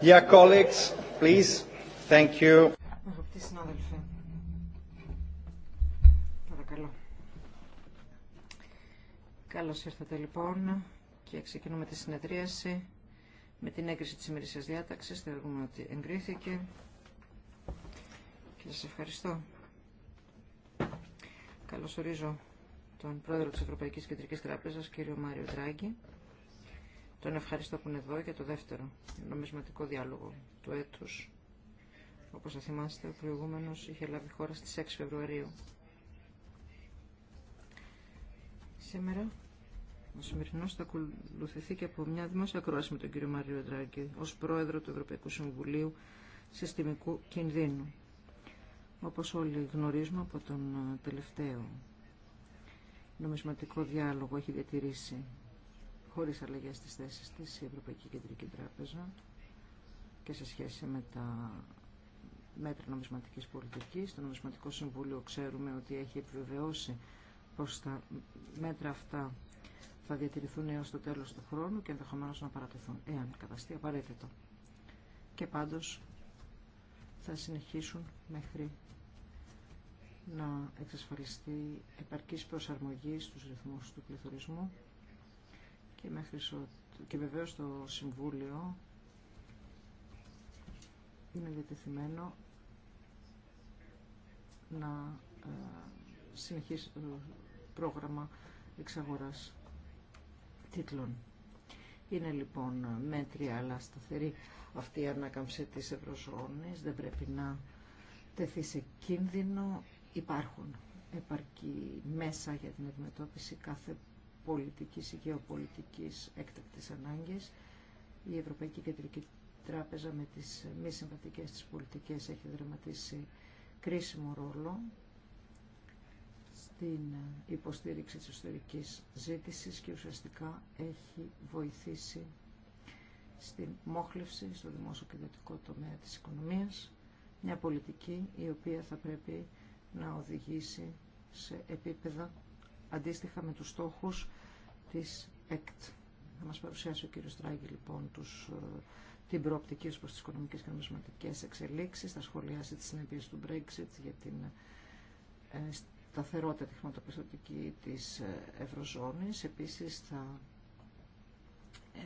συνάδελφοι, Καλώς ήρθατε λοιπόν και ξεκινούμε τη συνεδρίαση με την έγκριση της ημερήσιας διάταξης. Θεωρούμε ότι εγκρίθηκε και σας ευχαριστώ. Καλώς ορίζω τον πρόεδρο της Ευρωπαϊκής Κεντρικής Τράπεζας, κύριο Μάριο Τράγκη. Τον ευχαριστώ που είναι εδώ για το δεύτερο νομισματικό διάλογο του έτους. Όπως θα θυμάστε, ο προηγούμενος είχε λάβει χώρα στις 6 Φεβρουαρίου. Σήμερα ο σημερινό θα ακολουθηθεί και από μια δημόσια κρόση με τον κύριο Μαρίο Ντράγκη ως πρόεδρο του Ευρωπαϊκού Συμβουλίου Συστημικού Κινδύνου. Όπως όλοι γνωρίζουμε από τον τελευταίο νομισματικό διάλογο έχει διατηρήσει χωρίς αλλαγές στι θέσεις της η Ευρωπαϊκή Κεντρική Τράπεζα και σε σχέση με τα μέτρα νομισματικής πολιτικής. Το Νομισματικό Συμβούλιο ξέρουμε ότι έχει επιβεβαιώσει πως τα μέτρα αυτά θα διατηρηθούν έως το τέλος του χρόνου και ενδεχομένω να παρατεθούν, εάν καταστεί απαραίτητο. Και πάντως θα συνεχίσουν μέχρι να εξασφαλιστεί επαρκής προσαρμογή στους ρυθμούς του πληθωρισμού και, μέχρι, και βεβαίως το Συμβούλιο είναι διατεθειμένο να ε, συνεχίσει το πρόγραμμα εξαγοράς τίτλων. Είναι λοιπόν μέτρια αλλά σταθερή αυτή η ανάκαμψη της Ευρωζώνης, δεν πρέπει να τεθεί σε κίνδυνο. Υπάρχουν επαρκή μέσα για την αντιμετώπιση κάθε πολιτικής ή γεωπολιτικής έκτακτης ανάγκης. Η Ευρωπαϊκή Κεντρική Τράπεζα με τις μη συμβατικές της πολιτικές έχει δραματίσει κρίσιμο ρόλο στην υποστήριξη της ιστορικής ζήτησης και ουσιαστικά έχει βοηθήσει στην μόχλευση στο δημόσιο και ιδιωτικό τομέα της οικονομίας, μια πολιτική η οποία θα πρέπει να οδηγήσει σε επίπεδα αντίστοιχα με τους στόχους της ΕΚΤ. Θα μας παρουσιάσει ο κύριος Τράγκη λοιπόν τους, ε, την προοπτική προς τις οικονομικές και νομισματικές εξελίξεις, θα σχολιάσει τις συνέπειες του Brexit για την ε, σταθερότητα τη χρηματοπιστωτική της ε, Ευρωζώνης. Επίσης θα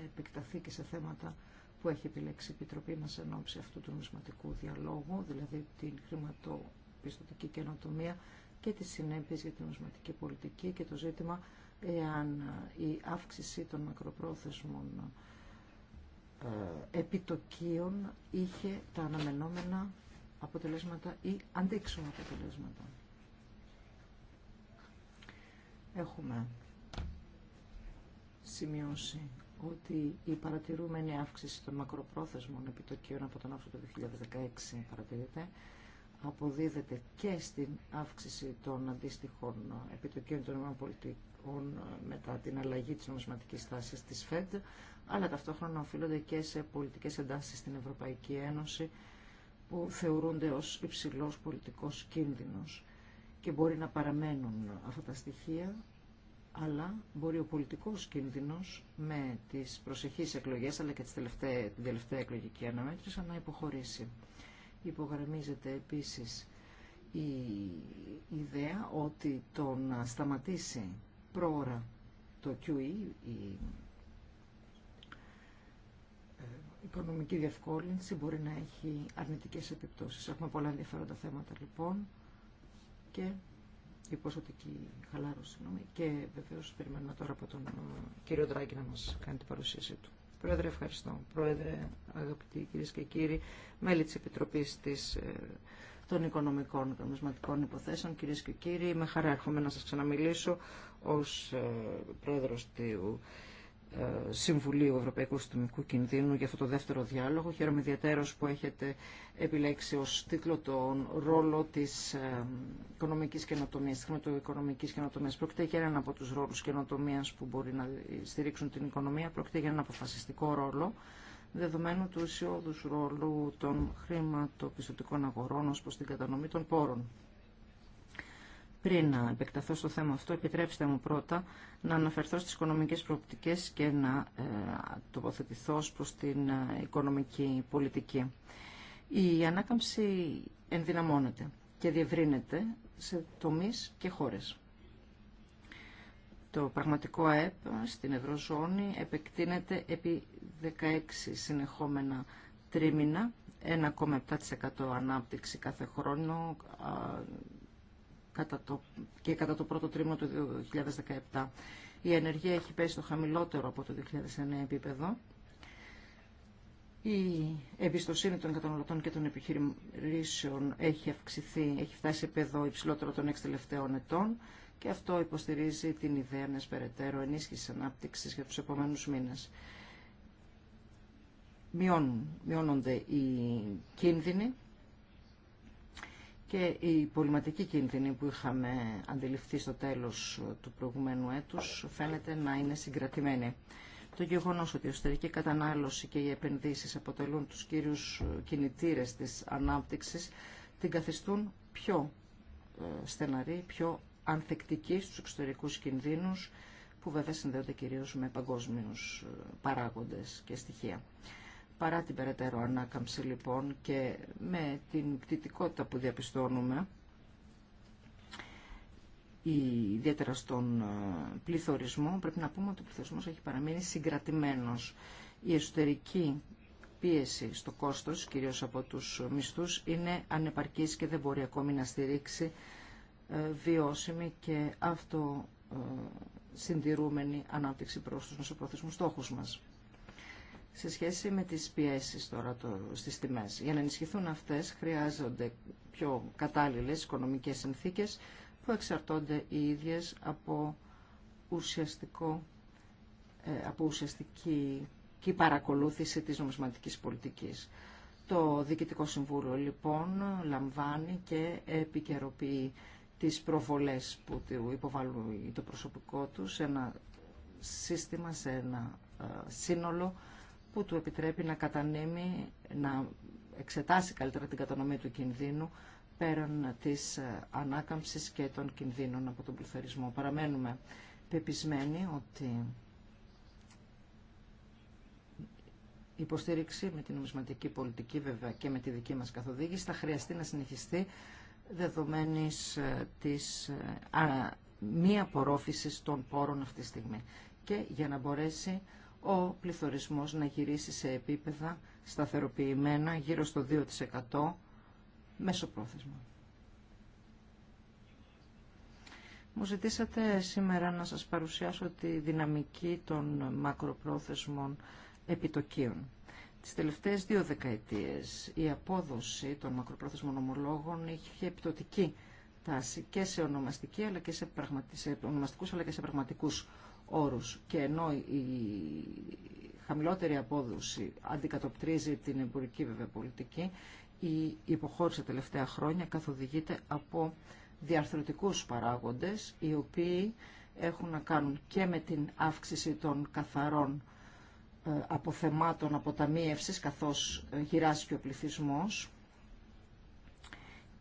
επεκταθεί και σε θέματα που έχει επιλέξει η Επιτροπή μας εν ώψη αυτού του νομισματικού διαλόγου, δηλαδή την χρηματοπιστωτική καινοτομία και τις συνέπειες για την νοσματική πολιτική και το ζήτημα εάν η αύξηση των μακροπρόθεσμων ε, επιτοκίων είχε τα αναμενόμενα αποτελέσματα ή αντίξωμα αποτελέσματα. Έχουμε σημειώσει ότι η παρατηρούμενη αύξηση των μακροπρόθεσμων επιτοκίων από τον Αύγουστο του 2016 παρατηρείται αποδίδεται και στην αύξηση των αντίστοιχων επιτοκίων των πολιτικών μετά την αλλαγή της νομισματικής τάσης της ΦΕΔ, αλλά ταυτόχρονα οφείλονται και σε πολιτικές εντάσεις στην Ευρωπαϊκή Ένωση που θεωρούνται ως υψηλός πολιτικός κίνδυνος και μπορεί να παραμένουν αυτά τα στοιχεία, αλλά μπορεί ο πολιτικός κίνδυνος με τις προσεχείς εκλογές αλλά και τις την τελευταία εκλογική αναμέτρηση να υποχωρήσει. Υπογραμμίζεται επίσης η ιδέα ότι το να σταματήσει πρόωρα το QE, η ε, οικονομική διευκόλυνση, μπορεί να έχει αρνητικές επιπτώσεις. Έχουμε πολλά ενδιαφέροντα θέματα λοιπόν και η ποσοτική χαλάρωση. Και βεβαίως περιμένουμε τώρα από τον ε, κύριο Δράκη να μας κάνει την παρουσίασή του. Πρόεδρε, ευχαριστώ. Πρόεδρε, αγαπητοί κυρίε και κύριοι, μέλη τη Επιτροπή ε, των Οικονομικών και Νομισματικών Υποθέσεων, κυρίε και κύριοι, με χαρά έρχομαι να σα ξαναμιλήσω ω ε, πρόεδρο του ε, Συμβουλίου Ευρωπαϊκού Συντομικού Κινδύνου για αυτό το δεύτερο διάλογο. Χαίρομαι ιδιαίτερω που έχετε επιλέξει ω τίτλο τον ρόλο της ε, οικονομικής καινοτομία, τη οικονομική καινοτομία Πρόκειται για έναν από του ρόλου καινοτομία που μπορεί να στηρίξουν την οικονομία, πρόκειται για έναν αποφασιστικό ρόλο δεδομένου του αισιόδους ρόλου των χρηματοπιστωτικών αγορών ω προς την κατανομή των πόρων. Πριν να επεκταθώ στο θέμα αυτό, επιτρέψτε μου πρώτα να αναφερθώ στις οικονομικές προοπτικές και να ε, τοποθετηθώ ως προς την ε, οικονομική πολιτική. Η ανάκαμψη ενδυναμώνεται και διευρύνεται σε τομείς και χώρες. Το πραγματικό ΑΕΠ στην Ευρωζώνη επεκτείνεται επί 16 συνεχόμενα τρίμηνα, 1,7% ανάπτυξη κάθε χρόνο, κατά το, και κατά το πρώτο τρίμηνο του 2017. Η ενεργεία έχει πέσει στο χαμηλότερο από το 2009 επίπεδο. Η εμπιστοσύνη των καταναλωτών και των επιχειρήσεων έχει αυξηθεί, έχει φτάσει σε επίπεδο υψηλότερο των 6 τελευταίων ετών και αυτό υποστηρίζει την ιδέα μιας περαιτέρω ενίσχυσης ανάπτυξης για τους επόμενους μήνες. μειώνονται οι κίνδυνοι και η πολυματική κίνδυνη που είχαμε αντιληφθεί στο τέλος του προηγουμένου έτους φαίνεται να είναι συγκρατημένη. Το γεγονό ότι η εσωτερική κατανάλωση και οι επενδύσεις αποτελούν τους κύριους κινητήρες της ανάπτυξης την καθιστούν πιο ε, στεναρή, πιο ανθεκτική στους εξωτερικούς κινδύνους που βέβαια συνδέονται κυρίως με παγκόσμιους ε, παράγοντες και στοιχεία. Παρά την περαιτέρω ανάκαμψη λοιπόν και με την πτυτικότητα που διαπιστώνουμε, ιδιαίτερα στον ε, πληθωρισμό, πρέπει να πούμε ότι ο πληθωρισμός έχει παραμείνει συγκρατημένος. Η εσωτερική πίεση στο κόστος, κυρίως από τους μισθούς, είναι ανεπαρκής και δεν μπορεί ακόμη να στηρίξει ε, βιώσιμη και αυτό ε, ανάπτυξη προς τους νοσοπρόθεσμους στόχους μας σε σχέση με τις πιέσεις τώρα το, στις τιμές. Για να ενισχυθούν αυτές χρειάζονται πιο κατάλληλες οικονομικές συνθήκες που εξαρτώνται οι ίδιες από, ουσιαστικό, ε, από ουσιαστική και παρακολούθηση της νομισματικής πολιτικής. Το Διοικητικό Συμβούλιο λοιπόν λαμβάνει και επικαιροποιεί τις προβολές που υποβάλλουν το προσωπικό του σε ένα σύστημα, σε ένα ε, σύνολο που του επιτρέπει να κατανέμει, να εξετάσει καλύτερα την κατανομή του κινδύνου πέραν της ε, ανάκαμψης και των κινδύνων από τον πληθωρισμό. Παραμένουμε πεπισμένοι ότι η υποστήριξη με την νομισματική πολιτική βέβαια και με τη δική μας καθοδήγηση θα χρειαστεί να συνεχιστεί δεδομένης ε, της ε, μη απορρόφησης των πόρων αυτή τη στιγμή και για να μπορέσει ο πληθωρισμός να γυρίσει σε επίπεδα σταθεροποιημένα γύρω στο 2% μεσοπρόθεσμα. πρόθεσμα. Μου ζητήσατε σήμερα να σας παρουσιάσω τη δυναμική των μακροπρόθεσμων επιτοκίων. Τις τελευταίες δύο δεκαετίες η απόδοση των μακροπρόθεσμων ομολόγων είχε επιτοτική τάση και σε ονομαστική αλλά και σε, ονομαστικούς αλλά και σε πραγματικούς όρους. Και ενώ η χαμηλότερη απόδοση αντικατοπτρίζει την εμπορική βέβαια πολιτική, η υποχώρηση τα τελευταία χρόνια καθοδηγείται από διαρθρωτικούς παράγοντες, οι οποίοι έχουν να κάνουν και με την αύξηση των καθαρών ε, αποθεμάτων αποταμίευσης, καθώς ε, γυράζει και ο πληθυσμός,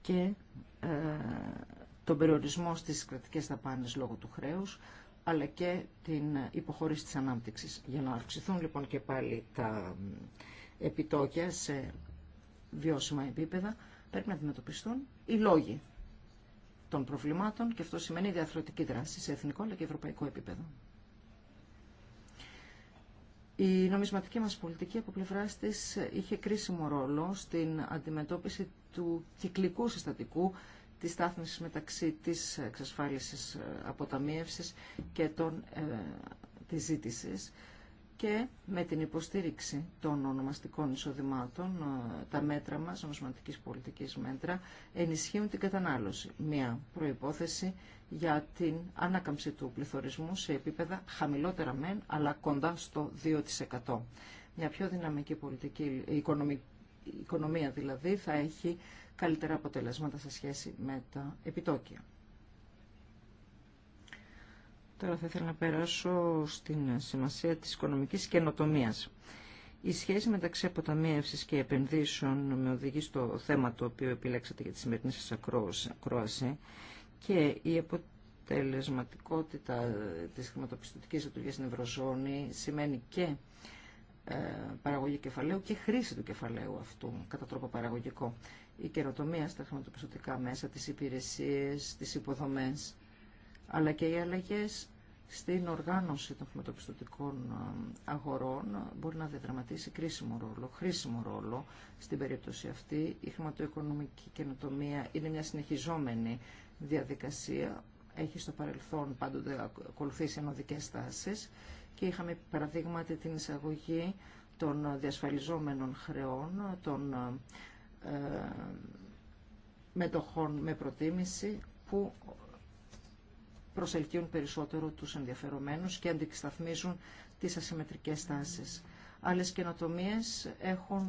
και ε, τον περιορισμό στις κρατικές δαπάνες λόγω του χρέους, αλλά και την υποχώρηση της ανάπτυξης. Για να αυξηθούν λοιπόν και πάλι τα επιτόκια σε βιώσιμα επίπεδα, πρέπει να αντιμετωπιστούν οι λόγοι των προβλημάτων και αυτό σημαίνει διαθροτική δράση σε εθνικό αλλά και ευρωπαϊκό επίπεδο. Η νομισματική μας πολιτική από πλευρά της είχε κρίσιμο ρόλο στην αντιμετώπιση του κυκλικού συστατικού τη στάθμιση μεταξύ της εξασφάλισης ε, αποταμίευσης και των, ε, της ζήτησης και με την υποστήριξη των ονομαστικών εισοδημάτων, ε, τα μέτρα μας, νομισματικής πολιτικής μέτρα, ενισχύουν την κατανάλωση. Μία προϋπόθεση για την ανάκαμψη του πληθωρισμού σε επίπεδα χαμηλότερα μεν, αλλά κοντά στο 2%. Μια πιο δυναμική πολιτική, οικονομία δηλαδή, θα έχει καλύτερα αποτελέσματα σε σχέση με τα επιτόκια. Τώρα θα ήθελα να περάσω στην σημασία της οικονομικής καινοτομίας. Η σχέση μεταξύ αποταμίευσης και επενδύσεων με οδηγεί στο θέμα το οποίο επιλέξατε για τη σημερινή σας ακρόαση και η αποτελεσματικότητα της χρηματοπιστωτικής λειτουργίας στην Ευρωζώνη σημαίνει και ε, παραγωγή κεφαλαίου και χρήση του κεφαλαίου αυτού κατά τρόπο παραγωγικό η καινοτομία στα χρηματοπιστωτικά μέσα, τις υπηρεσίες, τις υποδομές, αλλά και οι αλλαγές στην οργάνωση των χρηματοπιστωτικών ε, αγορών ε, μπορεί να διαδραματίσει κρίσιμο ρόλο, χρήσιμο ρόλο. Στην περίπτωση αυτή η χρηματοοικονομική καινοτομία είναι μια συνεχιζόμενη διαδικασία. Έχει στο παρελθόν πάντοτε ακολουθήσει ενωδικές στάσεις και είχαμε παραδείγματι την εισαγωγή των διασφαλιζόμενων χρεών, των ε, ε, μετοχών με προτίμηση που προσελκύουν περισσότερο τους ενδιαφερομένους και αντικσταθμίζουν τις ασυμμετρικές τάσεις. Άλλες καινοτομίες έχουν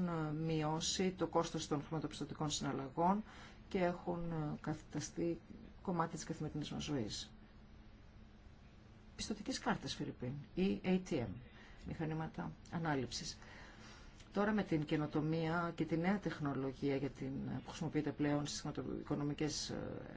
μειώσει το κόστος των χρηματοπιστωτικών συναλλαγών και έχουν καθιταστεί κομμάτι της καθημερινής μας ζωής. Πιστωτικές κάρτες, Φιλιππίν, ή ATM, μηχανήματα ανάληψης. Τώρα με την καινοτομία και τη νέα τεχνολογία για την, που χρησιμοποιείται πλέον στις οικονομικές ε,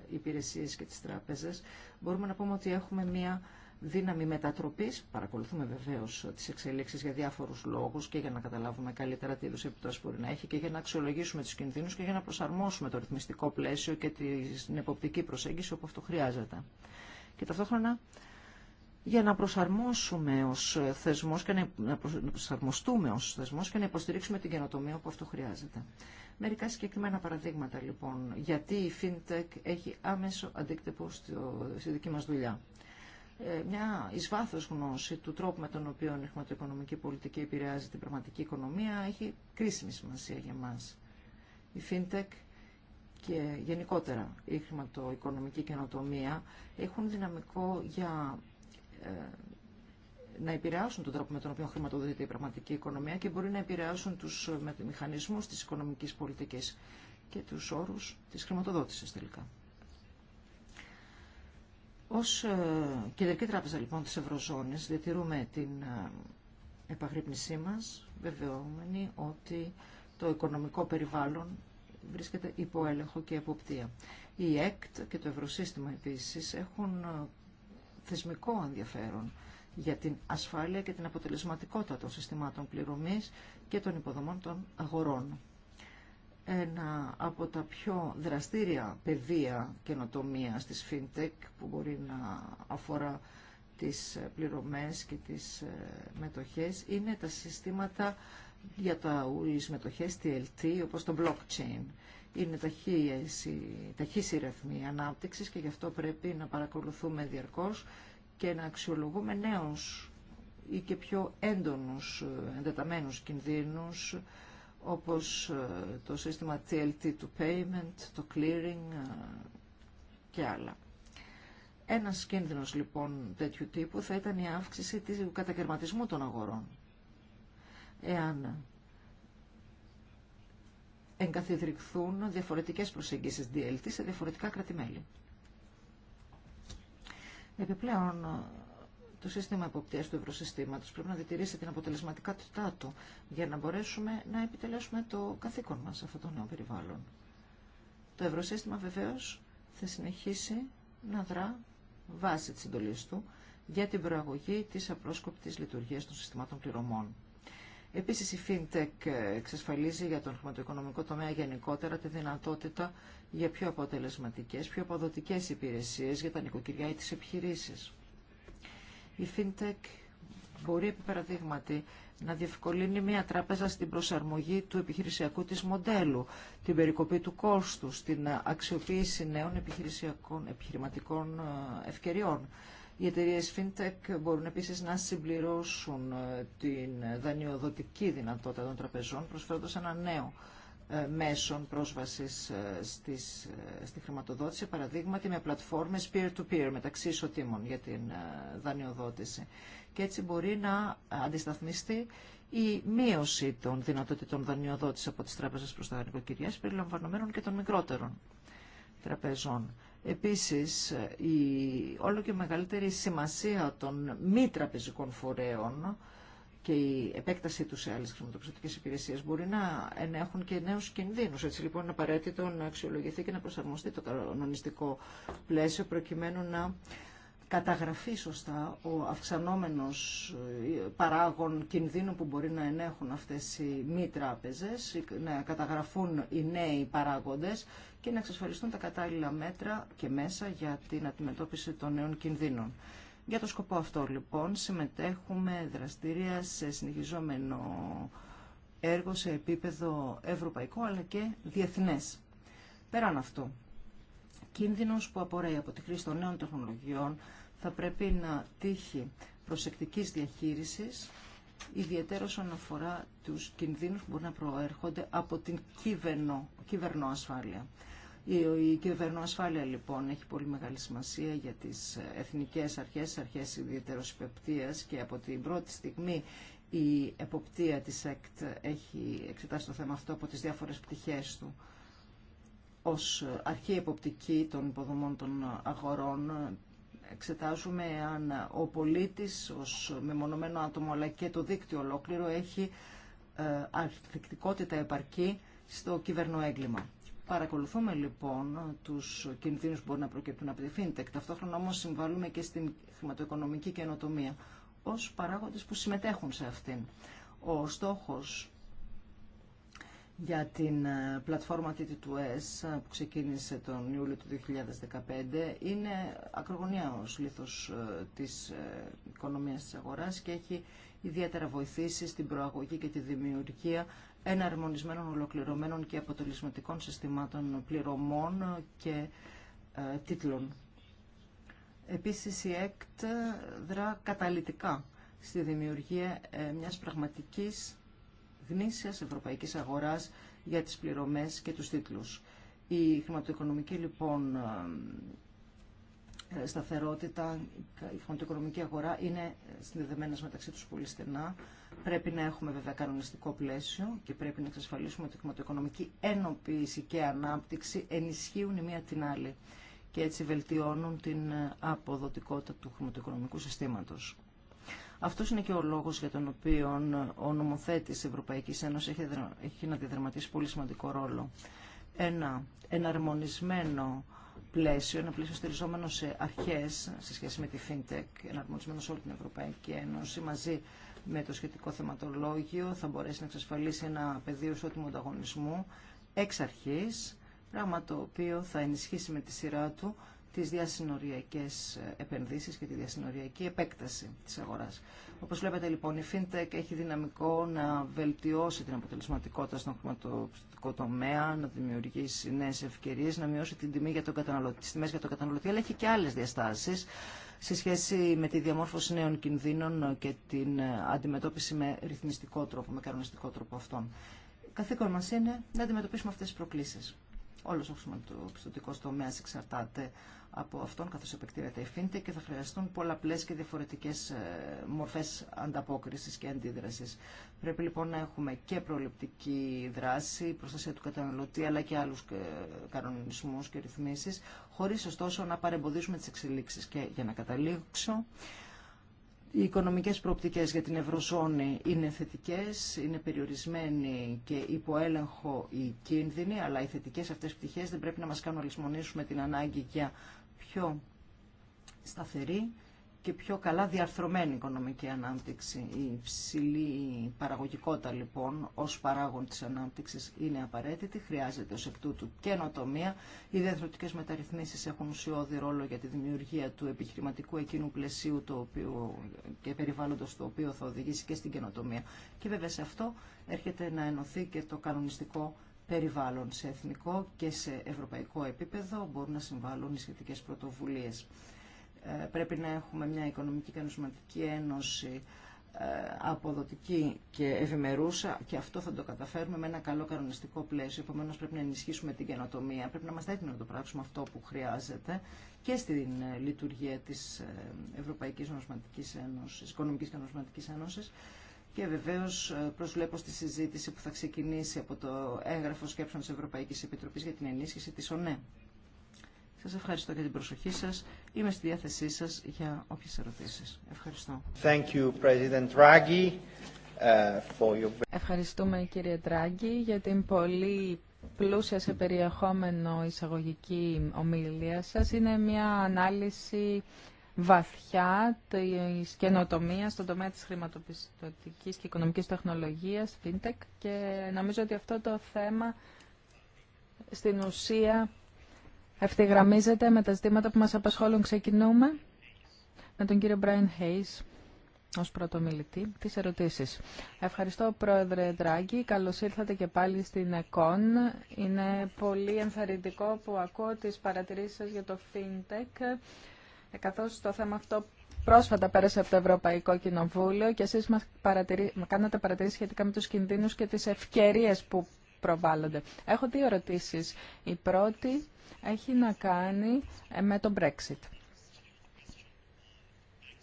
υπηρεσίες και τις τράπεζες, μπορούμε να πούμε ότι έχουμε μία δύναμη μετατροπής. Παρακολουθούμε βεβαίως ε, τις εξελίξεις για διάφορους λόγους και για να καταλάβουμε καλύτερα τι είδους επιπτώσεις μπορεί να έχει και για να αξιολογήσουμε τους κινδύνους και για να προσαρμόσουμε το ρυθμιστικό πλαίσιο και την εποπτική προσέγγιση όπου αυτό χρειάζεται. Και ταυτόχρονα για να προσαρμόσουμε ως θεσμός και να προσαρμοστούμε ως θεσμός και να υποστηρίξουμε την καινοτομία που αυτό χρειάζεται. Μερικά συγκεκριμένα παραδείγματα λοιπόν, γιατί η FinTech έχει άμεσο αντίκτυπο στη δική μας δουλειά. Ε, μια εις βάθος γνώση του τρόπου με τον οποίο η χρηματοοικονομική πολιτική επηρεάζει την πραγματική οικονομία έχει κρίσιμη σημασία για μας. Η FinTech και γενικότερα η χρηματοοικονομική καινοτομία έχουν δυναμικό για να επηρεάσουν τον τρόπο με τον οποίο χρηματοδοτείται η πραγματική οικονομία και μπορεί να επηρεάσουν τους μηχανισμούς της οικονομικής πολιτικής και τους όρους της χρηματοδότησης τελικά. Ως ε, Κεντρική Τράπεζα λοιπόν της Ευρωζώνης διατηρούμε την ε, επαγρύπνησή μας βεβαιόμενοι ότι το οικονομικό περιβάλλον βρίσκεται υπό έλεγχο και εποπτεία. Η ΕΚΤ και το Ευρωσύστημα επίσης έχουν ε, θεσμικό ενδιαφέρον για την ασφάλεια και την αποτελεσματικότητα των συστημάτων πληρωμής και των υποδομών των αγορών. Ένα από τα πιο δραστήρια πεδία καινοτομία της FinTech που μπορεί να αφορά τις πληρωμές και τις ε, μετοχές είναι τα συστήματα για τα ουλής μετοχές TLT όπως το blockchain. Είναι ταχύς η ρυθμή ανάπτυξης και γι' αυτό πρέπει να παρακολουθούμε διαρκώς και να αξιολογούμε νέους ή και πιο έντονους ε, εντεταμένους κινδύνους όπως ε, το σύστημα TLT to payment, το clearing ε, και άλλα. Ένας κίνδυνος λοιπόν τέτοιου τύπου θα ήταν η αύξηση του κατακαιρματισμού των αγορών. Εάν εγκαθιδρυκθούν διαφορετικές προσεγγίσεις DLT σε διαφορετικά κρατημέλη. Επιπλέον, το σύστημα εποπτείας του ευρωσυστήματος πρέπει να διτηρήσει την αποτελεσματικότητά του για να μπορέσουμε να επιτελέσουμε το καθήκον μας σε αυτό το νέο περιβάλλον. Το ευρωσύστημα βεβαίως θα συνεχίσει να δρά βάσει της συντολής του για την προαγωγή της απρόσκοπτης λειτουργίας των συστημάτων πληρωμών. Επίσης η FinTech εξασφαλίζει για τον χρηματοοικονομικό τομέα γενικότερα τη δυνατότητα για πιο αποτελεσματικές, πιο αποδοτικές υπηρεσίες για τα νοικοκυριά ή τις επιχειρήσεις. Η FinTech μπορεί επί παραδείγματι να διευκολύνει μια τράπεζα στην προσαρμογή του επιχειρησιακού της μοντέλου, την περικοπή του κόστου, στην αξιοποίηση νέων επιχειρηματικών ε, ευκαιριών. Οι εταιρείε FinTech μπορούν επίσης να συμπληρώσουν ε, την δανειοδοτική δυνατότητα των τραπεζών προσφέροντας ένα νέο ε, μέσο πρόσβασης ε, στις, στη χρηματοδότηση, παραδείγματι με πλατφόρμες peer-to-peer -peer, to peer ισοτήμων για την δανειοδότηση. Και έτσι μπορεί να αντισταθμιστεί η μείωση των δυνατότητων δανειοδότηση από τις τράπεζες προς τα νοικοκυριά, περιλαμβανομένων και των μικρότερων τραπεζών. Επίσης, η όλο και μεγαλύτερη σημασία των μη τραπεζικών φορέων και η επέκτασή του σε άλλες χρηματοπιστωτικές υπηρεσίες μπορεί να ενέχουν και νέους κινδύνους. Έτσι λοιπόν είναι απαραίτητο να αξιολογηθεί και να προσαρμοστεί το κανονιστικό πλαίσιο προκειμένου να καταγραφεί σωστά ο αυξανόμενος ε, παράγων κινδύνου που μπορεί να ενέχουν αυτές οι μη τράπεζες, να καταγραφούν οι νέοι παράγοντες και να εξασφαλιστούν τα κατάλληλα μέτρα και μέσα για την αντιμετώπιση των νέων κινδύνων. Για το σκοπό αυτό λοιπόν συμμετέχουμε δραστήρια σε συνεχιζόμενο έργο σε επίπεδο ευρωπαϊκό αλλά και διεθνές. Πέραν αυτού, κίνδυνος που απορρέει από τη χρήση των νέων τεχνολογιών θα πρέπει να τύχει προσεκτικής διαχείρισης, ιδιαίτερα όσον αφορά τους κινδύνους που μπορεί να προέρχονται από την κυβερνο, κυβερνοασφάλεια. Η, η κυβερνοασφάλεια λοιπόν έχει πολύ μεγάλη σημασία για τις εθνικές αρχές, αρχές ιδιαίτερως υπεπτίας και από την πρώτη στιγμή η εποπτεία της ΕΚΤ έχει εξετάσει το θέμα αυτό από τις διάφορες πτυχές του ως αρχή εποπτική των υποδομών των αγορών εξετάζουμε αν ο πολίτης ως μεμονωμένο άτομο αλλά και το δίκτυο ολόκληρο έχει ε, ανθεκτικότητα επαρκή στο κυβερνοέγκλημα. Παρακολουθούμε λοιπόν τους κινδύνους που μπορεί να προκύπτουν από τη FinTech. Ταυτόχρονα όμως συμβάλλουμε και στην χρηματοοικονομική καινοτομία ως παράγοντες που συμμετέχουν σε αυτήν. Ο στόχος για την ε, πλατφόρμα TT2S ε, που ξεκίνησε τον Ιούλιο του 2015 είναι ακρογωνιά ακρογωνιαίος λίθος ε, της οικονομίας της αγοράς και έχει ιδιαίτερα βοηθήσει στην προαγωγή και τη δημιουργία εναρμονισμένων, ολοκληρωμένων και αποτελεσματικών συστημάτων πληρωμών και τίτλων. Επίσης η ΕΚΤ δρά καταλυτικά στη δημιουργία μιας πραγματικής γνήσιας ευρωπαϊκής αγοράς για τις πληρωμές και τους τίτλους. Η χρηματοοικονομική λοιπόν ε, σταθερότητα, η χρηματοοικονομική αγορά είναι συνδεδεμένες μεταξύ τους πολύ στενά. Πρέπει να έχουμε βέβαια κανονιστικό πλαίσιο και πρέπει να εξασφαλίσουμε ότι η χρηματοοικονομική ενοποίηση και ανάπτυξη ενισχύουν η μία την άλλη και έτσι βελτιώνουν την ε, αποδοτικότητα του χρηματοοικονομικού συστήματος. Αυτός είναι και ο λόγος για τον οποίο ο νομοθέτης Ευρωπαϊκής Ένωση έχει να διαδραματίσει πολύ σημαντικό ρόλο. Ένα εναρμονισμένο πλαίσιο, ένα πλαίσιο στηριζόμενο σε αρχές σε σχέση με τη FinTech, εναρμονισμένο σε όλη την Ευρωπαϊκή Ένωση, μαζί με το σχετικό θεματολόγιο θα μπορέσει να εξασφαλίσει ένα πεδίο ισότιμου ανταγωνισμού εξ αρχή, πράγμα το οποίο θα ενισχύσει με τη σειρά του τις διασυνοριακές επενδύσεις και τη διασυνοριακή επέκταση της αγοράς. Όπως βλέπετε λοιπόν η FinTech έχει δυναμικό να βελτιώσει την αποτελεσματικότητα στον χρηματοπιστωτικό τομέα, να δημιουργήσει νέες ευκαιρίες, να μειώσει την τιμή για τον καταναλωτή, τις τιμές για τον καταναλωτή, αλλά έχει και άλλες διαστάσεις σε σχέση με τη διαμόρφωση νέων κινδύνων και την αντιμετώπιση με ρυθμιστικό τρόπο, με κανονιστικό τρόπο αυτών. Καθήκον μας είναι να αντιμετωπίσουμε αυτές τις προκλήσεις. Όλος ο χρηματοπιστωτικός τομέας εξαρτάται από αυτόν καθώς επεκτείνεται η φύντη και θα χρειαστούν πολλαπλές και διαφορετικές ε, μορφές ανταπόκρισης και αντίδρασης. Πρέπει λοιπόν να έχουμε και προληπτική δράση, προστασία του καταναλωτή αλλά και άλλους ε, κανονισμούς και ρυθμίσεις, χωρίς ωστόσο να παρεμποδίσουμε τις εξελίξεις. Και για να καταλήξω, οι οικονομικές προοπτικές για την Ευρωζώνη είναι θετικές, είναι περιορισμένοι και υποέλεγχο οι κίνδυνοι, αλλά οι θετικές αυτές πτυχές δεν πρέπει να μας κάνουν να την ανάγκη για πιο σταθερή και πιο καλά διαρθρωμένη οικονομική ανάπτυξη. Η υψηλή παραγωγικότητα λοιπόν ως παράγον της ανάπτυξης είναι απαραίτητη, χρειάζεται ως εκ τούτου καινοτομία. Οι διαθροτικές μεταρρυθμίσεις έχουν ουσιώδη ρόλο για τη δημιουργία του επιχειρηματικού εκείνου πλαισίου το οποίο, και περιβάλλοντος το οποίο θα οδηγήσει και στην καινοτομία. Και βέβαια σε αυτό έρχεται να ενωθεί και το κανονιστικό περιβάλλον σε εθνικό και σε ευρωπαϊκό επίπεδο μπορούν να συμβάλλουν οι σχετικές πρωτοβουλίες. Ε, πρέπει να έχουμε μια οικονομική και νοσηματική ένωση ε, αποδοτική και ευημερούσα και αυτό θα το καταφέρουμε με ένα καλό κανονιστικό πλαίσιο. Επομένως, πρέπει να ενισχύσουμε την καινοτομία. Πρέπει να είμαστε έτοιμοι να το πράξουμε αυτό που χρειάζεται και στην ε, λειτουργία τη Ευρωπαϊκής Νοσηματικής ένωσης Οικονομική και Ένωση και βεβαίως ε, προσβλέπω στη συζήτηση που θα ξεκινήσει από το έγγραφο σκέψεων της Ευρωπαϊκής Επιτροπής για την ενίσχυση της ΟΝΕ. Σας ευχαριστώ για την προσοχή σας. Είμαι στη διάθεσή σας για όποιε ερωτήσεις. Ευχαριστώ. Thank you, President Draghi, uh, for your... Ευχαριστούμε κύριε Τράγκη για την πολύ πλούσια σε περιεχόμενο εισαγωγική ομιλία σας. Είναι μια ανάλυση βαθιά τη καινοτομία στον τομέα της χρηματοπιστωτικής και οικονομικής τεχνολογίας, fintech, και νομίζω ότι αυτό το θέμα στην ουσία ευθυγραμμίζεται με τα ζητήματα που μας απασχόλουν. Ξεκινούμε με τον κύριο Brian Hayes ως πρώτο μιλητή τις ερωτήσεις. Ευχαριστώ Πρόεδρε Δράγκη, καλώς ήρθατε και πάλι στην ΕΚΟΝ. Είναι πολύ ενθαρρυντικό που ακούω τις παρατηρήσεις σας για το FinTech καθώς το θέμα αυτό πρόσφατα πέρασε από το Ευρωπαϊκό Κοινοβούλιο και εσείς μας κάνατε παρατηρήσει σχετικά με τους κινδύνους και τις ευκαιρίες που προβάλλονται. Έχω δύο ερωτήσεις. Η πρώτη έχει να κάνει ε, με το Brexit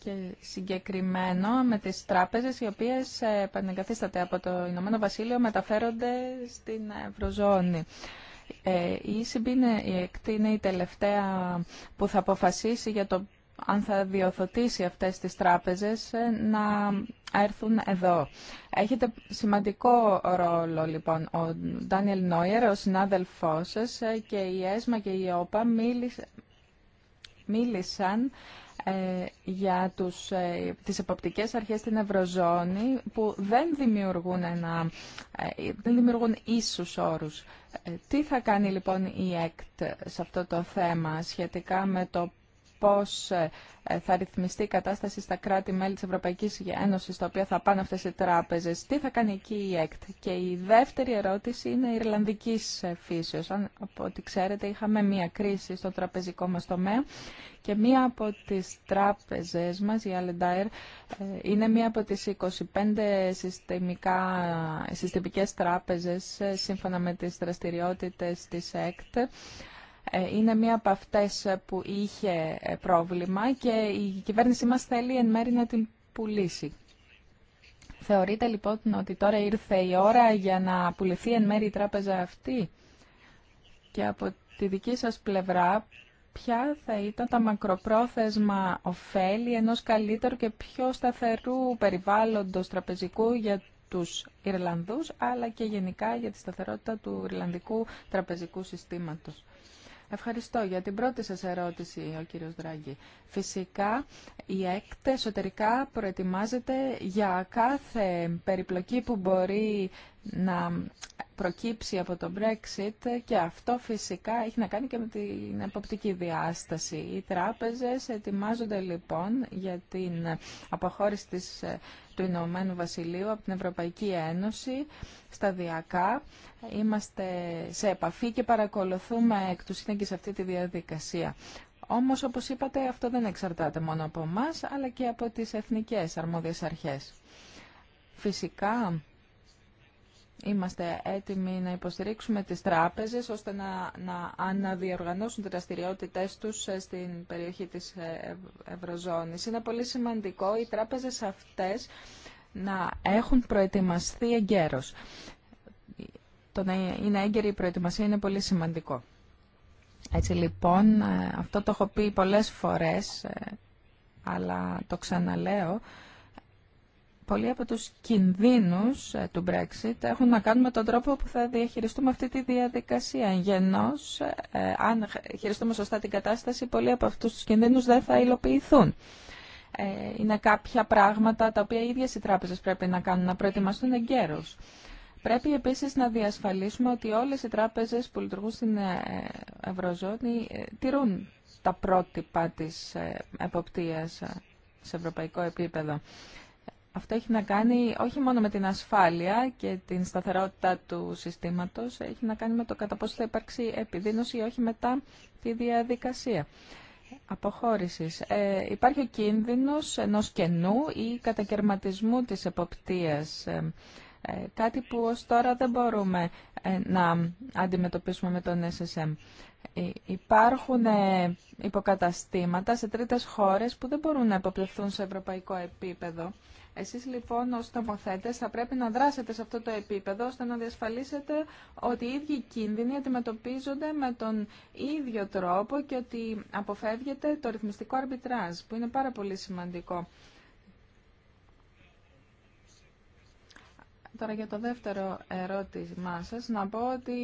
και συγκεκριμένο με τις τράπεζες οι οποίες ε, επανεγκαθίσταται από το Ηνωμένο Βασίλειο μεταφέρονται στην ε, Ευρωζώνη. Ε, η ECB είναι, είναι η τελευταία που θα αποφασίσει για το αν θα διοθωτήσει αυτές τις τράπεζες ε, να έρθουν εδώ. Έχετε σημαντικό ρόλο λοιπόν. Ο Ντάνιελ Νόιερ, ο συνάδελφός σας ε, και η ΕΣΜΑ και η ΟΠΑ μίλησαν ε, για τους, ε, τις εποπτικές αρχές στην Ευρωζώνη που δεν δημιουργούν, ένα, ε, δεν δημιουργούν ίσους όρους. Τι θα κάνει λοιπόν η ΕΚΤ σε αυτό το θέμα σχετικά με το πώς ε, ε, θα ρυθμιστεί η κατάσταση στα κράτη-μέλη της Ευρωπαϊκής Ένωσης, τα οποία θα πάνε αυτές οι τράπεζες. Τι θα κάνει εκεί η ΕΚΤ. Και η δεύτερη ερώτηση είναι Ιρλανδικής ε, φύσεως. Αν, από ό,τι ξέρετε, είχαμε μία κρίση στο τραπεζικό μας τομέα και μία από τις τράπεζες μας, η Αλενταέρ, είναι μία από τις 25 συστημικά, συστημικές τράπεζες σύμφωνα με τις δραστηριότητες της ΕΚΤ είναι μία από αυτές που είχε ε, πρόβλημα και η κυβέρνησή μας θέλει εν μέρη να την πουλήσει. Θεωρείτε λοιπόν ότι τώρα ήρθε η ώρα για να πουληθεί εν μέρη η τράπεζα αυτή και από τη δική σας πλευρά ποια θα ήταν τα μακροπρόθεσμα ωφέλη ενός καλύτερου και πιο σταθερού περιβάλλοντος τραπεζικού για τους Ιρλανδούς αλλά και γενικά για τη σταθερότητα του Ιρλανδικού τραπεζικού συστήματος. Ευχαριστώ για την πρώτη σας ερώτηση, ο κύριος Δράγκη. Φυσικά, η έκτε εσωτερικά προετοιμάζεται για κάθε περιπλοκή που μπορεί να προκύψει από το Brexit και αυτό φυσικά έχει να κάνει και με την εποπτική διάσταση. Οι τράπεζες ετοιμάζονται λοιπόν για την αποχώρηση της, του Ηνωμένου Βασιλείου από την Ευρωπαϊκή Ένωση σταδιακά. Είμαστε σε επαφή και παρακολουθούμε εκ του σε αυτή τη διαδικασία. Όμως, όπως είπατε, αυτό δεν εξαρτάται μόνο από εμά, αλλά και από τις εθνικές αρμόδιες αρχές. Φυσικά, Είμαστε έτοιμοι να υποστηρίξουμε τις τράπεζες ώστε να, να αναδιοργανώσουν τις δραστηριότητες τους ε, στην περιοχή της ε, Ευρωζώνης. Είναι πολύ σημαντικό οι τράπεζες αυτές να έχουν προετοιμαστεί εγκαίρως. Το να είναι έγκαιρη η προετοιμασία είναι πολύ σημαντικό. Έτσι λοιπόν, ε, αυτό το έχω πει πολλές φορές, αλλά το ξαναλέω, πολλοί από τους κινδύνους ε, του Brexit έχουν να κάνουν με τον τρόπο που θα διαχειριστούμε αυτή τη διαδικασία. Εν ε, αν χειριστούμε σωστά την κατάσταση, πολλοί από αυτούς τους κινδύνους δεν θα υλοποιηθούν. Ε, είναι κάποια πράγματα τα οποία οι ίδιες οι τράπεζες πρέπει να κάνουν, να προετοιμαστούν εγκαίρως. Πρέπει επίσης να διασφαλίσουμε ότι όλες οι τράπεζες που λειτουργούν στην ε, Ευρωζώνη ε, τηρούν τα πρότυπα της εποπτείας σε ευρωπαϊκό επίπεδο. Αυτό έχει να κάνει όχι μόνο με την ασφάλεια και την σταθερότητα του συστήματος, έχει να κάνει με το κατά πόσο θα υπάρξει επιδείνωση ή όχι μετά τη διαδικασία αποχώρησης. Ε, υπάρχει ο κίνδυνος ενός κενού ή κατακαιρματισμού της εποπτείας. Ε, ε, κάτι που ως τώρα δεν μπορούμε ε, να αντιμετωπίσουμε με τον SSM. Υπάρχουν υποκαταστήματα σε τρίτες χώρες που δεν μπορούν να υποπληθούν σε ευρωπαϊκό επίπεδο εσείς λοιπόν ως νομοθέτες θα πρέπει να δράσετε σε αυτό το επίπεδο ώστε να διασφαλίσετε ότι οι ίδιοι κίνδυνοι αντιμετωπίζονται με τον ίδιο τρόπο και ότι αποφεύγεται το ρυθμιστικό αρμπιτράζ που είναι πάρα πολύ σημαντικό. Τώρα για το δεύτερο ερώτημά σας να πω ότι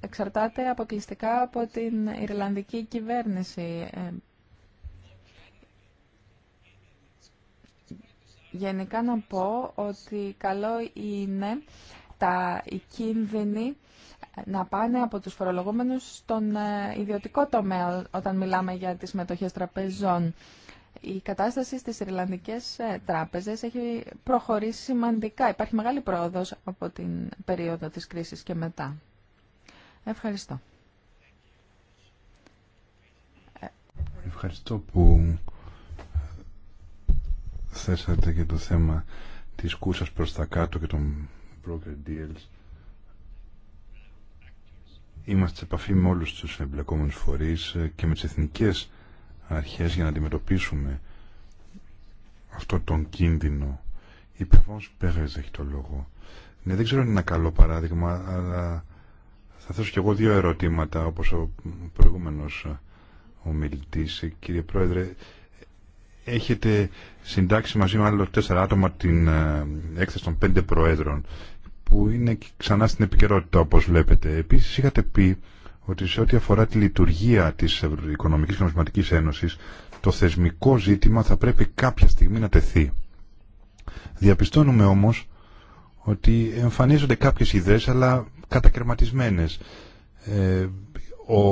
εξαρτάται αποκλειστικά από την Ιρλανδική κυβέρνηση ε, Γενικά να πω ότι καλό είναι τα οι κίνδυνοι να πάνε από τους φορολογούμενους στον ε, ιδιωτικό τομέα όταν μιλάμε για τις μετοχές τραπεζών. Η κατάσταση στις Ιρλανδικές ε, τράπεζες έχει προχωρήσει σημαντικά. Υπάρχει μεγάλη πρόοδος από την περίοδο της κρίσης και μετά. Ευχαριστώ. Ευχαριστώ που θέσατε και το θέμα της κούρσας προς τα κάτω και των broker deals είμαστε σε επαφή με όλους τους εμπλεκόμενους φορείς ε, και με τις εθνικές αρχές για να αντιμετωπίσουμε αυτό τον κίνδυνο η Περβόνς Πέρες έχει το λόγο ναι, δεν ξέρω αν είναι ένα καλό παράδειγμα αλλά θα θέσω κι εγώ δύο ερωτήματα όπως ο προηγούμενος ε, ομιλητής ε, κύριε Πρόεδρε έχετε συντάξει μαζί με άλλους τέσσερα άτομα την ε, έκθεση των πέντε προέδρων που είναι ξανά στην επικαιρότητα όπως βλέπετε. Επίσης είχατε πει ότι σε ό,τι αφορά τη λειτουργία της Οικονομικής και Ένωσης το θεσμικό ζήτημα θα πρέπει κάποια στιγμή να τεθεί. Διαπιστώνουμε όμως ότι εμφανίζονται κάποιες ιδέες αλλά κατακαιρματισμένες. Ε, ο,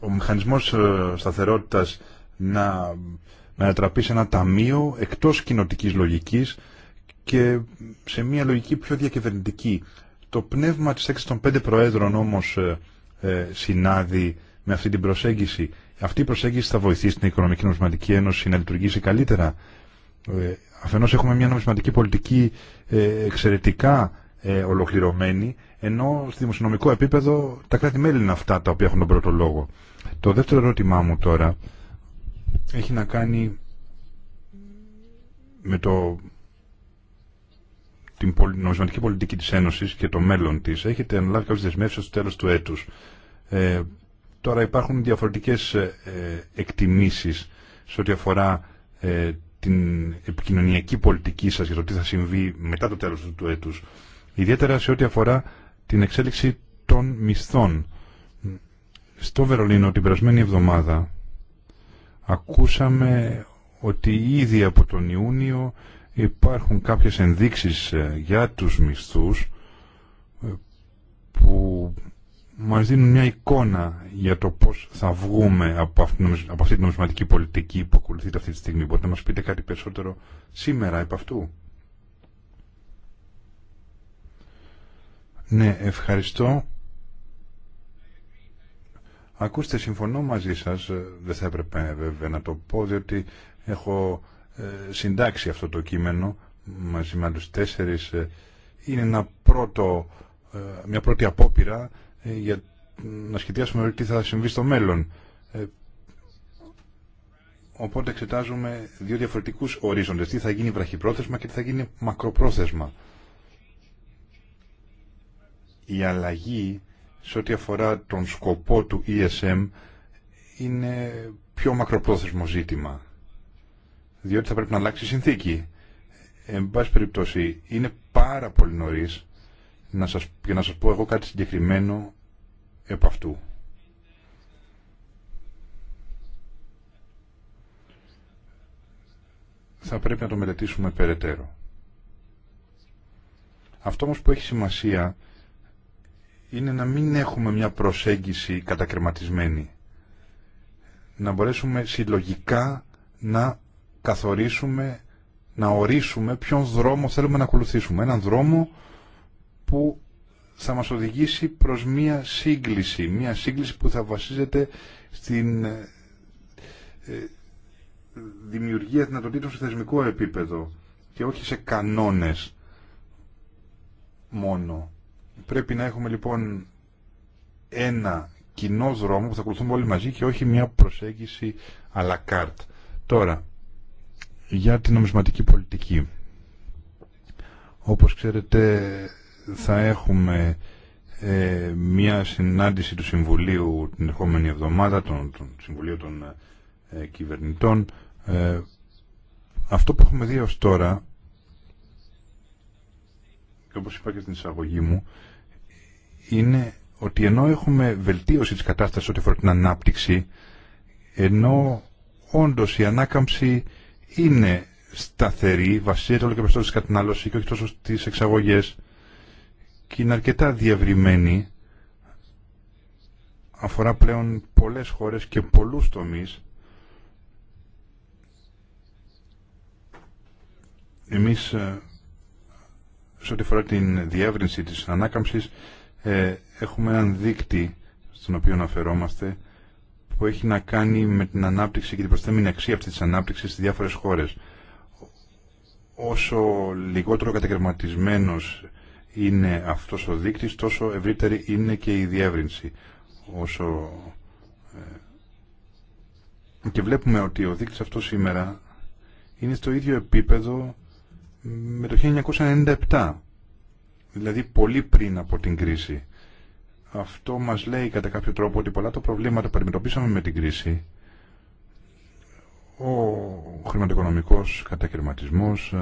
ο μηχανισμός ε, σταθερότητας να, ανατραπεί σε ένα ταμείο εκτός κοινοτικής λογικής και σε μια λογική πιο διακυβερνητική. Το πνεύμα της έξι των πέντε προέδρων όμως ε, ε, συνάδει με αυτή την προσέγγιση. Αυτή η προσέγγιση θα βοηθήσει την Οικονομική Νομισματική Ένωση να λειτουργήσει καλύτερα. Ε, αφενός έχουμε μια νομισματική πολιτική ε, εξαιρετικά ε, ολοκληρωμένη, ενώ στη δημοσιονομικό επίπεδο τα κράτη-μέλη είναι αυτά τα οποία έχουν τον πρώτο λόγο. Το δεύτερο ερώτημά μου τώρα έχει να κάνει με το την νομισματική πολιτική της Ένωσης και το μέλλον της. Έχετε αναλάβει κάποιες δεσμεύσεις στο τέλος του έτους. Ε, τώρα υπάρχουν διαφορετικές ε, εκτιμήσεις σε ό,τι αφορά ε, την επικοινωνιακή πολιτική σας για το τι θα συμβεί μετά το τέλος του έτους. Ιδιαίτερα σε ό,τι αφορά την εξέλιξη των μισθών. Στο Βερολίνο την περασμένη εβδομάδα Ακούσαμε ότι ήδη από τον Ιούνιο υπάρχουν κάποιες ενδείξεις ε, για τους μισθούς ε, που μας δίνουν μια εικόνα για το πώς θα βγούμε από αυτή την νομισματική πολιτική που ακολουθείται αυτή τη στιγμή. Μπορείτε να μας πείτε κάτι περισσότερο σήμερα επ' αυτού. Ναι, ευχαριστώ. Ακούστε, συμφωνώ μαζί σας, ε, δεν θα έπρεπε βέβαια να το πω, διότι έχω ε, συντάξει αυτό το κείμενο μαζί με άλλους τέσσερις. Ε, είναι μια πρώτη απόπειρα για να σχεδιάσουμε τι θα συμβεί στο μέλλον. Οπότε εξετάζουμε δύο διαφορετικούς ορίζοντες. Τι θα γίνει βραχυπρόθεσμα και τι θα γίνει μακροπρόθεσμα. Η αλλαγή σε ό,τι αφορά τον σκοπό του ESM είναι πιο μακροπρόθεσμο ζήτημα. Διότι θα πρέπει να αλλάξει η συνθήκη. Εν πάση περιπτώσει, είναι πάρα πολύ νωρί να σας, για να σας πω εγώ κάτι συγκεκριμένο επ' αυτού. Θα πρέπει να το μελετήσουμε περαιτέρω. Αυτό όμως που έχει σημασία είναι να μην έχουμε μια προσέγγιση κατακρεματισμένη. Να μπορέσουμε συλλογικά να καθορίσουμε, να ορίσουμε ποιον δρόμο θέλουμε να ακολουθήσουμε. Έναν δρόμο που θα μας οδηγήσει προς μία σύγκληση. Μία σύγκληση που θα βασίζεται στην ε, δημιουργία δυνατοτήτων σε θεσμικό επίπεδο και όχι σε κανόνες μόνο. Πρέπει να έχουμε λοιπόν ένα κοινό δρόμο που θα ακολουθούμε όλοι μαζί και όχι μια προσέγγιση à la carte. Τώρα, για την νομισματική πολιτική. Όπως ξέρετε θα έχουμε ε, μια συνάντηση του Συμβουλίου την ερχόμενη εβδομάδα, τον, τον των ε, Κυβερνητών. Ε, αυτό που έχουμε δει ως τώρα, και όπως είπα και στην εισαγωγή μου, είναι ότι ενώ έχουμε βελτίωση της κατάστασης ό,τι αφορά την ανάπτυξη, ενώ όντως η ανάκαμψη είναι σταθερή, βασίζεται όλο και περισσότερο στην κατανάλωση και όχι τόσο στις εξαγωγές και είναι αρκετά διευρυμένη, αφορά πλέον πολλές χώρες και πολλούς τομείς. Εμείς, ε, σε ό,τι αφορά την διεύρυνση της ανάκαμψης, ε, έχουμε έναν δείκτη στον οποίο αναφερόμαστε που έχει να κάνει με την ανάπτυξη και την προσθέμενη αξία αυτής της ανάπτυξης στις διάφορες χώρες. Όσο λιγότερο κατακαιρματισμένος είναι αυτός ο δείκτης, τόσο ευρύτερη είναι και η διεύρυνση. Όσο... Ε, και βλέπουμε ότι ο δείκτης αυτό σήμερα είναι στο ίδιο επίπεδο με το 1997 δηλαδή πολύ πριν από την κρίση. Αυτό μας λέει κατά κάποιο τρόπο ότι πολλά τα προβλήματα που αντιμετωπίσαμε με την κρίση, ο χρηματοοικονομικός κατακαιρματισμός,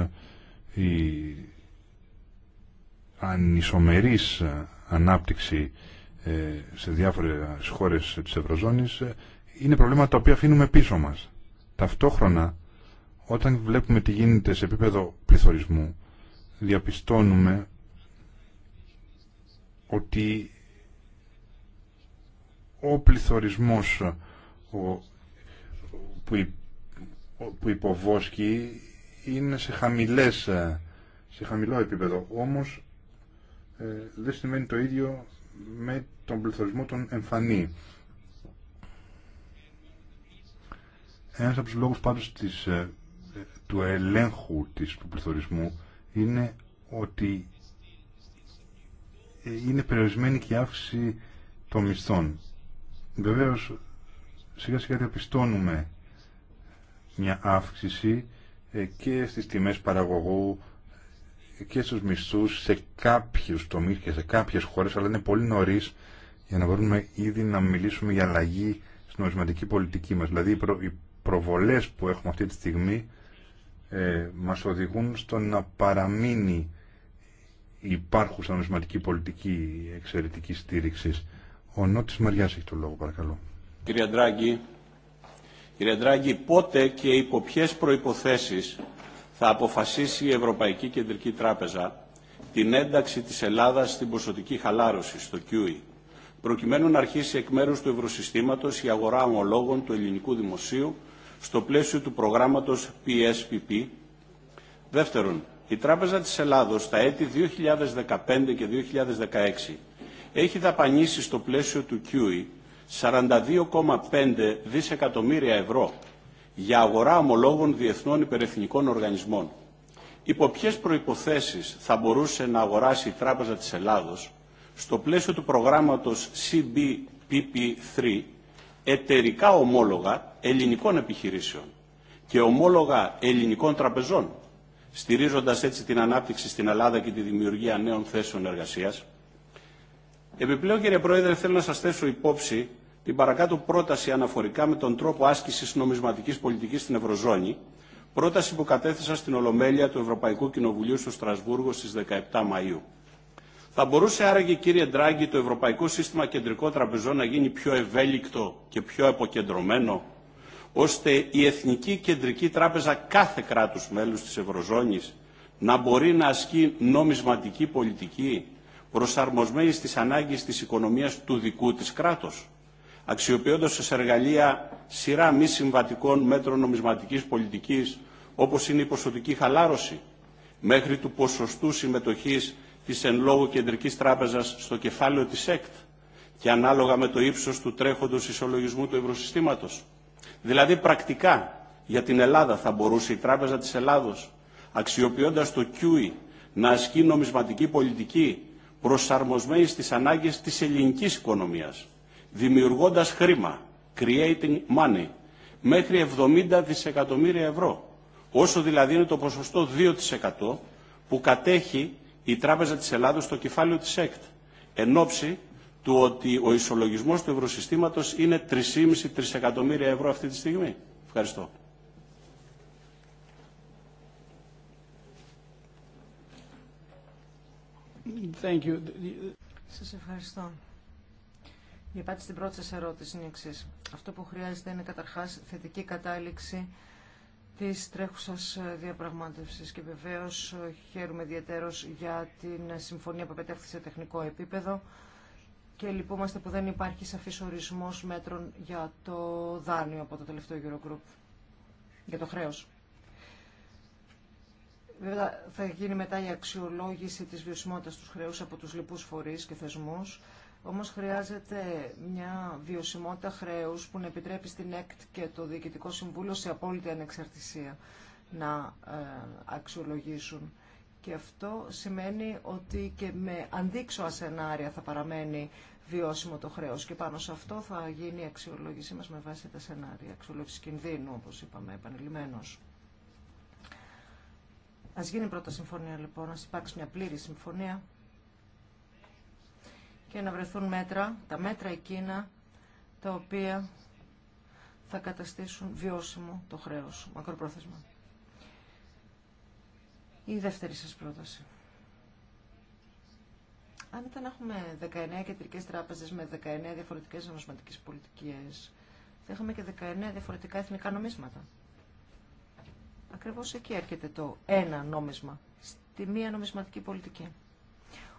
η ανισομερής ανάπτυξη ε, σε διάφορες χώρες της Ευρωζώνης ε, είναι προβλήματα τα οποία αφήνουμε πίσω μας. Ταυτόχρονα, όταν βλέπουμε τι γίνεται σε επίπεδο πληθωρισμού, διαπιστώνουμε ότι ο πληθωρισμός που υποβόσκει είναι σε, χαμηλές, σε χαμηλό επίπεδο. Όμως ε, δεν σημαίνει το ίδιο με τον πληθωρισμό των εμφανή. Ένας από τους λόγους πάντως της, ε, του ελέγχου της, του πληθωρισμού είναι ότι είναι περιορισμένη και η αύξηση των μισθών. Βεβαίω, σιγά σιγά διαπιστώνουμε μια αύξηση ε, και στις τιμές παραγωγού και στους μισθούς σε κάποιους τομείς και σε κάποιες χώρες, αλλά είναι πολύ νωρίς για να μπορούμε ήδη να μιλήσουμε για αλλαγή στην ορισματική πολιτική μας. Δηλαδή οι προβολές που έχουμε αυτή τη στιγμή ε, μας οδηγούν στο να παραμείνει σαν νομισματική πολιτική εξαιρετική στήριξη Ο Νότης Μαριάς έχει το λόγο, παρακαλώ. Κύριε Ντράγκη, κύριε Ντράγκη, πότε και υπό ποιε προϋποθέσεις θα αποφασίσει η Ευρωπαϊκή Κεντρική Τράπεζα την ένταξη της Ελλάδας στην ποσοτική χαλάρωση, στο QE, προκειμένου να αρχίσει εκ μέρους του ευρωσυστήματος η αγορά ομολόγων του ελληνικού δημοσίου στο πλαίσιο του προγράμματος PSPP. Δεύτερον, η Τράπεζα της Ελλάδος στα έτη 2015 και 2016 έχει δαπανίσει στο πλαίσιο του QE 42,5 δισεκατομμύρια ευρώ για αγορά ομολόγων διεθνών υπερεθνικών οργανισμών. Υπό ποιε προϋποθέσεις θα μπορούσε να αγοράσει η Τράπεζα της Ελλάδος στο πλαίσιο του προγράμματος CBPP3 εταιρικά ομόλογα ελληνικών επιχειρήσεων και ομόλογα ελληνικών τραπεζών στηρίζοντας έτσι την ανάπτυξη στην Ελλάδα και τη δημιουργία νέων θέσεων εργασίας. Επιπλέον, κύριε Πρόεδρε, θέλω να σας θέσω υπόψη την παρακάτω πρόταση αναφορικά με τον τρόπο άσκησης νομισματικής πολιτικής στην Ευρωζώνη, πρόταση που κατέθεσα στην Ολομέλεια του Ευρωπαϊκού Κοινοβουλίου στο Στρασβούργο στις 17 Μαΐου. Θα μπορούσε άραγε, κύριε Ντράγκη, το Ευρωπαϊκό Σύστημα Κεντρικών Τραπεζών να γίνει πιο ευέλικτο και πιο αποκεντρωμένο, ώστε η Εθνική Κεντρική Τράπεζα κάθε κράτους μέλους της Ευρωζώνης να μπορεί να ασκεί νομισματική πολιτική προσαρμοσμένη στις ανάγκες της οικονομίας του δικού της κράτους, αξιοποιώντας σε εργαλεία σειρά μη συμβατικών μέτρων νομισματικής πολιτικής, όπως είναι η ποσοτική χαλάρωση, μέχρι του ποσοστού συμμετοχής της εν λόγω κεντρικής τράπεζας στο κεφάλαιο της ΕΚΤ και ανάλογα με το ύψος του τρέχοντος ισολογισμού του ευρωσυστήματος. Δηλαδή πρακτικά για την Ελλάδα θα μπορούσε η Τράπεζα της Ελλάδος αξιοποιώντας το QE να ασκεί νομισματική πολιτική προσαρμοσμένη στις ανάγκες της ελληνικής οικονομίας, δημιουργώντας χρήμα, creating money, μέχρι 70 δισεκατομμύρια ευρώ, όσο δηλαδή είναι το ποσοστό 2% που κατέχει η Τράπεζα της Ελλάδος στο κεφάλαιο της ΕΚΤ, εν ώψη του ότι ο ισολογισμός του ευρωσυστήματος είναι 3,5 εκατομμύρια ευρώ αυτή τη στιγμή. Ευχαριστώ. Thank you. Σας ευχαριστώ. Η απάντηση στην πρώτη σας ερώτηση είναι εξής. Αυτό που χρειάζεται είναι καταρχάς θετική κατάληξη της τρέχουσας διαπραγμάτευσης και βεβαίως χαίρομαι ιδιαίτερως για την συμφωνία που επετέφθη σε τεχνικό επίπεδο και λυπούμαστε που δεν υπάρχει σαφής ορισμός μέτρων για το δάνειο από το τελευταίο Eurogroup, για το χρέος. Βέβαια θα γίνει μετά η αξιολόγηση της βιωσιμότητας του χρέους από τους λοιπούς φορείς και θεσμούς, όμως χρειάζεται μια βιωσιμότητα χρέους που να επιτρέπει στην ΕΚΤ και το Διοικητικό Συμβούλιο σε απόλυτη ανεξαρτησία να ε, αξιολογήσουν. Και αυτό σημαίνει ότι και με αντίξωα σενάρια θα παραμένει βιώσιμο το χρέο. Και πάνω σε αυτό θα γίνει η αξιολόγησή μας με βάση τα σενάρια, αξιολόγηση κινδύνου, όπως είπαμε επανειλημμένως. Ας γίνει πρώτα συμφωνία λοιπόν, ας υπάρξει μια πλήρη συμφωνία και να βρεθούν μέτρα, τα μέτρα εκείνα τα οποία θα καταστήσουν βιώσιμο το χρέος, μακροπρόθεσμα. Η δεύτερη σας πρόταση. Αν ήταν να έχουμε 19 κεντρικέ τράπεζε με 19 διαφορετικέ νομισματικέ πολιτικέ, θα είχαμε και 19 διαφορετικά εθνικά νομίσματα. Ακριβώ εκεί έρχεται το ένα νόμισμα, στη μία νομισματική πολιτική.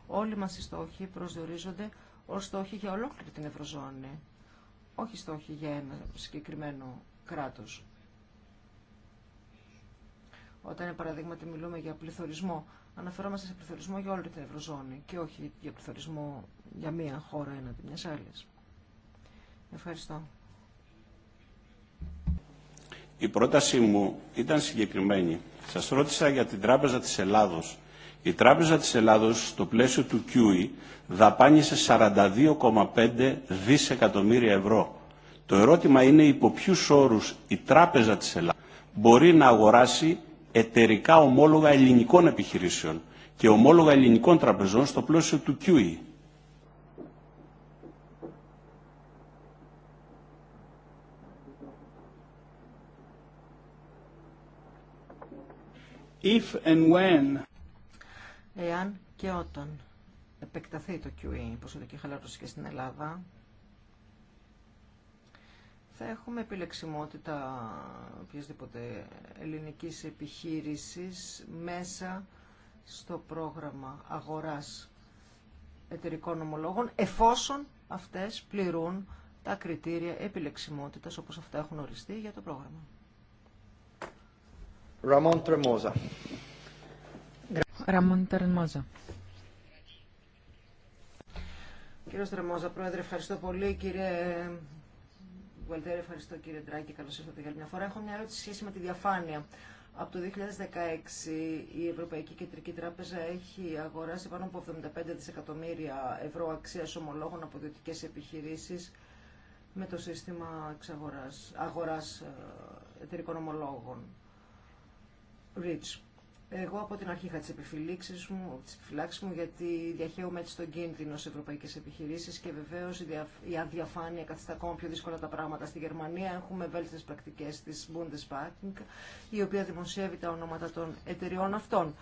Όλοι μα οι στόχοι προσδιορίζονται ω στόχοι για ολόκληρη την Ευρωζώνη, όχι στόχοι για ένα συγκεκριμένο κράτο. Όταν, παραδείγματι, μιλούμε για πληθωρισμό, αναφερόμαστε σε πληθωρισμό για όλη την Ευρωζώνη και όχι για πληθωρισμό για μία χώρα έναντι μια αλλη Ευχαριστώ. Η πρότασή μου ήταν συγκεκριμένη. Σας ρώτησα για την Τράπεζα της Ελλάδος. Η Τράπεζα της Ελλάδος στο πλαίσιο του QE δαπάνησε 42,5 δισεκατομμύρια ευρώ. Το ερώτημα είναι υπό ποιου όρους η Τράπεζα της Ελλάδος μπορεί να αγοράσει εταιρικά ομόλογα ελληνικών επιχειρήσεων και ομόλογα ελληνικών τραπεζών στο πλαίσιο του QE. If and when. Εάν και όταν επεκταθεί το QE, η ποσοτική χαλάρωση και στην Ελλάδα, θα έχουμε επιλεξιμότητα οποιασδήποτε ελληνικής επιχείρησης μέσα στο πρόγραμμα αγοράς εταιρικών ομολόγων εφόσον αυτές πληρούν τα κριτήρια επιλεξιμότητας όπως αυτά έχουν οριστεί για το πρόγραμμα. Ραμόν Τρεμόζα. Ραμόν Τρεμόζα. Πρόεδρε, ευχαριστώ πολύ. Κύριε Ευχαριστώ κύριε Ντράκη. Καλώ ήρθατε για μια φορά. Έχω μια ερώτηση σχέση με τη διαφάνεια. Από το 2016 η Ευρωπαϊκή Κεντρική Τράπεζα έχει αγοράσει πάνω από 75 δισεκατομμύρια ευρώ αξία ομολόγων από δυτικέ επιχειρήσει με το σύστημα αγορά αγοράς ε, εταιρικών ομολόγων. Εγώ από την αρχή είχα τι επιφυλάξει μου, μου γιατί διαχέουμε έτσι τον κίνδυνο σε ευρωπαϊκέ επιχειρήσει και βεβαίω η αδιαφάνεια καθιστά ακόμα πιο δύσκολα τα πράγματα. Στη Γερμανία έχουμε βέλτιστε πρακτικέ τη Bundesbank, η οποία δημοσιεύει τα ονόματα των εταιριών αυτών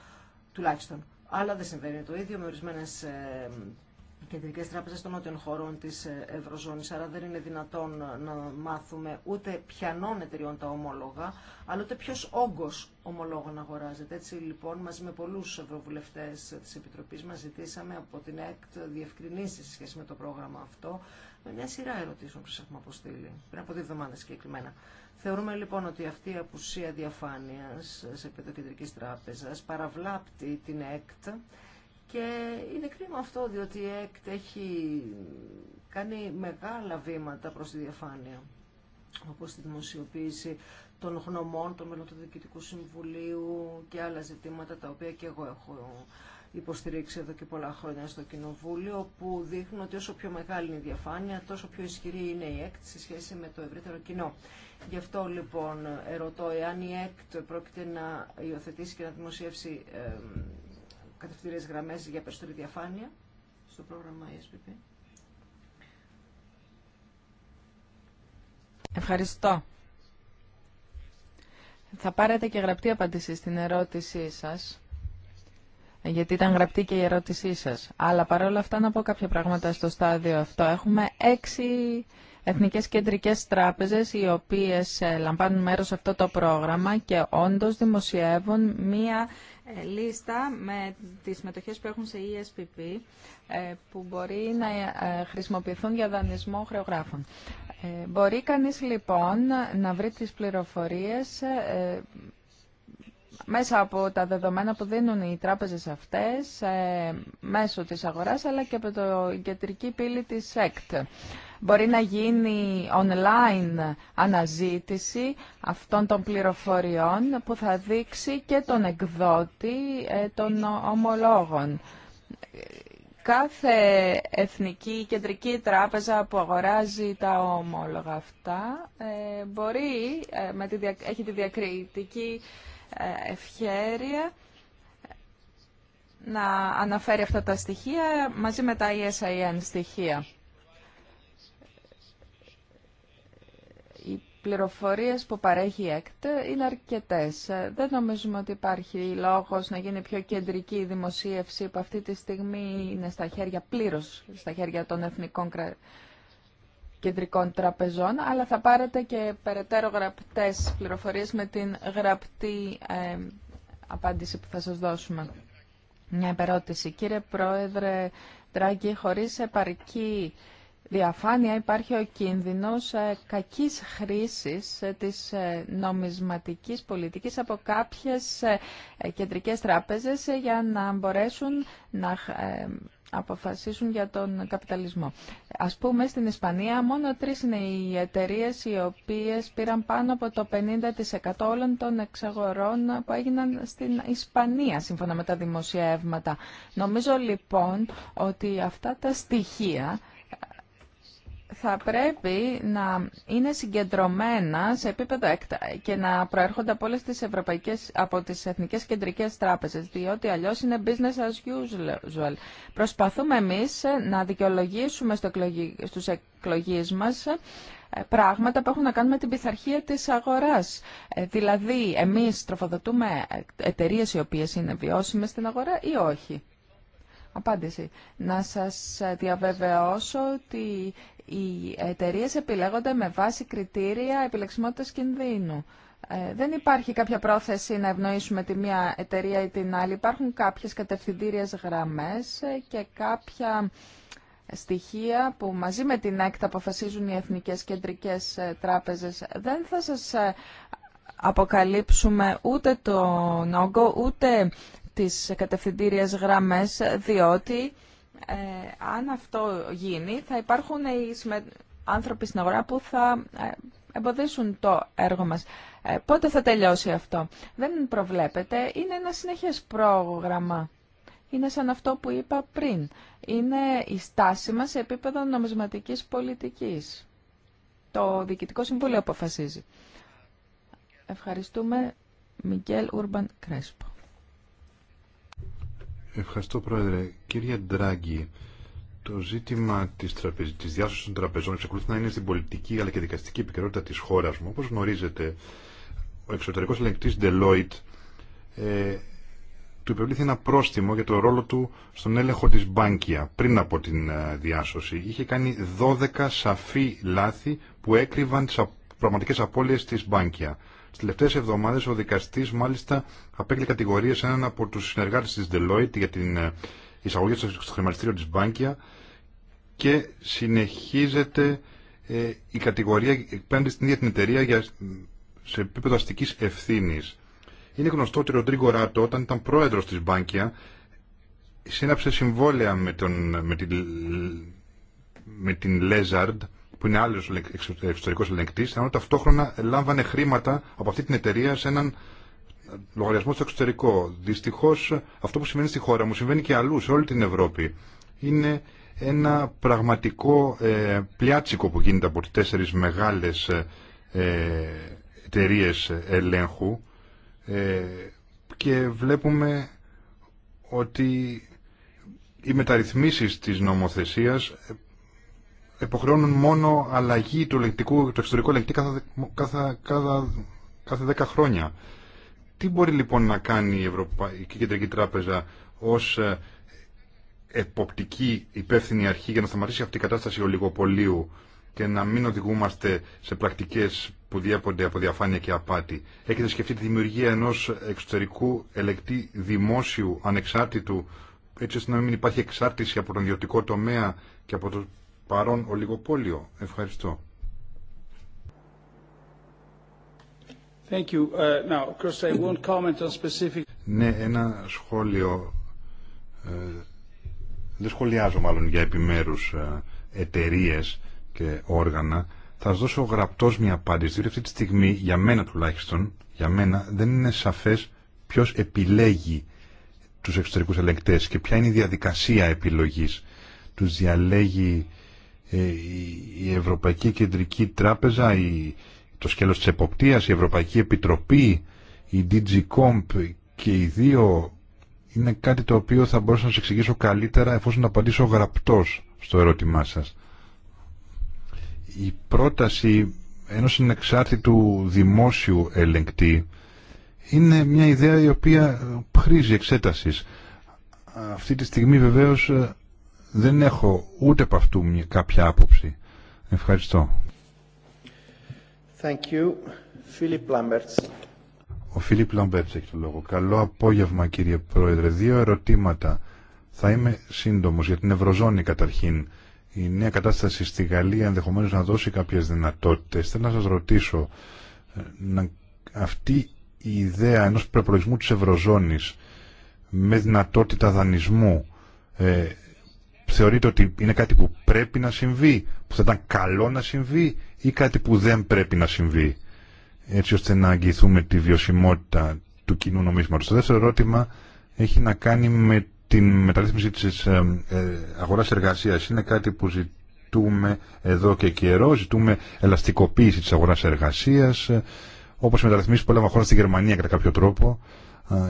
τουλάχιστον. Αλλά δεν συμβαίνει το ίδιο με ορισμένε ε, κεντρικές τράπεζες των νότιων χωρών της ε, Ευρωζώνης, άρα δεν είναι δυνατόν να μάθουμε ούτε πιανών εταιριών τα ομόλογα, αλλά ούτε ποιος όγκος ομολόγων αγοράζεται. Έτσι λοιπόν, μαζί με πολλούς ευρωβουλευτές της Επιτροπής μας ζητήσαμε από την ΕΚΤ διευκρινήσεις σε σχέση με το πρόγραμμα αυτό, με μια σειρά ερωτήσεων που σας έχουμε αποστείλει, πριν από δύο εβδομάδες συγκεκριμένα. Θεωρούμε λοιπόν ότι αυτή η απουσία διαφάνειας σε επίπεδο κεντρικής τράπεζας παραβλάπτει την ΕΚΤ και είναι κρίμα αυτό, διότι η ΕΚΤ έχει κάνει μεγάλα βήματα προς τη διαφάνεια, όπως τη δημοσιοποίηση των γνωμών, των μελών του Διοικητικού Συμβουλίου και άλλα ζητήματα, τα οποία και εγώ έχω υποστηρίξει εδώ και πολλά χρόνια στο Κοινοβούλιο, που δείχνουν ότι όσο πιο μεγάλη είναι η διαφάνεια, τόσο πιο ισχυρή είναι η ΕΚΤ σε σχέση με το ευρύτερο κοινό. Γι' αυτό λοιπόν ερωτώ εάν η ΕΚΤ πρόκειται να υιοθετήσει και να δημοσιεύσει κατευθυντήριες γραμμές για περισσότερη διαφάνεια στο πρόγραμμα ESPP. Ευχαριστώ. Θα πάρετε και γραπτή απάντηση στην ερώτησή σας, γιατί ήταν γραπτή και η ερώτησή σας. Αλλά παρόλα αυτά να πω κάποια πράγματα στο στάδιο αυτό. Έχουμε έξι εθνικές κεντρικές τράπεζες οι οποίες ε, λαμβάνουν μέρος σε αυτό το πρόγραμμα και όντως δημοσιεύουν μία ε, λίστα με τις μετοχές που έχουν σε ESPP ε, που μπορεί να ε, χρησιμοποιηθούν για δανεισμό χρεογράφων. Μπορεί κανείς λοιπόν να βρει τις πληροφορίες μέσα από τα δεδομένα που δίνουν οι τράπεζες αυτές ε, μέσω της αγοράς αλλά και από το κεντρική πύλη της ΕΚΤ. Μπορεί να γίνει online αναζήτηση αυτών των πληροφοριών που θα δείξει και τον εκδότη ε, των ομολόγων. Κάθε εθνική κεντρική τράπεζα που αγοράζει τα ομόλογα αυτά ε, μπορεί, με τη, έχει τη διακριτική ευχέρεια να αναφέρει αυτά τα στοιχεία μαζί με τα ESIN στοιχεία. Οι πληροφορίες που παρέχει η ΕΚΤ είναι αρκετές. Δεν νομίζουμε ότι υπάρχει λόγος να γίνει πιο κεντρική η δημοσίευση που αυτή τη στιγμή είναι στα χέρια πλήρως, στα χέρια των εθνικών κρατών κεντρικών τραπεζών, αλλά θα πάρετε και περαιτέρω γραπτές πληροφορίες με την γραπτή ε, απάντηση που θα σας δώσουμε. Μια επερώτηση. Κύριε Πρόεδρε Τράγκη, χωρίς επαρκή διαφάνεια υπάρχει ο κίνδυνος ε, κακής χρήσης ε, της νομισματικής πολιτικής από κάποιες κεντρικές τράπεζες για να μπορέσουν να αποφασίσουν για τον καπιταλισμό. Ας πούμε στην Ισπανία μόνο τρεις είναι οι εταιρείε οι οποίες πήραν πάνω από το 50% όλων των εξαγορών που έγιναν στην Ισπανία σύμφωνα με τα δημοσιεύματα. Νομίζω λοιπόν ότι αυτά τα στοιχεία θα πρέπει να είναι συγκεντρωμένα σε επίπεδο έκτα και να προέρχονται από όλες τις ευρωπαϊκές, από τις εθνικές κεντρικές τράπεζες, διότι αλλιώς είναι business as usual. Προσπαθούμε εμείς να δικαιολογήσουμε στο εκλογή, στους εκλογείς μας ε, πράγματα που έχουν να κάνουν με την πειθαρχία της αγοράς. Ε, δηλαδή, εμείς τροφοδοτούμε ε, εταιρείες οι οποίες είναι βιώσιμες στην αγορά ή όχι. Απάντηση. Να σας διαβεβαιώσω ότι οι εταιρείε επιλέγονται με βάση κριτήρια επιλεξιμότητας κινδύνου. Ε, δεν υπάρχει κάποια πρόθεση να ευνοήσουμε τη μία εταιρεία ή την άλλη. Υπάρχουν κάποιες κατευθυντήριες γραμμές ε, και κάποια στοιχεία που μαζί με την ΕΚΤ αποφασίζουν οι Εθνικές Κεντρικές ε, Τράπεζες. Δεν θα σας αποκαλύψουμε ούτε τον όγκο, ούτε τις κατευθυντήριες γραμμές, διότι ε, αν αυτό γίνει θα υπάρχουν οι άνθρωποι στην αγορά που θα ε, εμποδίσουν το έργο μας. Ε, πότε θα τελειώσει αυτό. Δεν προβλέπεται. Είναι ένα συνεχές πρόγραμμα. Είναι σαν αυτό που είπα πριν. Είναι η στάση μας σε επίπεδο νομισματικής πολιτικής. Το Διοικητικό Συμβούλιο αποφασίζει. Ευχαριστούμε. Μικέλ Ούρμπαν Κρέσπο. Ευχαριστώ Πρόεδρε. Κύριε Ντράγκη, το ζήτημα της, τραπεζ... της διάσωσης των τραπεζών εξακολουθεί να είναι στην πολιτική αλλά και δικαστική επικαιρότητα της χώρας μου. Όπως γνωρίζετε, ο εξωτερικός ελεγκτής Deloitte ε, του υπευλήθη ένα πρόστιμο για το ρόλο του στον έλεγχο της Μπάνκια πριν από την ε, διάσωση. Είχε κάνει 12 σαφή λάθη που έκρυβαν τι πραγματικές απώλειες της Μπάνκια. Στις τελευταίε εβδομάδες ο δικαστής μάλιστα απέκλει κατηγορίες σε έναν από τους συνεργάτες της Deloitte για την ε, εισαγωγή στο χρηματιστήριο της Μπάνκια και συνεχίζεται ε, η κατηγορία εκπέμπτη στην ίδια την εταιρεία για, σε επίπεδο αστική ευθύνη. Είναι γνωστό ότι ο Ροντρίγκο Ράτο όταν ήταν πρόεδρος τη Μπάνκια σύναψε συμβόλαια με, τον, με, την, με την Λέζαρντ που είναι άλλο εξωτερικό ελεγκτή, ενώ ταυτόχρονα λάμβανε χρήματα από αυτή την εταιρεία σε έναν λογαριασμό στο εξωτερικό. Δυστυχώ αυτό που συμβαίνει στη χώρα μου συμβαίνει και αλλού, σε όλη την Ευρώπη. Είναι ένα πραγματικό ε, πλιάτσικο που γίνεται από τι τέσσερι μεγάλε ε, εταιρείε ελέγχου ε, και βλέπουμε ότι οι μεταρρυθμίσεις της νομοθεσίας υποχρεώνουν μόνο αλλαγή του, λεκτικού, του εξωτερικού ελεκτή κάθε, κάθε, κάθε, 10 χρόνια. Τι μπορεί λοιπόν να κάνει η Ευρωπαϊκή Κεντρική Τράπεζα ως ε, εποπτική υπεύθυνη αρχή για να σταματήσει αυτή η κατάσταση ολιγοπολίου και να μην οδηγούμαστε σε πρακτικές που διέπονται από διαφάνεια και απάτη. Έχετε σκεφτεί τη δημιουργία ενός εξωτερικού ελεκτή δημόσιου ανεξάρτητου έτσι ώστε να μην υπάρχει εξάρτηση από τον ιδιωτικό τομέα και από το παρόν ολιγοπόλιο. Ευχαριστώ. Thank you. Uh, now, won't comment on specific... Ναι, ένα σχόλιο. Ε, δεν σχολιάζω μάλλον για επιμέρους ε, εταιρείε και όργανα. Θα σας δώσω γραπτός μια απάντηση, διότι αυτή τη στιγμή, για μένα τουλάχιστον, για μένα δεν είναι σαφές ποιος επιλέγει τους εξωτερικούς ελεγκτές και ποια είναι η διαδικασία επιλογής. Τους διαλέγει ε, η Ευρωπαϊκή Κεντρική Τράπεζα, η, το σκέλος της Εποπτείας, η Ευρωπαϊκή Επιτροπή, η DigiComp και οι δύο είναι κάτι το οποίο θα μπορούσα να σας εξηγήσω καλύτερα εφόσον απαντήσω γραπτός στο ερώτημά σας. Η πρόταση ενός συνεξάρτητου δημόσιου ελεγκτή είναι μια ιδέα η οποία χρήζει εξέτασης. Αυτή τη στιγμή βεβαίως δεν έχω ούτε από αυτού κάποια άποψη. Ευχαριστώ. Thank you. Philip Lamberts. Ο Φίλιπ Λαμπέρτς έχει το λόγο. Καλό απόγευμα κύριε Πρόεδρε. Δύο ερωτήματα. Θα είμαι σύντομος για την Ευρωζώνη καταρχήν. Η νέα κατάσταση στη Γαλλία ενδεχομένως να δώσει κάποιες δυνατότητες. Θέλω να σας ρωτήσω, ε, να, αυτή η ιδέα ενός προπολογισμού της Ευρωζώνης με δυνατότητα δανεισμού ε, θεωρείτε ότι είναι κάτι που πρέπει να συμβεί, που θα ήταν καλό να συμβεί ή κάτι που δεν πρέπει να συμβεί έτσι ώστε να αγγιθούμε τη βιωσιμότητα του κοινού νομίσματος. Το δεύτερο ερώτημα έχει να κάνει με την μεταρρύθμιση της ε, ε, αγοράς εργασίας. Είναι κάτι που ζητούμε εδώ και καιρό, ζητούμε ελαστικοποίηση της αγοράς εργασίας, ε, όπως μεταρρυθμίσεις που έλαβαν χώρα στη Γερμανία κατά κάποιο τρόπο,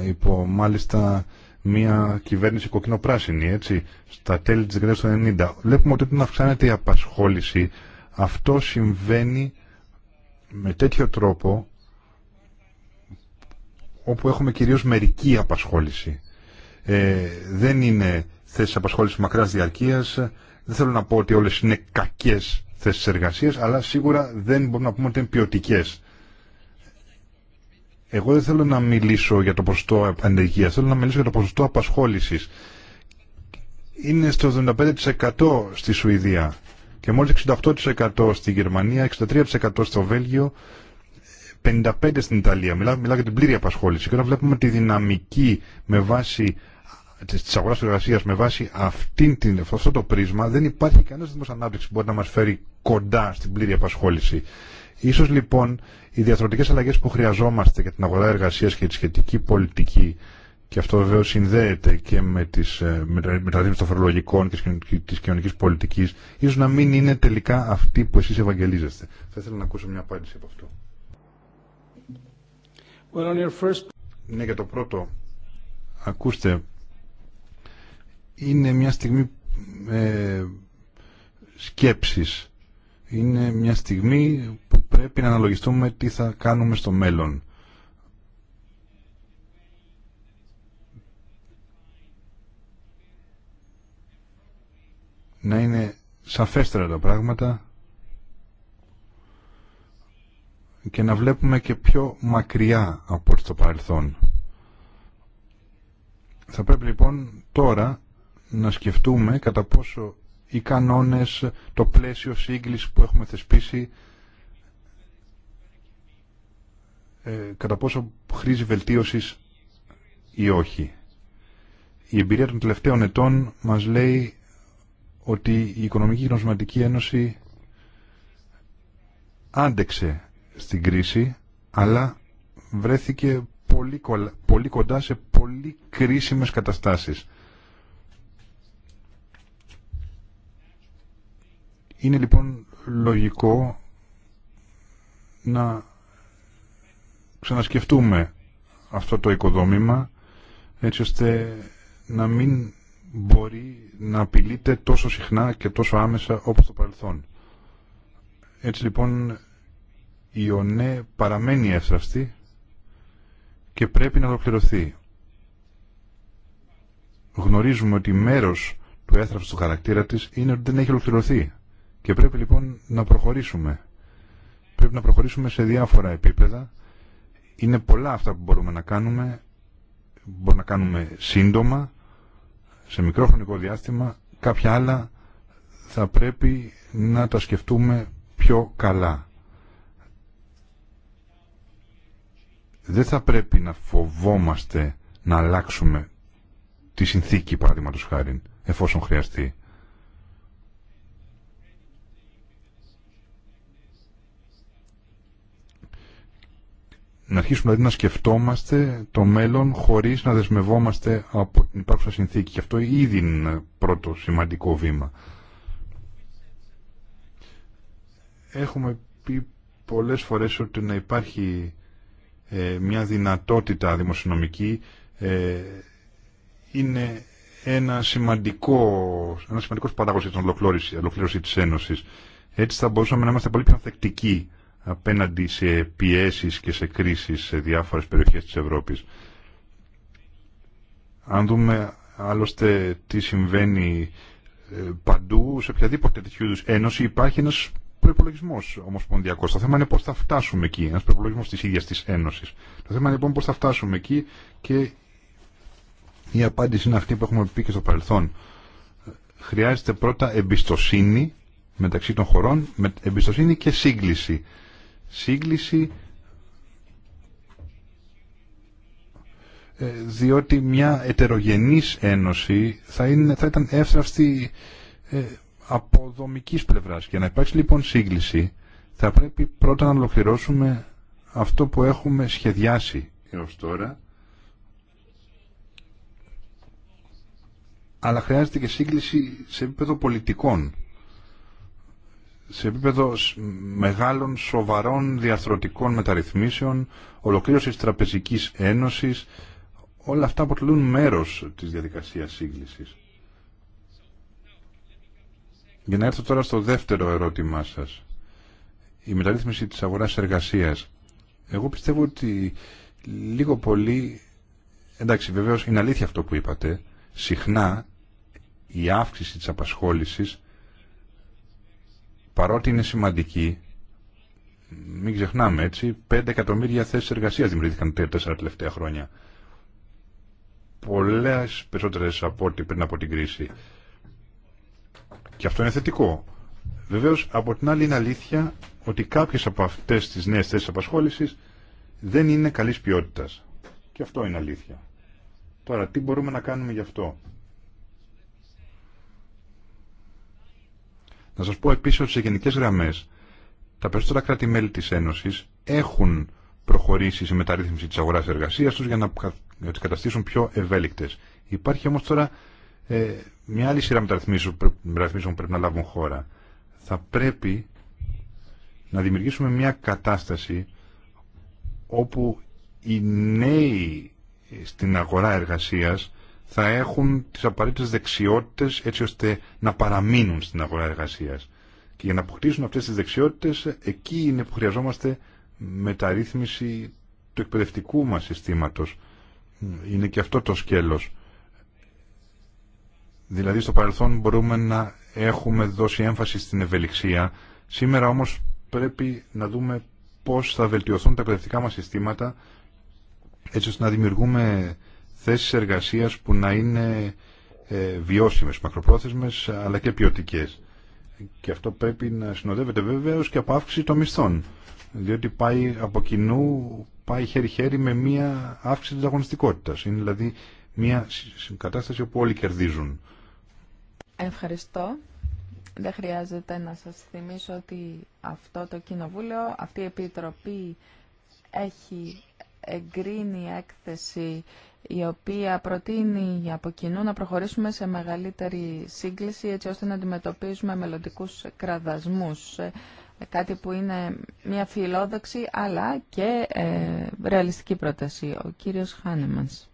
υπό μάλιστα μια κυβέρνηση κοκκινοπράσινη, έτσι, στα τέλη της δεκαετίας του 90. Βλέπουμε ότι όταν αυξάνεται η απασχόληση, αυτό συμβαίνει με τέτοιο τρόπο όπου έχουμε κυρίως μερική απασχόληση. Ε, δεν είναι θέσεις απασχόληση μακράς διαρκείας, δεν θέλω να πω ότι όλες είναι κακές θέσεις εργασίας, αλλά σίγουρα δεν μπορούμε να πούμε ότι είναι ποιοτικέ εγώ δεν θέλω να μιλήσω για το ποσοστό ανεργία, θέλω να μιλήσω για το ποσοστό απασχόληση. Είναι στο 75% στη Σουηδία και μόλις 68% στη Γερμανία, 63% στο Βέλγιο, 55% στην Ιταλία. Μιλάμε μιλάω για την πλήρη απασχόληση. Και όταν βλέπουμε τη δυναμική με βάση τη αγορά εργασία με βάση αυτήν την, αυτό το πρίσμα, δεν υπάρχει κανένα δημοσιονάπτυξη που μπορεί να μα φέρει κοντά στην πλήρη απασχόληση. Ίσως λοιπόν οι διαθροτικές αλλαγές που χρειαζόμαστε για την αγορά εργασίας και τη σχετική πολιτική και αυτό βεβαίω συνδέεται και με τις δίπλα ε, των φορολογικών και της κοινωνικής πολιτικής ίσως να μην είναι τελικά αυτή που εσείς ευαγγελίζεστε. Θα ήθελα να ακούσω μια απάντηση από αυτό. Ναι, για το πρώτο. Ακούστε, είναι μια στιγμή ε, σκέψης. Είναι μια στιγμή πρέπει να αναλογιστούμε τι θα κάνουμε στο μέλλον. Να είναι σαφέστερα τα πράγματα και να βλέπουμε και πιο μακριά από το παρελθόν. Θα πρέπει λοιπόν τώρα να σκεφτούμε κατά πόσο οι κανόνες, το πλαίσιο σύγκλησης που έχουμε θεσπίσει Ε, κατά πόσο χρήζει βελτίωσης ή όχι. Η εμπειρία των τελευταίων ετών μας λέει ότι η Οικονομική γνωσματικη Ένωση άντεξε στην κρίση, αλλά βρέθηκε πολύ, πολύ κοντά σε πολύ κρίσιμες καταστάσεις. Είναι λοιπόν λογικό να ξανασκεφτούμε αυτό το οικοδόμημα έτσι ώστε να μην μπορεί να απειλείται τόσο συχνά και τόσο άμεσα όπως το παρελθόν. Έτσι λοιπόν η ΩΝΕ παραμένει εύθραυστη και πρέπει να ολοκληρωθεί. Γνωρίζουμε ότι μέρος του έθραυστου χαρακτήρα της είναι ότι δεν έχει ολοκληρωθεί και πρέπει λοιπόν να προχωρήσουμε. Πρέπει να προχωρήσουμε σε διάφορα επίπεδα είναι πολλά αυτά που μπορούμε να κάνουμε, μπορούμε να κάνουμε σύντομα, σε μικρό χρονικό διάστημα, κάποια άλλα θα πρέπει να τα σκεφτούμε πιο καλά. Δεν θα πρέπει να φοβόμαστε να αλλάξουμε τη συνθήκη, παραδείγματο χάρη, εφόσον χρειαστεί. να αρχίσουμε δηλαδή να σκεφτόμαστε το μέλλον χωρίς να δεσμευόμαστε από την υπάρχουσα συνθήκη. Και αυτό ήδη είναι πρώτο σημαντικό βήμα. Έχουμε πει πολλές φορές ότι να υπάρχει ε, μια δυνατότητα δημοσιονομική ε, είναι ένα σημαντικό, ένα σημαντικός παράγοντας για την ολοκλήρωση, ολοκλήρωση της Ένωσης. Έτσι θα μπορούσαμε να είμαστε πολύ πιο ανθεκτικοί απέναντι σε πιέσεις και σε κρίσεις σε διάφορες περιοχές της Ευρώπης. Αν δούμε άλλωστε τι συμβαίνει ε, παντού, σε οποιαδήποτε τέτοιου είδους ένωση υπάρχει ένας προπολογισμό ομοσπονδιακό. Το θέμα είναι πώ θα φτάσουμε εκεί. Ένα προπολογισμό τη ίδια τη Ένωση. Το θέμα είναι λοιπόν πώ θα φτάσουμε εκεί και η απάντηση είναι αυτή που έχουμε πει και στο παρελθόν. Χρειάζεται πρώτα εμπιστοσύνη μεταξύ των χωρών, με εμπιστοσύνη και σύγκληση σύγκληση ε, διότι μια ετερογενής ένωση θα, είναι, θα ήταν εύθραυστη ε, από δομικής πλευράς. Για να υπάρξει λοιπόν σύγκληση θα πρέπει πρώτα να ολοκληρώσουμε αυτό που έχουμε σχεδιάσει έως τώρα αλλά χρειάζεται και σύγκληση σε επίπεδο πολιτικών σε επίπεδο μεγάλων σοβαρών διαρθρωτικών μεταρρυθμίσεων, ολοκλήρωσης τραπεζικής ένωσης, όλα αυτά αποτελούν μέρος της διαδικασίας σύγκλησης. Για να έρθω τώρα στο δεύτερο ερώτημά σας. Η μεταρρύθμιση της αγοράς εργασίας. Εγώ πιστεύω ότι λίγο πολύ, εντάξει βεβαίως είναι αλήθεια αυτό που είπατε, συχνά η αύξηση της απασχόλησης παρότι είναι σημαντική, μην ξεχνάμε έτσι, 5 εκατομμύρια θέσεις εργασίας δημιουργήθηκαν τα τέσσερα τελευταία χρόνια. Πολλές περισσότερες από ό,τι πριν από την κρίση. Και αυτό είναι θετικό. Βεβαίως, από την άλλη είναι αλήθεια ότι κάποιες από αυτές τις νέες θέσεις απασχόλησης δεν είναι καλής ποιότητας. Και αυτό είναι αλήθεια. Τώρα, τι μπορούμε να κάνουμε γι' αυτό. Να σας πω επίσης ότι σε γενικές γραμμές τα περισσότερα κράτη-μέλη της Ένωσης έχουν προχωρήσει σε μεταρρύθμιση της αγοράς εργασίας τους για να τις καταστήσουν πιο ευέλικτες. Υπάρχει όμως τώρα ε, μια άλλη σειρά μεταρρυθμίσεων που πρέπει να λάβουν χώρα. Θα πρέπει να δημιουργήσουμε μια κατάσταση όπου οι νέοι στην αγορά εργασίας θα έχουν τις απαραίτητες δεξιότητες έτσι ώστε να παραμείνουν στην αγορά εργασίας. Και για να αποκτήσουν αυτές τις δεξιότητες, εκεί είναι που χρειαζόμαστε μεταρρύθμιση του εκπαιδευτικού μας συστήματος. Είναι και αυτό το σκέλος. Δηλαδή στο παρελθόν μπορούμε να έχουμε δώσει έμφαση στην ευελιξία. Σήμερα όμως πρέπει να δούμε πώς θα βελτιωθούν τα εκπαιδευτικά μας συστήματα έτσι ώστε να δημιουργούμε θέσεις εργασίας που να είναι ε, βιώσιμες, μακροπρόθεσμες αλλά και ποιοτικέ. Και αυτό πρέπει να συνοδεύεται βέβαιως και από αύξηση των μισθών. Διότι πάει από κοινού, πάει χέρι-χέρι με μία αύξηση της αγωνιστικότητας. Είναι δηλαδή μία κατάσταση όπου όλοι κερδίζουν. Ευχαριστώ. Δεν χρειάζεται να σας θυμίσω ότι αυτό το κοινοβούλιο, αυτή η επιτροπή έχει εγκρίνει έκθεση η οποία προτείνει από κοινού να προχωρήσουμε σε μεγαλύτερη σύγκληση έτσι ώστε να αντιμετωπίζουμε μελλοντικούς κραδασμούς. Ε, κάτι που είναι μια φιλόδοξη αλλά και ε, ρεαλιστική πρόταση. Ο κύριος Χάνεμανς.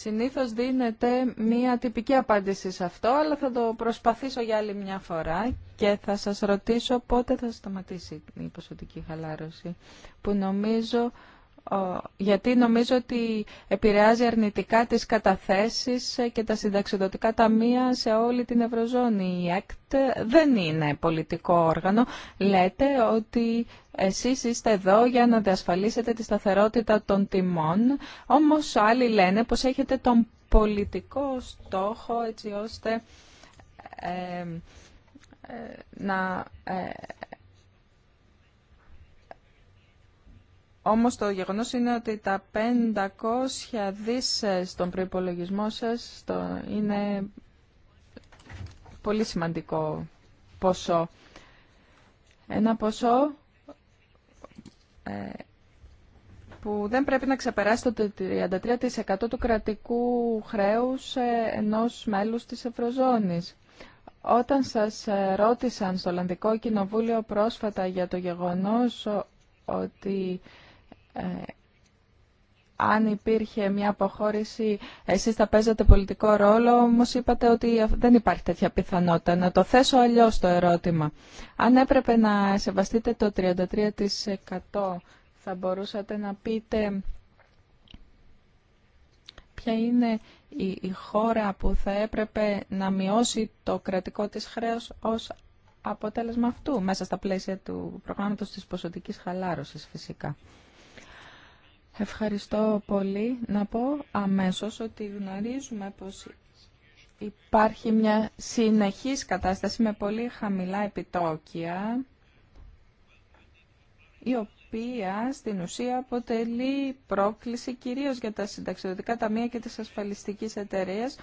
Συνήθως δίνεται μία τυπική απάντηση σε αυτό, αλλά θα το προσπαθήσω για άλλη μια φορά και θα σας ρωτήσω πότε θα σταματήσει η ποσοτική χαλάρωση, που νομίζω γιατί νομίζω ότι επηρεάζει αρνητικά τις καταθέσεις και τα συνταξιδοτικά ταμεία σε όλη την Ευρωζώνη. Η ΕΚΤ δεν είναι πολιτικό όργανο. Λέτε ότι εσείς είστε εδώ για να διασφαλίσετε τη σταθερότητα των τιμών, όμως άλλοι λένε πως έχετε τον πολιτικό στόχο έτσι ώστε ε, ε, να... Ε, Όμως το γεγονός είναι ότι τα 500 δις ε, στον προϋπολογισμό σας το είναι πολύ σημαντικό ποσό. Ένα ποσό ε, που δεν πρέπει να ξεπεράσει το 33% του κρατικού χρέους ε, ενός μέλους της Ευρωζώνης. Όταν σας ρώτησαν στο Ολλανδικό Κοινοβούλιο πρόσφατα για το γεγονός ότι ε, αν υπήρχε μια αποχώρηση, εσείς θα παίζατε πολιτικό ρόλο, όμω είπατε ότι δεν υπάρχει τέτοια πιθανότητα. Να το θέσω αλλιώς το ερώτημα. Αν έπρεπε να σεβαστείτε το 33% θα μπορούσατε να πείτε ποια είναι η, χώρα που θα έπρεπε να μειώσει το κρατικό της χρέος ως αποτέλεσμα αυτού, μέσα στα πλαίσια του προγράμματος της ποσοτικής χαλάρωσης φυσικά. Ευχαριστώ πολύ. Να πω αμέσως ότι γνωρίζουμε πως υπάρχει μια συνεχής κατάσταση με πολύ χαμηλά επιτόκια οποία στην ουσία αποτελεί πρόκληση κυρίως για τα συνταξιδοτικά ταμεία και τις ασφαλιστικές εταιρείες,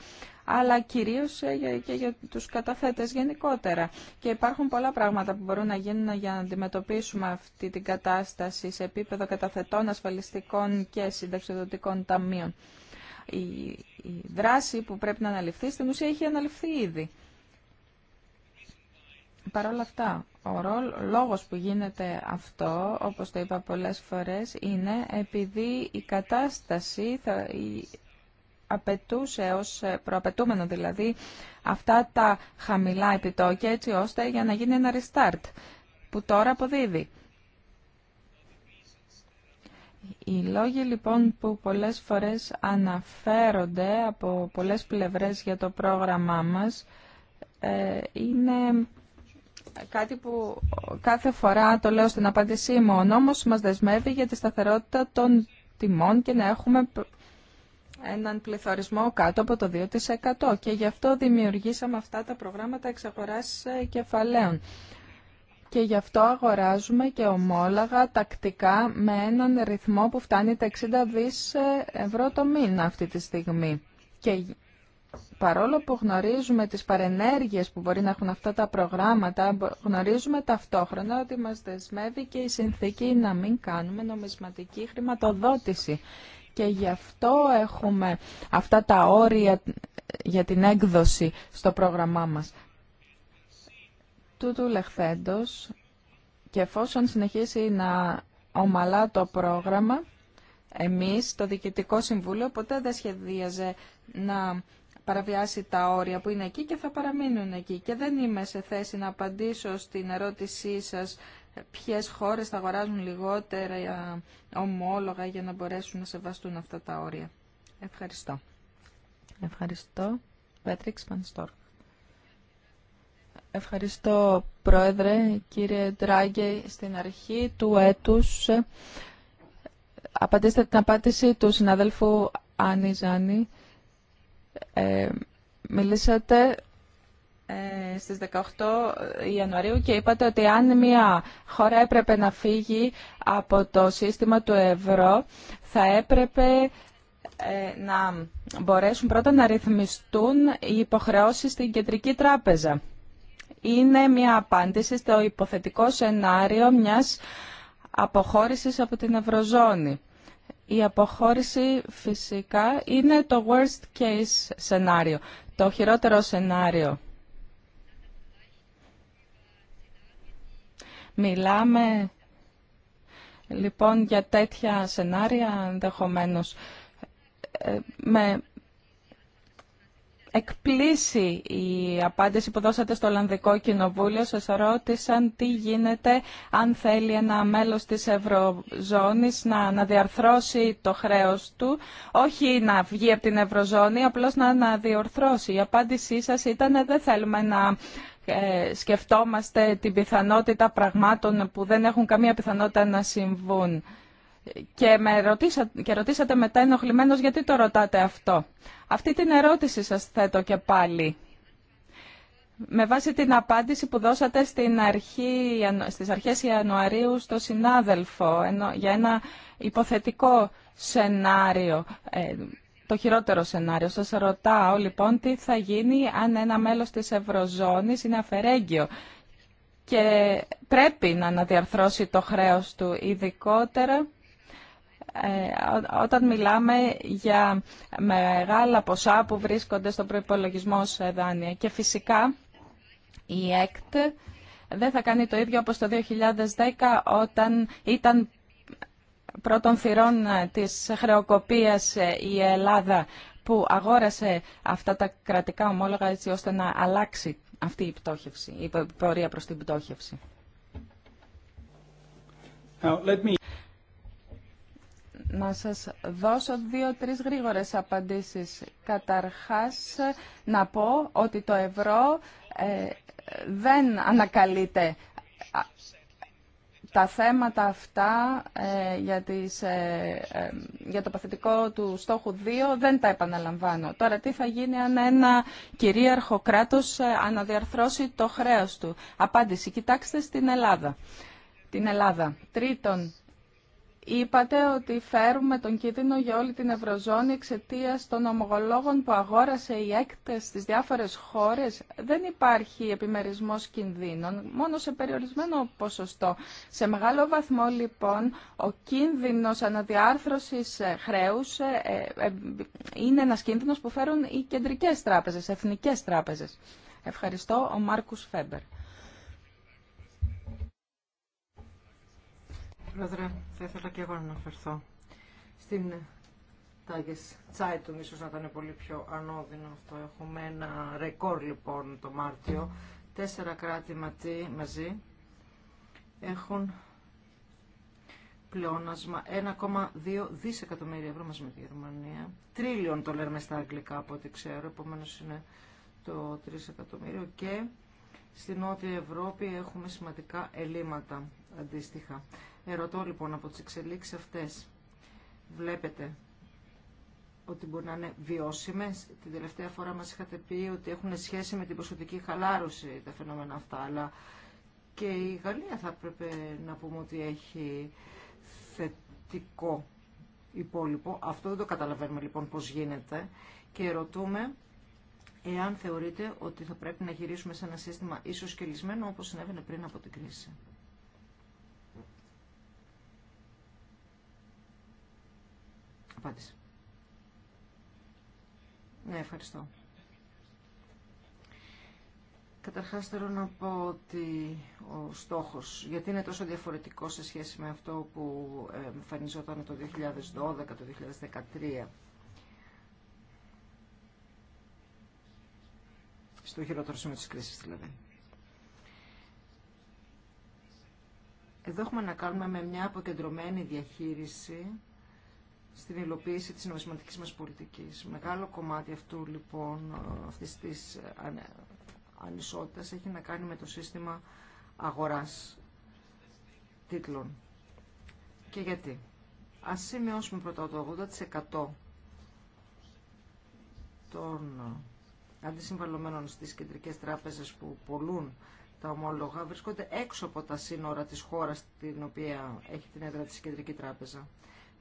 αλλά κυρίως ε, και για τους καταθέτες γενικότερα. Και υπάρχουν πολλά πράγματα που μπορούν να γίνουν για να αντιμετωπίσουμε αυτή την κατάσταση σε επίπεδο καταθετών ασφαλιστικών και συνταξιδοτικών ταμείων. Η δράση που πρέπει να αναλυφθεί στην ουσία έχει αναλυφθεί ήδη. Παρ' όλα αυτά, ο λόγος που γίνεται αυτό, όπως το είπα πολλές φορές, είναι επειδή η κατάσταση θα, απαιτούσε ως προαπαιτούμενο δηλαδή αυτά τα χαμηλά επιτόκια έτσι ώστε για να γίνει ένα restart που τώρα αποδίδει. Οι λόγοι λοιπόν που πολλές φορές αναφέρονται από πολλές πλευρές για το πρόγραμμά μας ε, είναι κάτι που κάθε φορά το λέω στην απάντησή μου. Ο νόμος μας δεσμεύει για τη σταθερότητα των τιμών και να έχουμε έναν πληθωρισμό κάτω από το 2% και γι' αυτό δημιουργήσαμε αυτά τα προγράμματα εξαγοράς ε, κεφαλαίων. Και γι' αυτό αγοράζουμε και ομόλαγα τακτικά με έναν ρυθμό που φτάνει τα 60 δις ε, ευρώ το μήνα αυτή τη στιγμή. Και παρόλο που γνωρίζουμε τις παρενέργειες που μπορεί να έχουν αυτά τα προγράμματα, γνωρίζουμε ταυτόχρονα ότι μας δεσμεύει και η συνθήκη να μην κάνουμε νομισματική χρηματοδότηση. Και γι' αυτό έχουμε αυτά τα όρια για την έκδοση στο πρόγραμμά μας. Τούτου λεχθέντος και εφόσον συνεχίσει να ομαλά το πρόγραμμα, εμείς, το Διοικητικό Συμβούλιο, ποτέ δεν σχεδίαζε να παραβιάσει τα όρια που είναι εκεί και θα παραμείνουν εκεί. Και δεν είμαι σε θέση να απαντήσω στην ερώτησή σας ποιες χώρες θα αγοράζουν λιγότερα ε, ομόλογα για να μπορέσουν να σεβαστούν αυτά τα όρια. Ευχαριστώ. Ευχαριστώ. Πέτριξ Πανστόρ. Ευχαριστώ, Πρόεδρε, κύριε Ντράγκε. Στην αρχή του έτους ε, απαντήστε την απάντηση του συναδέλφου Άννη Ζάνη ε, μιλήσατε ε, στις 18 Ιανουαρίου και είπατε ότι αν μια χώρα έπρεπε να φύγει από το σύστημα του ευρώ, θα έπρεπε ε, να μπορέσουν πρώτα να ρυθμιστούν οι υποχρεώσεις στην Κεντρική Τράπεζα. Είναι μια απάντηση στο υποθετικό σενάριο μιας αποχώρησης από την Ευρωζώνη η αποχώρηση φυσικά είναι το worst case σενάριο, το χειρότερο σενάριο. Μιλάμε λοιπόν για τέτοια σενάρια ενδεχομένω ε, με εκπλήσει η απάντηση που δώσατε στο Ολλανδικό Κοινοβούλιο. Σας ρώτησαν τι γίνεται αν θέλει ένα μέλος της Ευρωζώνης να διαρθρώσει το χρέος του, όχι να βγει από την Ευρωζώνη, απλώς να αναδιορθώσει. Η απάντησή σας ήταν δεν θέλουμε να ε, σκεφτόμαστε την πιθανότητα πραγμάτων που δεν έχουν καμία πιθανότητα να συμβούν και, με ρωτήσατε, και ρωτήσατε μετά ενοχλημένος γιατί το ρωτάτε αυτό. Αυτή την ερώτηση σας θέτω και πάλι. Με βάση την απάντηση που δώσατε στην αρχή, στις αρχές Ιανουαρίου στο συνάδελφο για ένα υποθετικό σενάριο, ε, το χειρότερο σενάριο. Σας ρωτάω λοιπόν τι θα γίνει αν ένα μέλος της Ευρωζώνης είναι αφαιρέγγιο και πρέπει να αναδιαρθρώσει το χρέος του ειδικότερα ε, όταν μιλάμε για μεγάλα ποσά που βρίσκονται στο προϋπολογισμό σε δάνεια. Και φυσικά η ΕΚΤ δεν θα κάνει το ίδιο όπως το 2010 όταν ήταν πρώτων θυρών της χρεοκοπίας η Ελλάδα που αγόρασε αυτά τα κρατικά ομόλογα έτσι ώστε να αλλάξει αυτή η πτώχευση, η πορεία προς την πτώχευση. Now, let να σας δώσω δύο-τρεις γρήγορες απαντήσεις. Καταρχάς, να πω ότι το ευρώ ε, δεν ανακαλείται. Τα θέματα αυτά ε, για, ε, για το παθητικό του στόχου 2 δεν τα επαναλαμβάνω. Τώρα, τι θα γίνει αν ένα κυρίαρχο κράτος αναδιαρθρώσει το χρέος του. Απάντηση, κοιτάξτε στην Ελλάδα. Την Ελλάδα. Τρίτον, Είπατε ότι φέρουμε τον κίνδυνο για όλη την Ευρωζώνη εξαιτία των ομογολόγων που αγόρασε η έκτε στι διάφορε χώρε. Δεν υπάρχει επιμερισμό κινδύνων, μόνο σε περιορισμένο ποσοστό. Σε μεγάλο βαθμό, λοιπόν, ο κίνδυνο αναδιάρθρωση χρέου ε, ε, είναι ένα κίνδυνο που φέρουν οι κεντρικέ τράπεζε, εθνικέ τράπεζε. Ευχαριστώ, ο Μάρκου Φέμπερ. Πρόεδρε, θα ήθελα και εγώ να αναφερθώ στην Τάγες Zeitung, ίσως να ήταν πολύ πιο ανώδυνο αυτό. Έχουμε ένα ρεκόρ λοιπόν το Μάρτιο. Τέσσερα κράτη μαζί έχουν πλεόνασμα 1,2 δισεκατομμύρια ευρώ μαζί με τη Γερμανία. Τρίλιον το λέμε στα αγγλικά από ό,τι ξέρω, επομένως είναι το 3 εκατομμύριο και στην Νότια Ευρώπη έχουμε σημαντικά ελλείμματα αντίστοιχα. Ερωτώ λοιπόν από τις εξελίξεις αυτές. Βλέπετε ότι μπορεί να είναι βιώσιμες. Την τελευταία φορά μας είχατε πει ότι έχουν σχέση με την προσωπική χαλάρωση τα φαινόμενα αυτά, αλλά και η Γαλλία θα έπρεπε να πούμε ότι έχει θετικό υπόλοιπο. Αυτό δεν το καταλαβαίνουμε λοιπόν πώς γίνεται και ρωτούμε εάν θεωρείτε ότι θα πρέπει να γυρίσουμε σε ένα σύστημα ίσως και όπως συνέβαινε πριν από την κρίση. Απάντηση. Ναι, ευχαριστώ. Καταρχάς θέλω να πω ότι ο στόχος, γιατί είναι τόσο διαφορετικό σε σχέση με αυτό που εμφανιζόταν το 2012, το 2013, στο χειρότερο σημείο της κρίσης δηλαδή. Εδώ έχουμε να κάνουμε με μια αποκεντρωμένη διαχείριση στην υλοποίηση της νομισματικής μας πολιτικής. Μεγάλο κομμάτι αυτού λοιπόν, αυτής της ανισότητας έχει να κάνει με το σύστημα αγοράς τίτλων. Και γιατί. Ας σημειώσουμε πρώτα το 80% των αντισυμβαλωμένων στις κεντρικές τράπεζες που πολλούν τα ομόλογα βρίσκονται έξω από τα σύνορα της χώρας την οποία έχει την έδρα της Κεντρική Τράπεζα.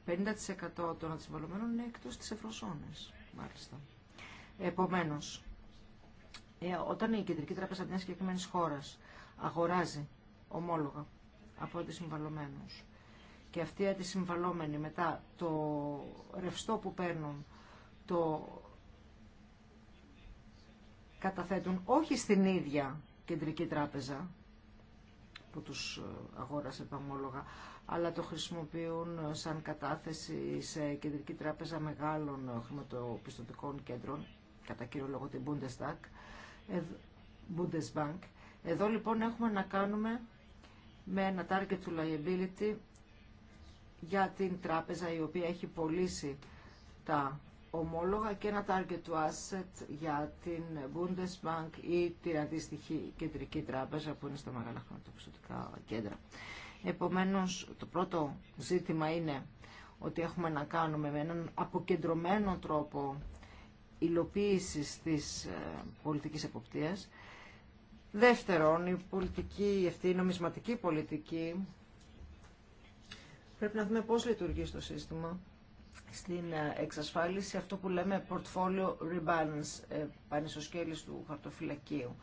50% των αντισυμβαλωμένων είναι εκτός της Ευρωζώνης, μάλιστα. Επομένως, ε, όταν η Κεντρική Τράπεζα μιας συγκεκριμένη χώρας αγοράζει ομόλογα από αντισυμβαλωμένους και αυτοί οι αντισυμβαλόμενοι μετά το ρευστό που παίρνουν το καταθέτουν όχι στην ίδια κεντρική τράπεζα που τους ε, αγόρασε τα ομόλογα, αλλά το χρησιμοποιούν ε, σαν κατάθεση σε κεντρική τράπεζα μεγάλων ε, χρηματοπιστωτικών κέντρων, κατά κύριο λόγο την Bundestag, Bundesbank. Εδώ λοιπόν έχουμε να κάνουμε με ένα target liability για την τράπεζα η οποία έχει πωλήσει τα ομόλογα και ένα target to asset για την Bundesbank ή την αντίστοιχη κεντρική τράπεζα που είναι στα μεγάλα χρηματοπιστωτικά κέντρα. Επομένως, το πρώτο ζήτημα είναι ότι έχουμε να κάνουμε με έναν αποκεντρωμένο τρόπο υλοποίησης της ε, πολιτικής εποπτείας. Δεύτερον, η πολιτική, αυτή η νομισματική πολιτική, πρέπει να δούμε πώς λειτουργεί στο σύστημα στην ε, εξασφάλιση αυτό που λέμε portfolio rebalance, ε, πανισοσκέλης του χαρτοφυλακίου.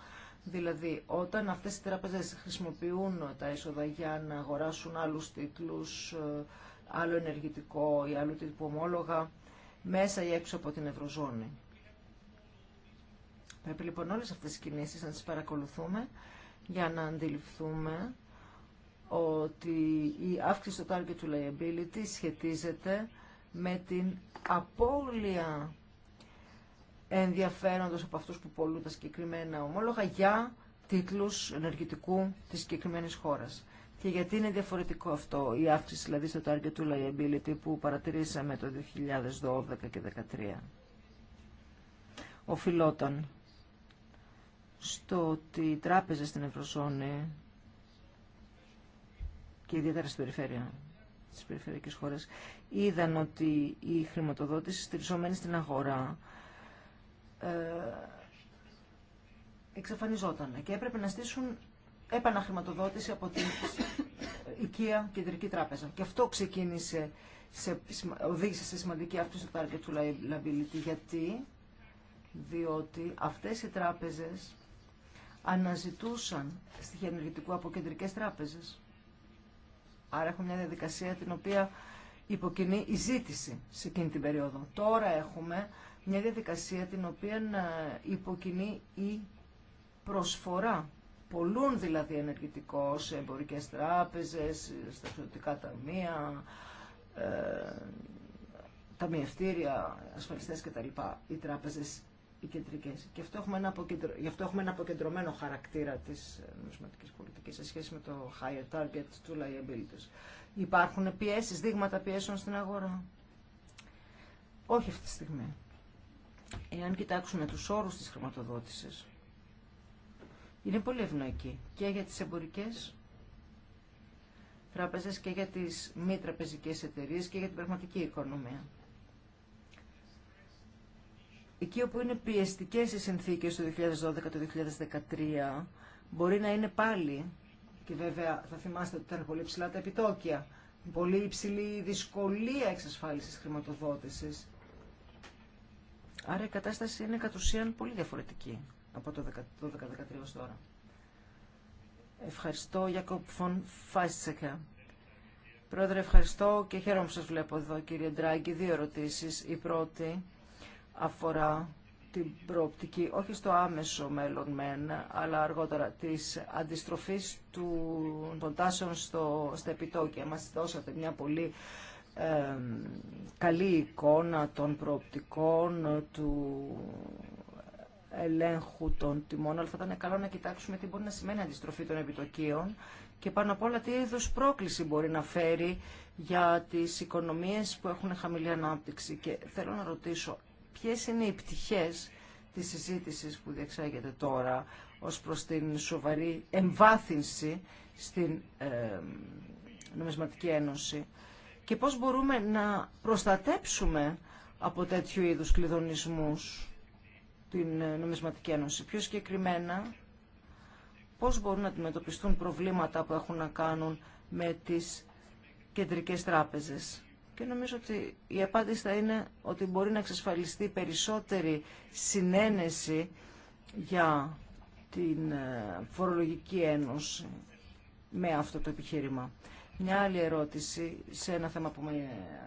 Δηλαδή, όταν αυτές οι τράπεζες χρησιμοποιούν τα έσοδα για να αγοράσουν άλλους τίτλους, ε, άλλο ενεργητικό ή άλλο τύπου ομόλογα, μέσα ή έξω από την Ευρωζώνη. Πρέπει λοιπόν όλες αυτές τις κινήσεις να τις παρακολουθούμε για να αντιληφθούμε ότι η αύξηση του target του liability σχετίζεται με την απώλεια ενδιαφέροντος από αυτούς που πολλούν τα συγκεκριμένα ομόλογα για τίτλους ενεργητικού της συγκεκριμένη χώρας. Και γιατί είναι διαφορετικό αυτό, η αύξηση δηλαδή στο target του liability που παρατηρήσαμε το 2012 και 2013. Οφειλόταν στο ότι οι τράπεζες στην Ευρωζώνη και ιδιαίτερα στην περιφέρεια στις περιφερειακές χώρες, είδαν ότι η χρηματοδότηση στηριζόμενη στην αγορά ε, εξαφανιζόταν και έπρεπε να στήσουν επαναχρηματοδότηση από την οικία κεντρική τράπεζα. Και αυτό ξεκίνησε, σε, οδήγησε σε σημαντική αύξηση του target του liability. Γιατί, διότι αυτές οι τράπεζες αναζητούσαν στοιχεία ενεργητικού από κεντρικές τράπεζες. Άρα έχουμε μια διαδικασία την οποία υποκινεί η ζήτηση σε εκείνη την περίοδο. Τώρα έχουμε μια διαδικασία την οποία ε, υποκινεί η προσφορά. Πολλούν δηλαδή ενεργητικό σε εμπορικές τράπεζες, στα εξωτικά ταμεία, ε, ταμιευτήρια, ασφαλιστές κτλ. Οι τράπεζες οι Και αποκεντρω... Γι' αυτό έχουμε ένα αποκεντρωμένο χαρακτήρα τη ε, νομισματική πολιτική σε σχέση με το higher target του liabilities. Υπάρχουν πιέσει, δείγματα πιέσεων στην αγορά. Όχι αυτή τη στιγμή. Εάν κοιτάξουμε του όρου τη χρηματοδότηση. είναι πολύ ευνοϊκή και για τις εμπορικές τραπέζε και για τι μη τραπεζικέ εταιρείε και για την πραγματική οικονομία εκεί όπου είναι πιεστικές οι συνθήκες το 2012 το 2013 μπορεί να είναι πάλι και βέβαια θα θυμάστε ότι ήταν πολύ ψηλά τα επιτόκια πολύ υψηλή δυσκολία εξασφάλισης χρηματοδότησης άρα η κατάσταση είναι κατ' ουσίαν πολύ διαφορετική από το 2012-2013 ως τώρα Ευχαριστώ Γιακόπ Φων Φάστσεκα. Πρόεδρε ευχαριστώ και χαίρομαι που σας βλέπω εδώ κύριε Ντράγκη δύο ερωτήσεις η πρώτη αφορά την προοπτική, όχι στο άμεσο μέλλον μεν, αλλά αργότερα, της αντιστροφής του, των τάσεων στο, στα επιτόκια. Μας δώσατε μια πολύ καλή εικόνα των προοπτικών, του ελέγχου των τιμών, αλλά θα ήταν καλό να κοιτάξουμε τι μπορεί να σημαίνει αντιστροφή των επιτοκίων και πάνω απ' όλα τι είδους πρόκληση μπορεί να φέρει για τις οικονομίες που έχουν χαμηλή ανάπτυξη. Και θέλω να ρωτήσω ποιες είναι οι πτυχές της συζήτησης που διεξάγεται τώρα ως προς την σοβαρή εμβάθυνση στην ε, Νομισματική Ένωση και πώς μπορούμε να προστατέψουμε από τέτοιου είδους κλειδονισμούς την ε, Νομισματική Ένωση. Πιο συγκεκριμένα, πώς μπορούν να αντιμετωπιστούν προβλήματα που έχουν να κάνουν με τις κεντρικές τράπεζες. Και νομίζω ότι η απάντηση θα είναι ότι μπορεί να εξασφαλιστεί περισσότερη συνένεση για την ε, φορολογική ένωση με αυτό το επιχείρημα. Μια άλλη ερώτηση σε ένα θέμα που με ε,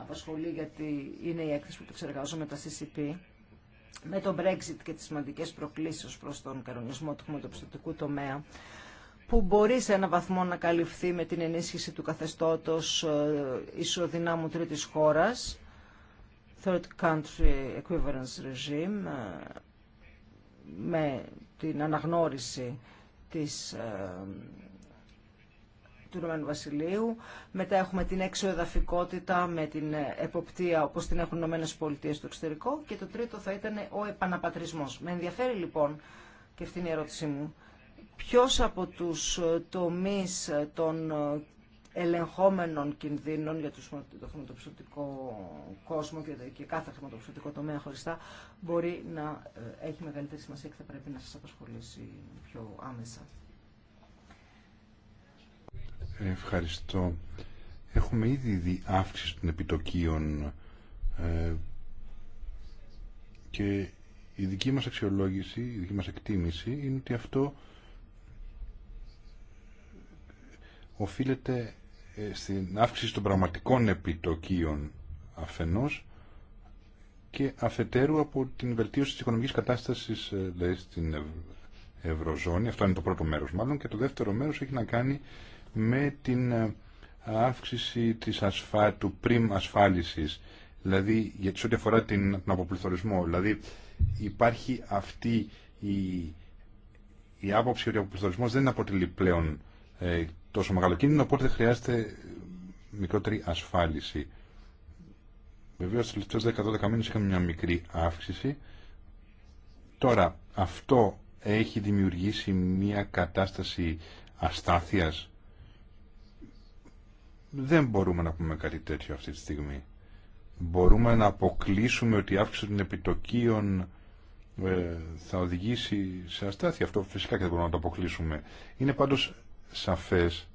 απασχολεί γιατί είναι η έκθεση που με τα CCP με το Brexit και τις σημαντικές προκλήσεις προς τον κανονισμό του χρηματοπιστωτικού τομέα που μπορεί σε ένα βαθμό να καλυφθεί με την ενίσχυση του καθεστώτος ε, ισοδυνάμου τρίτης χώρας, third country equivalence regime, ε, με την αναγνώριση της, ε, του Ηνωμένου Βασιλείου. Μετά έχουμε την εξοεδαφικότητα με την εποπτεία όπως την έχουν οι Ηνωμένες Πολιτείες στο εξωτερικό. Και το τρίτο θα ήταν ο επαναπατρισμός. Με ενδιαφέρει λοιπόν και αυτή είναι η ερώτησή μου ποιος από τους ε, τομείς ε, των ε, ελεγχόμενων κινδύνων για το χρηματοπιστωτικό κόσμο και κάθε χρηματοπιστωτικό τομέα χωριστά μπορεί να έχει μεγαλύτερη σημασία και θα πρέπει να σας απασχολήσει πιο άμεσα. Ευχαριστώ. Έχουμε ήδη δει αύξηση των επιτοκίων και η δική μας αξιολόγηση, η δική μας εκτίμηση είναι ότι αυτό οφείλεται ε, στην αύξηση των πραγματικών επιτοκίων αφενός και αφετέρου από την βελτίωση της οικονομικής κατάστασης ε, δηλαδή στην Ευρωζώνη. Αυτό είναι το πρώτο μέρος μάλλον και το δεύτερο μέρος έχει να κάνει με την ε, αύξηση της ασφα... του πριμ ασφάλισης δηλαδή για σε ό,τι αφορά την, τον αποπληθωρισμό δηλαδή υπάρχει αυτή η, η άποψη ότι ο αποπληθωρισμός δεν αποτελεί πλέον τόσο μεγάλο κίνδυνο, οπότε χρειάζεται μικρότερη ασφάλιση. Βεβαίω, στι τελευταίε 10-12 μήνε είχαμε μια μικρή αύξηση. Τώρα, αυτό έχει δημιουργήσει μια κατάσταση αστάθειας. Δεν μπορούμε να πούμε κάτι τέτοιο αυτή τη στιγμή. Μπορούμε να αποκλείσουμε ότι η αύξηση των επιτοκίων ε, θα οδηγήσει σε αστάθεια. Αυτό φυσικά και δεν μπορούμε να το αποκλείσουμε. Είναι πάντως σαφές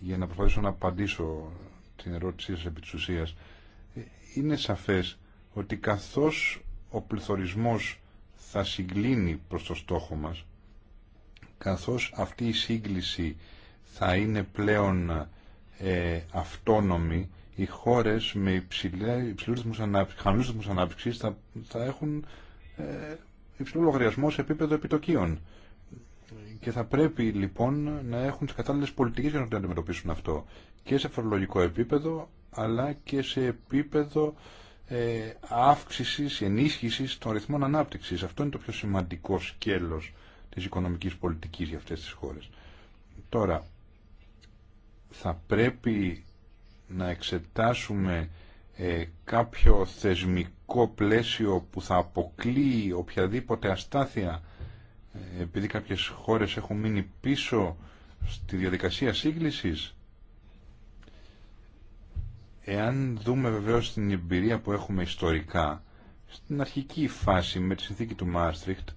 για να προσπαθήσω να απαντήσω την ερώτησή σας επί της ουσίας. Είναι σαφές ότι καθώς ο πληθωρισμός θα συγκλίνει προς το στόχο μας, καθώς αυτή η σύγκληση θα είναι πλέον ε, αυτόνομη, οι χώρες με υψηλούς ρυθμούς ανάπτυξης θα, θα έχουν ε, υψηλό λογαριασμό σε επίπεδο επιτοκίων και θα πρέπει λοιπόν να έχουν τι κατάλληλε πολιτικέ για να το αντιμετωπίσουν αυτό και σε φορολογικό επίπεδο αλλά και σε επίπεδο ε, αύξησης, ενίσχυσης των ρυθμών ανάπτυξης. Αυτό είναι το πιο σημαντικό σκέλο της οικονομικής πολιτικής για αυτές τις χώρες. Τώρα, θα πρέπει να εξετάσουμε ε, κάποιο θεσμικό πλαίσιο που θα αποκλείει οποιαδήποτε αστάθεια ε, επειδή κάποιες χώρες έχουν μείνει πίσω στη διαδικασία σύγκλησης. Εάν δούμε βεβαίως την εμπειρία που έχουμε ιστορικά, στην αρχική φάση με τη συνθήκη του Μάστριχτ,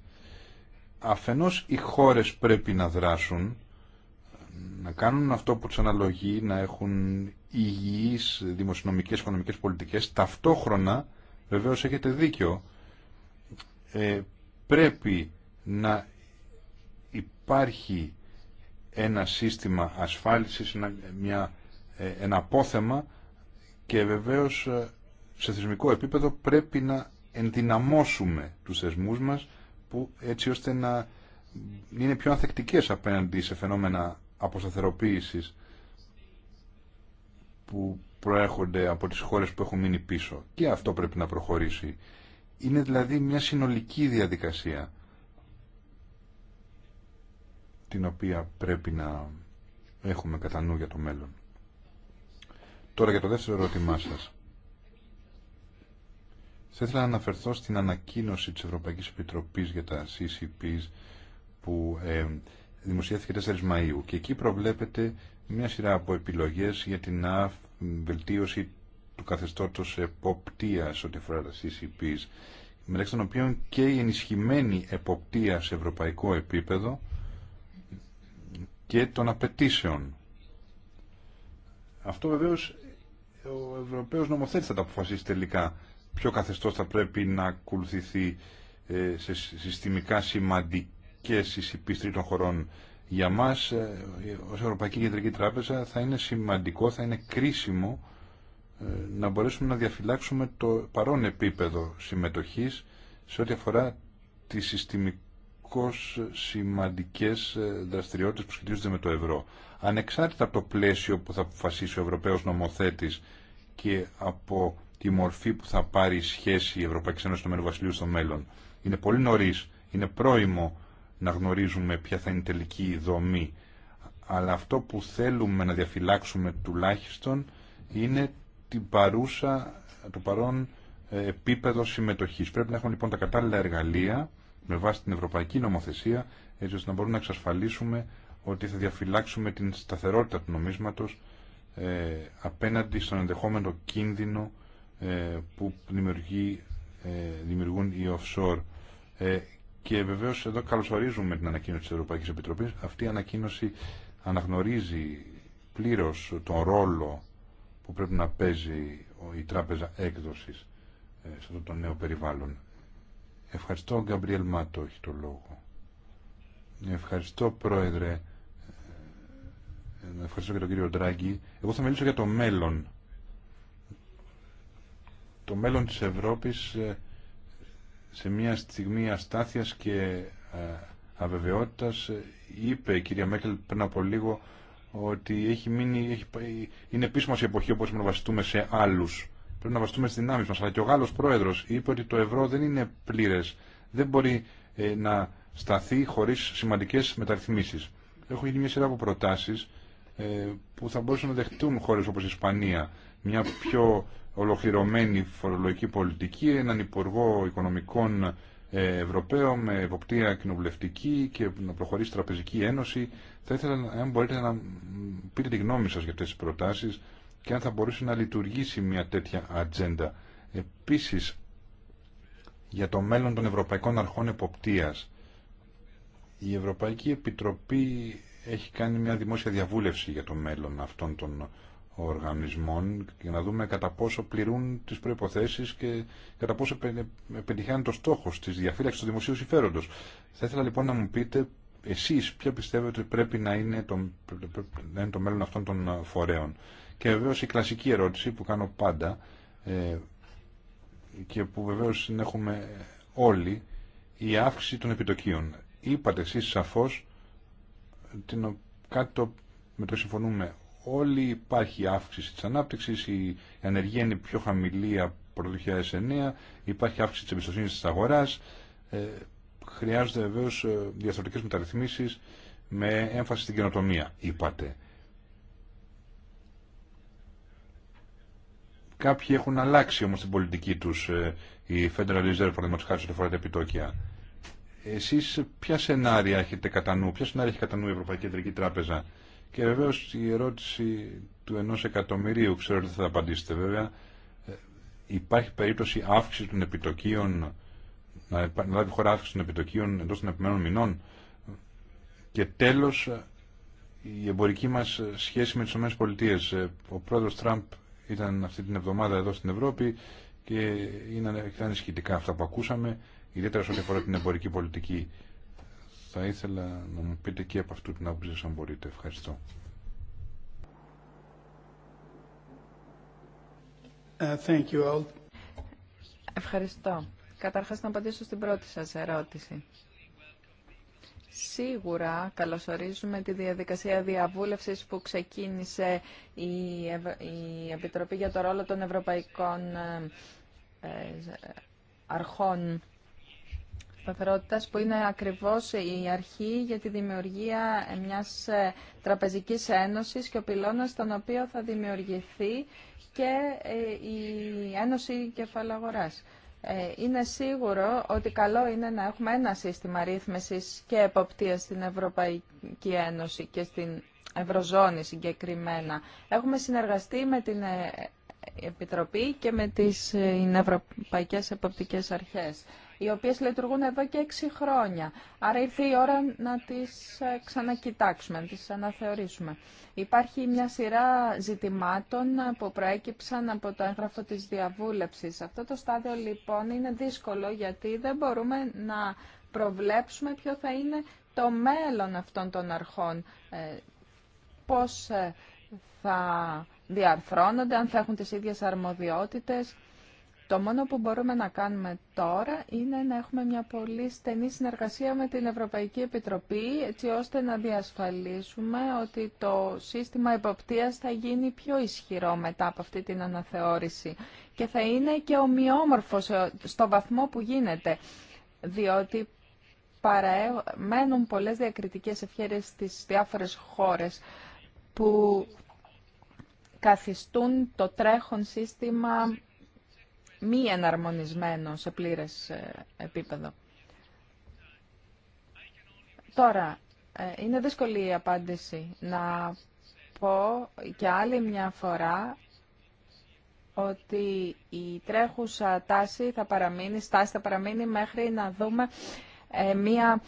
αφενός οι χώρες πρέπει να δράσουν, να κάνουν αυτό που τους αναλογεί, να έχουν υγιείς δημοσιονομικές, οικονομικές πολιτικές, ταυτόχρονα, βεβαίως έχετε δίκιο, ε, πρέπει να υπάρχει ένα σύστημα ασφάλισης, ένα, μια, ε, ένα απόθεμα και βεβαίως ε, σε θεσμικό επίπεδο πρέπει να ενδυναμώσουμε τους θεσμούς μας που, έτσι ώστε να είναι πιο ανθεκτικές απέναντι σε φαινόμενα αποσταθεροποίησης που προέρχονται από τις χώρες που έχουν μείνει πίσω. Και αυτό πρέπει να προχωρήσει. Είναι δηλαδή μια συνολική διαδικασία την οποία πρέπει να έχουμε κατά νου για το μέλλον. Τώρα για το δεύτερο ερώτημά σας. Θα ήθελα να αναφερθώ στην ανακοίνωση της Ευρωπαϊκής Επιτροπής για τα CCPs που ε, δημοσιεύθηκε 4 Μαΐου και εκεί προβλέπεται μια σειρά από επιλογές για την βελτίωση του καθεστώτος εποπτείας ό,τι αφορά τα CCPs μεταξύ των οποίων και η ενισχυμένη εποπτεία σε ευρωπαϊκό επίπεδο και των απαιτήσεων. Αυτό βεβαίως ο Ευρωπαίος νομοθέτης θα τα αποφασίσει τελικά ποιο καθεστώς θα πρέπει να ακολουθηθεί ε, σε συστημικά σημαντικές εισηπείς των χωρών. Για μας, ε, ως Ευρωπαϊκή Κεντρική Τράπεζα, θα είναι σημαντικό, θα είναι κρίσιμο ε, να μπορέσουμε να διαφυλάξουμε το παρόν επίπεδο συμμετοχής σε ό,τι αφορά τη συστημική διαρκώς σημαντικές ε, δραστηριότητες που σχετίζονται με το ευρώ. Ανεξάρτητα από το πλαίσιο που θα αποφασίσει ο Ευρωπαίος νομοθέτης και από τη μορφή που θα πάρει η σχέση η Ευρωπαϊκή Ένωση του Βασιλείου στο μέλλον. Είναι πολύ νωρί, είναι πρόημο να γνωρίζουμε ποια θα είναι η τελική δομή. Αλλά αυτό που θέλουμε να διαφυλάξουμε τουλάχιστον είναι την παρούσα, το παρόν ε, επίπεδο συμμετοχής. Πρέπει να έχουμε λοιπόν τα κατάλληλα εργαλεία με βάση την ευρωπαϊκή νομοθεσία έτσι ώστε να μπορούμε να εξασφαλίσουμε ότι θα διαφυλάξουμε την σταθερότητα του νομίσματος ε, απέναντι στον ενδεχόμενο κίνδυνο ε, που δημιουργεί, ε, δημιουργούν οι offshore. Ε, και βεβαίως εδώ καλωσορίζουμε την ανακοίνωση της Ευρωπαϊκής Επιτροπής. Αυτή η ανακοίνωση αναγνωρίζει πλήρως τον ρόλο που πρέπει να παίζει η τράπεζα έκδοσης σε αυτό το νέο περιβάλλον. Ευχαριστώ, Γκαμπριέλ Μάτο έχει το λόγο. Ευχαριστώ, Πρόεδρε. Ε, ευχαριστώ και τον κύριο Ντράγκη. Εγώ θα μιλήσω για το μέλλον. Το μέλλον της Ευρώπης ε, σε μια στιγμή αστάθειας και ε, αβεβαιότητας είπε η κυρία Μέκελ πριν από λίγο ότι έχει μείνει, έχει, είναι επίσημα σε η εποχή όπως να βασιστούμε σε άλλους πρέπει να βαστούμε στι δυνάμει μα. Αλλά και ο Γάλλο πρόεδρο είπε ότι το ευρώ δεν είναι πλήρε. Δεν μπορεί ε, να σταθεί χωρί σημαντικέ μεταρρυθμίσει. Έχω γίνει μια σειρά από προτάσει ε, που θα μπορούσαν να δεχτούν χώρε όπω η Ισπανία. Μια πιο ολοκληρωμένη φορολογική πολιτική, έναν υπουργό οικονομικών ε, Ευρωπαίων με εποπτεία κοινοβουλευτική και να προχωρήσει Τραπεζική Ένωση. Θα ήθελα, αν μπορείτε, να πείτε τη γνώμη σα για αυτέ τι προτάσει και αν θα μπορούσε να λειτουργήσει μια τέτοια ατζέντα. Επίσης, για το μέλλον των Ευρωπαϊκών Αρχών Εποπτείας, η Ευρωπαϊκή Επιτροπή έχει κάνει μια δημόσια διαβούλευση για το μέλλον αυτών των οργανισμών για να δούμε κατά πόσο πληρούν τις προϋποθέσεις και κατά πόσο πετυχάνει το στόχο της διαφύλαξης του δημοσίου συμφέροντος. Θα ήθελα λοιπόν να μου πείτε εσείς ποιο πιστεύετε πρέπει να είναι να είναι το μέλλον αυτών των φορέων. Και βεβαίω η κλασική ερώτηση που κάνω πάντα ε, και που βεβαίω την έχουμε όλοι, η αύξηση των επιτοκίων. Είπατε εσεί σαφώ κάτι το, με το συμφωνούμε όλοι, υπάρχει αύξηση τη ανάπτυξη, η ανεργία είναι πιο χαμηλή από το 2009, υπάρχει αύξηση τη εμπιστοσύνη τη αγορά. Ε, χρειάζονται βεβαίω ε, διαφορετικέ μεταρρυθμίσει με έμφαση στην καινοτομία, είπατε. Κάποιοι έχουν αλλάξει όμως την πολιτική τους, ε, η Federal Reserve, παραδείγματος χάρη, ό,τι αφορά τα επιτόκια. Εσείς ποια σενάρια έχετε κατά νου, ποια σενάρια έχει κατά νου η Ευρωπαϊκή Κεντρική Τράπεζα. Και βεβαίως η ερώτηση του ενό εκατομμυρίου, ξέρω ότι θα απαντήσετε βέβαια, ε, υπάρχει περίπτωση αύξηση των επιτοκίων, να λάβει χώρα αύξηση των επιτοκίων εντό των επιμένων μηνών. Και τέλος, ε, η εμπορική μας σχέση με τις ΗΠΑ. Ο πρόεδρος Τραμπ ήταν αυτή την εβδομάδα εδώ στην Ευρώπη και ήταν, ήταν ισχυτικά αυτά που ακούσαμε, ιδιαίτερα σε ό,τι αφορά την εμπορική πολιτική. Θα ήθελα να μου πείτε και από αυτού την άποψη, αν μπορείτε. Ευχαριστώ. Ε, thank you Ευχαριστώ. Καταρχάς να απαντήσω στην πρώτη σας ερώτηση. Σίγουρα καλωσορίζουμε τη διαδικασία διαβούλευσης που ξεκίνησε η, η Επιτροπή για το ρόλο των Ευρωπαϊκών ε, ε, Αρχών Σταθερότητας που είναι ακριβώς η αρχή για τη δημιουργία μιας ε, τραπεζικής ένωσης και ο πυλώνας στον οποίο θα δημιουργηθεί και η Ένωση Κεφαλαγοράς. Ε, είναι σίγουρο ότι καλό είναι να έχουμε ένα σύστημα ρύθμισης και εποπτείας στην Ευρωπαϊκή Ένωση και στην Ευρωζώνη συγκεκριμένα. Έχουμε συνεργαστεί με την ε, Επιτροπή και με τις ε, Ευρωπαϊκές Εποπτικές Αρχές οι οποίες λειτουργούν εδώ και έξι χρόνια. Άρα ήρθε η ώρα να τις ε, ξανακοιτάξουμε, να τις αναθεωρήσουμε. Υπάρχει μια σειρά ζητημάτων ε, που προέκυψαν από το έγγραφο της διαβούλευσης. Αυτό το στάδιο λοιπόν είναι δύσκολο γιατί δεν μπορούμε να προβλέψουμε ποιο θα είναι το μέλλον αυτών των αρχών. Ε, πώς θα διαρθρώνονται, αν θα έχουν τις ίδιες αρμοδιότητες. Το μόνο που μπορούμε να κάνουμε τώρα είναι να έχουμε μια πολύ στενή συνεργασία με την Ευρωπαϊκή Επιτροπή έτσι ώστε να διασφαλίσουμε ότι το σύστημα υποπτίας θα γίνει πιο ισχυρό μετά από αυτή την αναθεώρηση και θα είναι και ομοιόμορφο ε, στο βαθμό που γίνεται διότι παραμένουν πολλές διακριτικές ευχαίρειες στις διάφορες χώρες που καθιστούν το τρέχον σύστημα μη εναρμονισμένο σε πλήρες ε, επίπεδο. Τώρα, ε, είναι δύσκολη η απάντηση να πω και άλλη μια φορά ότι η τρέχουσα τάση θα παραμείνει, στάση θα παραμείνει μέχρι να δούμε ε, μια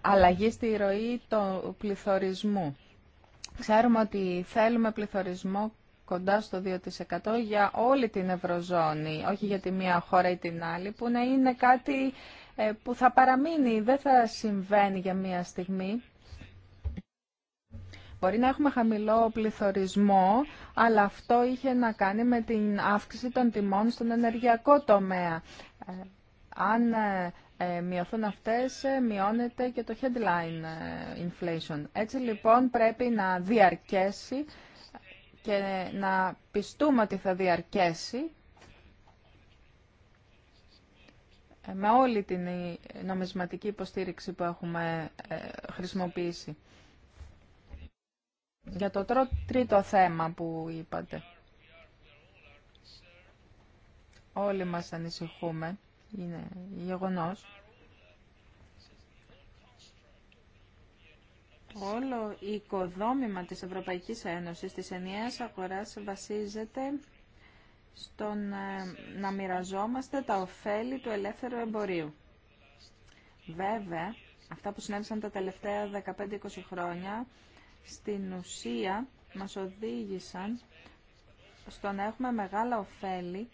αλλαγή στη ροή του πληθωρισμού. Ξέρουμε ότι θέλουμε πληθωρισμό κοντά στο 2% για όλη την Ευρωζώνη, όχι για τη μία χώρα ή την άλλη, που να είναι κάτι ε, που θα παραμείνει, δεν θα συμβαίνει για μία στιγμή. Μπορεί να έχουμε χαμηλό πληθωρισμό, αλλά αυτό είχε να κάνει με την αύξηση των τιμών στον ενεργειακό τομέα. Ε, αν ε, μειωθούν αυτές, μειώνεται και το headline inflation. Έτσι λοιπόν πρέπει να διαρκέσει και να πιστούμε ότι θα διαρκέσει ε, με όλη την νομισματική υποστήριξη που έχουμε ε, χρησιμοποιήσει. Για το τρίτο θέμα που είπατε. Όλοι μας ανησυχούμε, είναι γεγονός. Όλο η οικοδόμημα της Ευρωπαϊκής Ένωσης, της ενιαίας αγοράς, βασίζεται στο ε, να μοιραζόμαστε τα ωφέλη του ελεύθερου εμπορίου. Βέβαια, αυτά που συνέβησαν τα τελευταία 15-20 χρόνια, στην ουσία μας οδήγησαν στο να έχουμε μεγάλα ωφέλη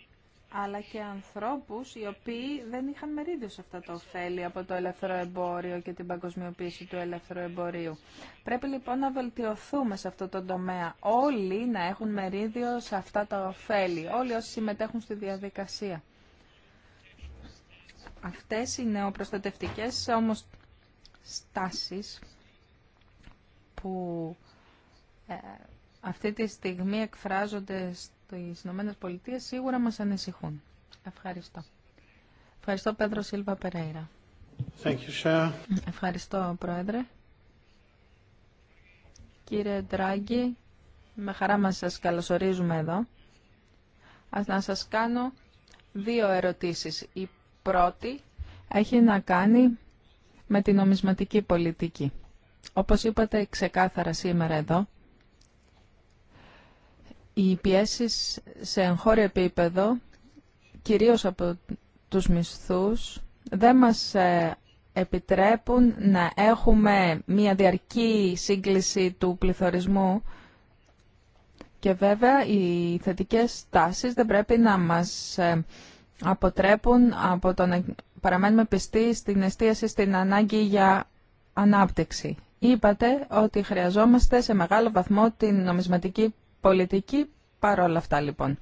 αλλά και ανθρώπους οι οποίοι δεν είχαν μερίδιο σε αυτά τα ωφέλη από το ελεύθερο εμπόριο και την παγκοσμιοποίηση του ελεύθερου εμπορίου. Πρέπει λοιπόν να βελτιωθούμε σε αυτό το τομέα. Όλοι να έχουν μερίδιο σε αυτά τα ωφέλη. Όλοι όσοι συμμετέχουν στη διαδικασία. Αυτές οι νεοπροστατευτικές όμως στάσεις που ε, αυτή τη στιγμή εκφράζονται τις Ηνωμένε Πολιτείε σίγουρα μας ανησυχούν. Ευχαριστώ. Ευχαριστώ, Πέντρο Σίλβα Περέιρα. Ευχαριστώ, Πρόεδρε. Κύριε Ντράγκη, με χαρά μας σας καλωσορίζουμε εδώ. Ας να σας κάνω δύο ερωτήσεις. Η πρώτη έχει να κάνει με την νομισματική πολιτική. Όπως είπατε ξεκάθαρα σήμερα εδώ, οι πιέσει σε εγχώριο επίπεδο, κυρίως από τους μισθούς, δεν μας ε, επιτρέπουν να έχουμε μια διαρκή σύγκληση του πληθωρισμού και βέβαια οι θετικέ τάσεις δεν πρέπει να μας ε, αποτρέπουν από το να παραμένουμε πιστοί στην εστίαση στην ανάγκη για ανάπτυξη. Είπατε ότι χρειαζόμαστε σε μεγάλο βαθμό την νομισματική πολιτική παρόλα αυτά λοιπόν.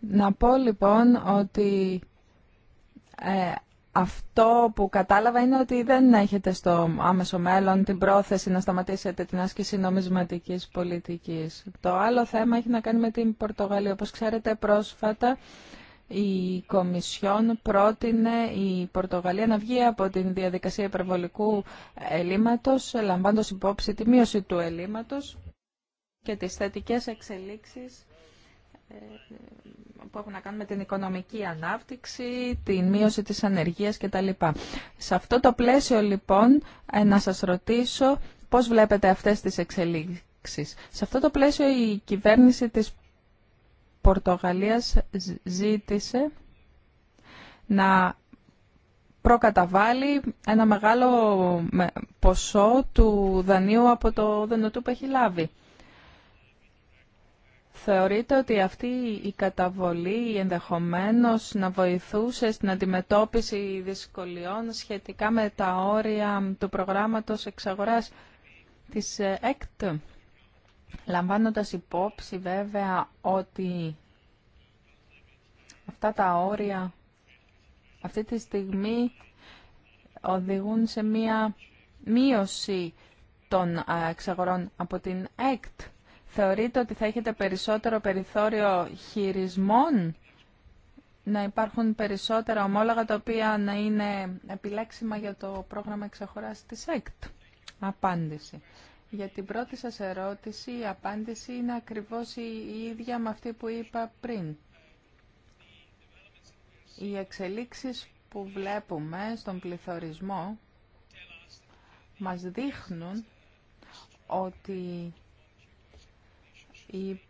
Να πω λοιπόν ότι ε, αυτό που κατάλαβα είναι ότι δεν έχετε στο άμεσο μέλλον την πρόθεση να σταματήσετε την άσκηση νομισματικής πολιτικής. Το άλλο θέμα έχει να κάνει με την Πορτογαλία. Όπως ξέρετε πρόσφατα η Κομισιόν πρότεινε η Πορτογαλία να βγει από την διαδικασία υπερβολικού ελλείμματος, λαμβάνοντας υπόψη τη μείωση του ελλείμματος και τις θετικές εξελίξεις ε, που έχουν να κάνουν με την οικονομική ανάπτυξη, την μείωση της ανεργίας κτλ. Σε αυτό το πλαίσιο λοιπόν ε, να σας ρωτήσω πώς βλέπετε αυτές τις εξελίξεις. Σε αυτό το πλαίσιο η κυβέρνηση της Πορτογαλίας ζήτησε να προκαταβάλει ένα μεγάλο ποσό του δανείου από το δενοτού που έχει λάβει. Θεωρείτε ότι αυτή η καταβολή ενδεχομένως να βοηθούσε στην αντιμετώπιση δυσκολιών σχετικά με τα όρια του προγράμματος εξαγοράς της ε, ΕΚΤ λαμβάνοντας υπόψη βέβαια ότι αυτά τα όρια αυτή τη στιγμή οδηγούν σε μία μείωση των εξαγορών από την ΕΚΤ. Θεωρείτε ότι θα έχετε περισσότερο περιθώριο χειρισμών, να υπάρχουν περισσότερα ομόλογα τα οποία να είναι επιλέξιμα για το πρόγραμμα εξαγοράς της ΕΚΤ. Απάντηση. Για την πρώτη σας ερώτηση η απάντηση είναι ακριβώς η ίδια με αυτή που είπα πριν. Οι εξελίξεις που βλέπουμε στον πληθωρισμό μας δείχνουν ότι η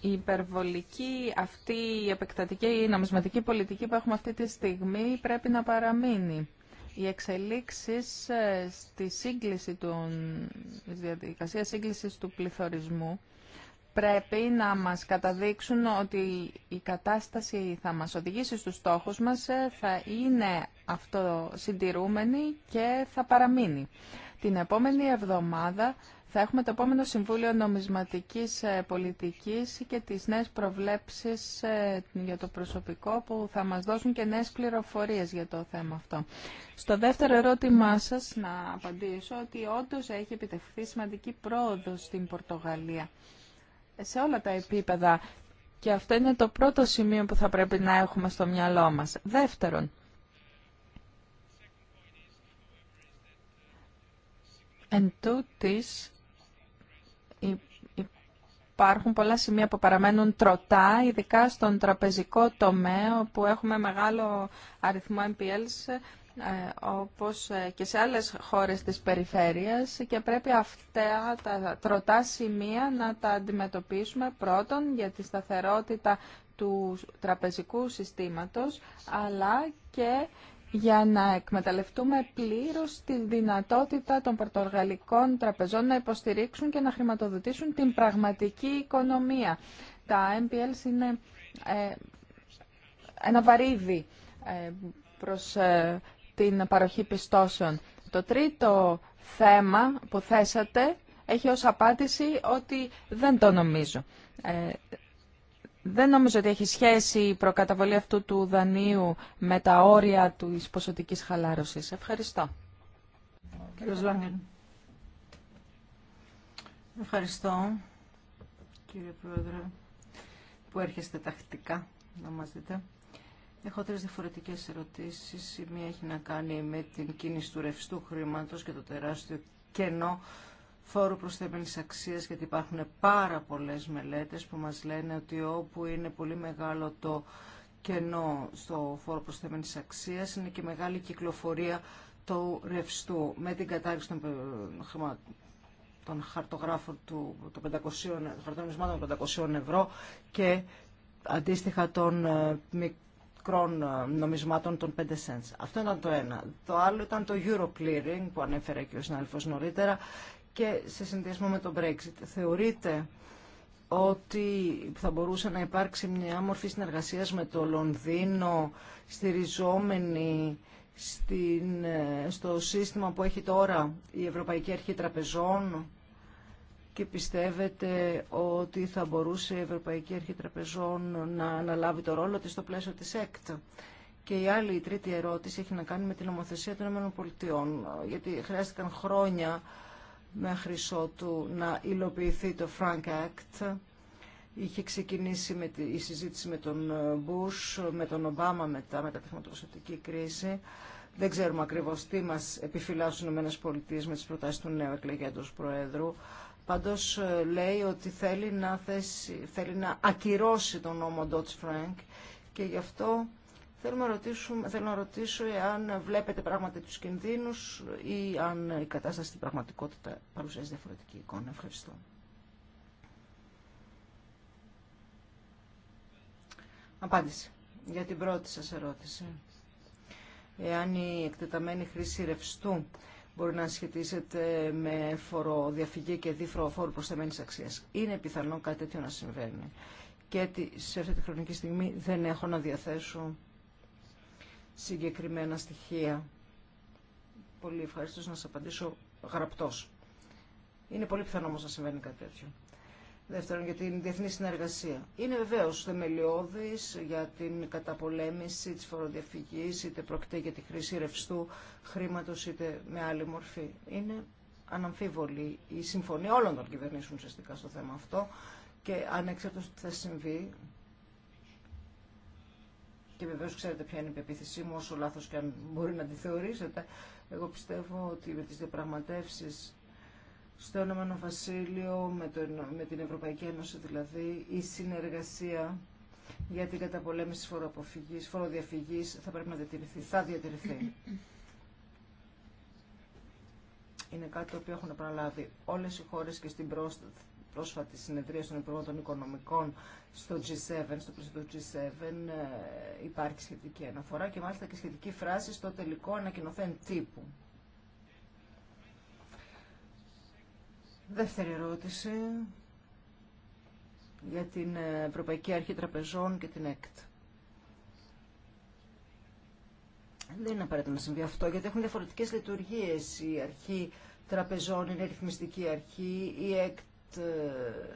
υπερβολική αυτή η επεκτατική η νομισματική πολιτική που έχουμε αυτή τη στιγμή πρέπει να παραμείνει. Οι εξελίξεις ε, στη σύγκληση του, διαδικασία σύγκλησης του πληθωρισμού πρέπει να μας καταδείξουν ότι η κατάσταση θα μας οδηγήσει στους στόχους μας, ε, θα είναι αυτό και θα παραμείνει. Την επόμενη εβδομάδα θα έχουμε το επόμενο Συμβούλιο Νομισματικής ε, Πολιτικής και τις νέες προβλέψεις ε, για το προσωπικό που θα μας δώσουν και νέες πληροφορίες για το θέμα αυτό. Στο δεύτερο ερώτημά σας να απαντήσω ότι όντως έχει επιτευχθεί σημαντική πρόοδος στην Πορτογαλία σε όλα τα επίπεδα και αυτό είναι το πρώτο σημείο που θα πρέπει να έχουμε στο μυαλό μας. Δεύτερον, εν τούτης, υπάρχουν πολλά σημεία που παραμένουν τροτά, ειδικά στον τραπεζικό τομέα, που έχουμε μεγάλο αριθμό MPLs, ε, όπως ε, και σε άλλες χώρες της περιφέρειας και πρέπει αυτά τα τροτά σημεία να τα αντιμετωπίσουμε πρώτον για τη σταθερότητα του τραπεζικού συστήματος αλλά και για να εκμεταλλευτούμε πλήρως τη δυνατότητα των πορτογαλικών τραπεζών να υποστηρίξουν και να χρηματοδοτήσουν την πραγματική οικονομία. Τα MPL είναι ε, ένα βαρύδι ε, προς ε, την παροχή πιστώσεων. Το τρίτο θέμα που θέσατε έχει ως απάντηση ότι δεν το νομίζω. Δεν νομίζω ότι έχει σχέση η προκαταβολή αυτού του δανείου με τα όρια της ποσοτικής χαλάρωσης. Ευχαριστώ. Κύριε Λάγκεν. Ευχαριστώ, κύριε Πρόεδρε, που έρχεστε τακτικά να μας δείτε. Έχω τρεις διαφορετικές ερωτήσεις. Η μία έχει να κάνει με την κίνηση του ρευστού χρήματος και το τεράστιο κενό φόρου προσθέμενης αξίας, γιατί υπάρχουν πάρα πολλές μελέτες που μας λένε ότι όπου είναι πολύ μεγάλο το κενό στο φόρο προσθέμενης αξίας, είναι και μεγάλη κυκλοφορία του ρευστού. Με την κατάρριξη των, ε, των χαρτογράφων του, των 500, των 500 ευρώ και αντίστοιχα των ε, μικρών ε, νομισμάτων των 5 cents. Αυτό ήταν το ένα. Το άλλο ήταν το Euro Clearing που ανέφερε και ο συνάδελφος νωρίτερα και σε συνδυασμό με το Brexit. Θεωρείτε ότι θα μπορούσε να υπάρξει μια μορφή συνεργασίας με το Λονδίνο στηριζόμενη στην, στο σύστημα που έχει τώρα η Ευρωπαϊκή Αρχή Τραπεζών και πιστεύετε ότι θα μπορούσε η Ευρωπαϊκή Αρχή Τραπεζών να αναλάβει το ρόλο της στο πλαίσιο της ΕΚΤ. Και η άλλη, η τρίτη ερώτηση, έχει να κάνει με την νομοθεσία των ΗΠΑ, γιατί χρειάστηκαν χρόνια μέχρι ότου να υλοποιηθεί το Frank Act. Είχε ξεκινήσει με τη, η συζήτηση με τον ε, Bush, με τον Ομπάμα μετά, μετά τη χρηματοπιστωτική κρίση. Δεν ξέρουμε ακριβώς τι μας επιφυλάσσουν οι ΗΠΑ με τις προτάσεις του νέου εκλεγέντος Προέδρου. Πάντως ε, λέει ότι θέλει να, θέσει, θέλει να ακυρώσει τον νόμο Dodd Frank και γι' αυτό να ρωτήσουμε, θέλω να ρωτήσω εάν βλέπετε πράγματι τους κινδύνους ή αν η κατάσταση στην πραγματικότητα παρουσιάζει διαφορετική εικόνα. Ευχαριστώ. Απάντηση για την πρώτη σας ερώτηση. Εάν η εκτεταμένη χρήση ρευστού μπορεί να σχετίζεται με φοροδιαφυγή και δίφρο φόρου προσθεμένης αξίας. Είναι πιθανό κάτι τέτοιο να συμβαίνει. Και σε αυτή τη χρονική στιγμή δεν έχω να διαθέσω συγκεκριμένα στοιχεία. Πολύ ευχαριστώ να σας απαντήσω γραπτός. Είναι πολύ πιθανό όμως να συμβαίνει κάτι τέτοιο. Δεύτερον, για την διεθνή συνεργασία. Είναι βεβαίω θεμελιώδη για την καταπολέμηση τη φοροδιαφυγή, είτε πρόκειται για τη χρήση ρευστού χρήματο, είτε με άλλη μορφή. Είναι αναμφίβολη η συμφωνία όλων των κυβερνήσεων ουσιαστικά στο θέμα αυτό και ανεξαρτήτως τι θα συμβεί, και βεβαίω ξέρετε ποια είναι η πεποίθησή μου, όσο λάθο και αν μπορεί να τη θεωρήσετε. Εγώ πιστεύω ότι με τι διαπραγματεύσει στο όνομα Βασίλειο, με, το, με την Ευρωπαϊκή Ένωση δηλαδή, η συνεργασία για την καταπολέμηση φοροαποφυγής, φοροδιαφυγής θα πρέπει να διατηρηθεί, θα διατηρηθεί. Είναι κάτι το οποίο έχουν επαναλάβει όλες οι χώρες και στην πρόσθετη πρόσφατη συνεδρία των Υπουργών των Οικονομικών στο G7, στο πλαίσιο του G7, υπάρχει σχετική αναφορά και μάλιστα και σχετική φράση στο τελικό ανακοινωθέν τύπου. Δεύτερη ερώτηση για την ε, Ευρωπαϊκή Αρχή Τραπεζών και την ΕΚΤ. Δεν είναι απαραίτητο να συμβεί αυτό, γιατί έχουν διαφορετικές λειτουργίες η αρχή τραπεζών, είναι ρυθμιστική αρχή, η ΕΚΤ ε,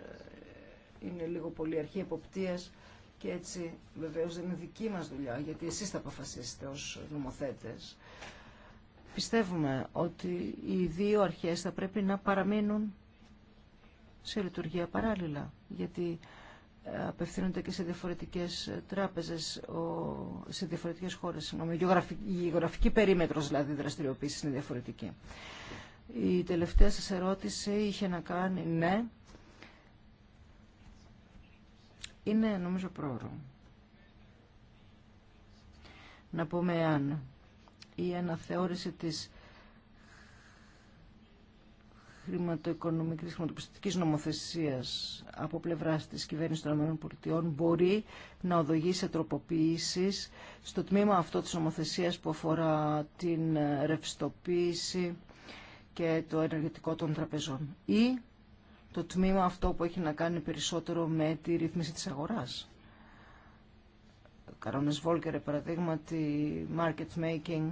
είναι λίγο πολύ αρχή εποπτείας και έτσι βεβαίως δεν είναι δική μας δουλειά γιατί εσείς θα αποφασίσετε ως νομοθέτες. Πιστεύουμε ότι οι δύο αρχές θα πρέπει να παραμείνουν σε λειτουργία παράλληλα γιατί ε, απευθύνονται και σε διαφορετικές τράπεζες, σε διαφορετικές χώρες. η γεωγραφική περίμετρος δηλαδή δραστηριοποίηση είναι διαφορετική. Η τελευταία σας ερώτηση είχε να κάνει ναι. Είναι νομίζω πρόωρο. Να πούμε αν η αναθεώρηση της χρηματοοικονομικής χρηματοπιστικής νομοθεσίας από πλευράς της κυβέρνησης των ΗΠΑ μπορεί να οδηγήσει σε τροποποιήσεις στο τμήμα αυτό της νομοθεσίας που αφορά την ρευστοποίηση και το ενεργητικό των τραπεζών. Ή το τμήμα αυτό που έχει να κάνει περισσότερο με τη ρύθμιση της αγοράς. Καρόνες Βόλκερε, παραδείγματι, market making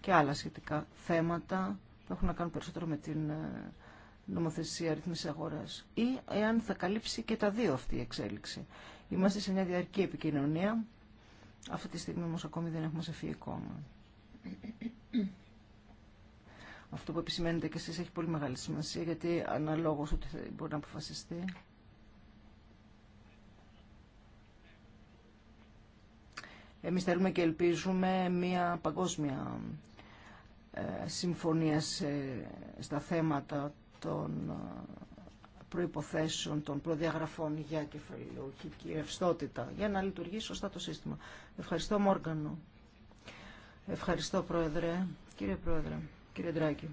και άλλα σχετικά θέματα που έχουν να κάνουν περισσότερο με την ε, νομοθεσία ρύθμιση αγοράς. Ή εάν θα καλύψει και τα δύο αυτή η εξέλιξη. Είμαστε σε μια διαρκή επικοινωνία. Αυτή τη στιγμή όμως ακόμη δεν έχουμε σε φυγικό. Αυτό που επισημαίνετε και εσείς έχει πολύ μεγάλη σημασία γιατί αναλόγως ότι μπορεί να αποφασιστεί. Εμείς θέλουμε και ελπίζουμε μια παγκόσμια ε, συμφωνία στα θέματα των ε, προϋποθέσεων, των προδιαγραφών για κεφαλαιοκική ευστότητα για να λειτουργήσει σωστά το σύστημα. Ευχαριστώ Μόργανο. Ευχαριστώ Πρόεδρε. Κύριε Πρόεδρε. Κύριε Ντράκη.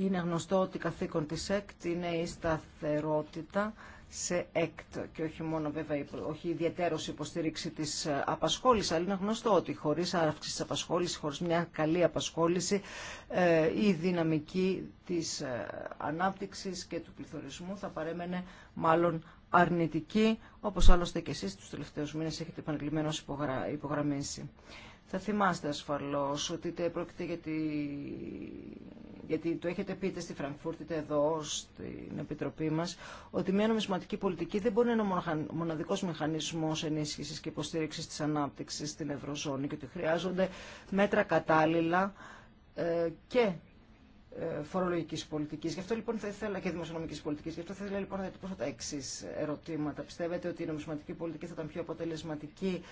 Είναι γνωστό ότι καθήκον της ΕΚΤ είναι η σταθερότητα σε ΕΚΤ και όχι μόνο βέβαια, όχι ιδιαίτερος υποστήριξη της απασχόλησης, αλλά είναι γνωστό ότι χωρίς αύξηση της απασχόλησης, χωρίς μια καλή απασχόληση, ε, η δυναμική της ε, ανάπτυξης και του πληθωρισμού θα παρέμενε μάλλον αρνητική, όπως άλλωστε και εσείς τους τελευταίους μήνες έχετε επανειλημμένως υπογραμμίσει. Θα θυμάστε ασφαλώς ότι πρόκειται γιατί, γιατί το έχετε πείτε στη Φραγκφούρτη, είτε εδώ, στην Επιτροπή μας, ότι μια νομισματική πολιτική δεν μπορεί να είναι ο μοναδικός μηχανισμός ενίσχυσης και υποστήριξης της ανάπτυξης στην Ευρωζώνη και ότι χρειάζονται μέτρα κατάλληλα ε, και φορολογική πολιτική. Γι' αυτό λοιπόν θα ήθελα και δημοσιονομική πολιτική, Γι' αυτό θα ήθελα λοιπόν να διατυπώσω τα εξή ερωτήματα. Πιστεύετε ότι η νομισματική πολιτική θα ήταν πιο αποτελεσματική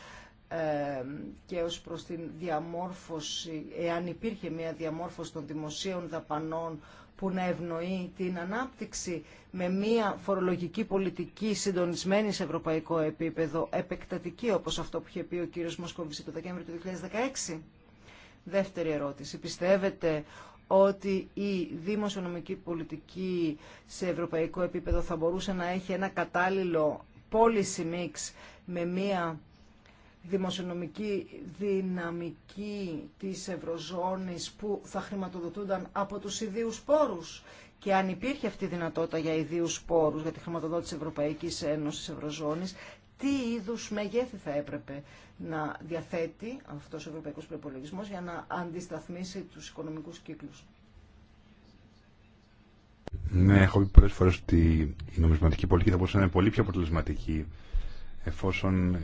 και ω προ την διαμόρφωση, εάν υπήρχε μια διαμόρφωση των δημοσίων δαπανών που να ευνοεί την ανάπτυξη με μια φορολογική πολιτική συντονισμένη σε ευρωπαϊκό επίπεδο, επεκτατική όπω αυτό που είχε πει ο κύριο Μοσκοβίση το Δεκέμβριο του 2016. Δεύτερη ερώτηση. Πιστεύετε ότι η δημοσιονομική πολιτική σε ευρωπαϊκό επίπεδο θα μπορούσε να έχει ένα κατάλληλο policy mix με μία δημοσιονομική δυναμική της Ευρωζώνης που θα χρηματοδοτούνταν από τους ιδίους πόρους και αν υπήρχε αυτή η δυνατότητα για ιδίους πόρους για τη χρηματοδότηση Ευρωπαϊκής Ένωσης Ευρωζώνης τι είδους μεγέθη θα έπρεπε να διαθέτει αυτός ο ευρωπαϊκός προπολογισμό για να αντισταθμίσει τους οικονομικούς κύκλους. Ναι, έχω πει πολλές φορές ότι η νομισματική πολιτική θα μπορούσε να είναι πολύ πιο αποτελεσματική εφόσον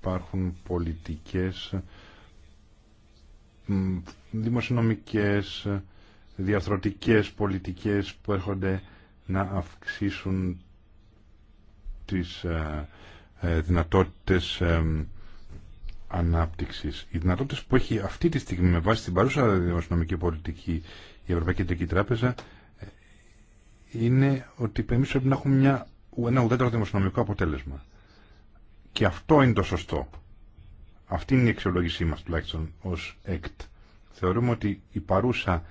υπάρχουν πολιτικές δημοσιονομικές, διαθροτικές πολιτικές που έρχονται να αυξήσουν τις ε, ε, δυνατότητες ανάπτυξης. Οι δυνατότητες που έχει αυτή τη στιγμή με βάση την παρούσα δημοσιονομική πολιτική η Ευρωπαϊκή Κεντρική Τράπεζα ε, είναι ότι εμείς πρέπει να έχουμε μια, ένα ουδέτερο δημοσιονομικό αποτέλεσμα. Και αυτό είναι το σωστό. Αυτή είναι η αξιολόγησή μας τουλάχιστον ως ΕΚΤ. Θεωρούμε ότι η παρούσα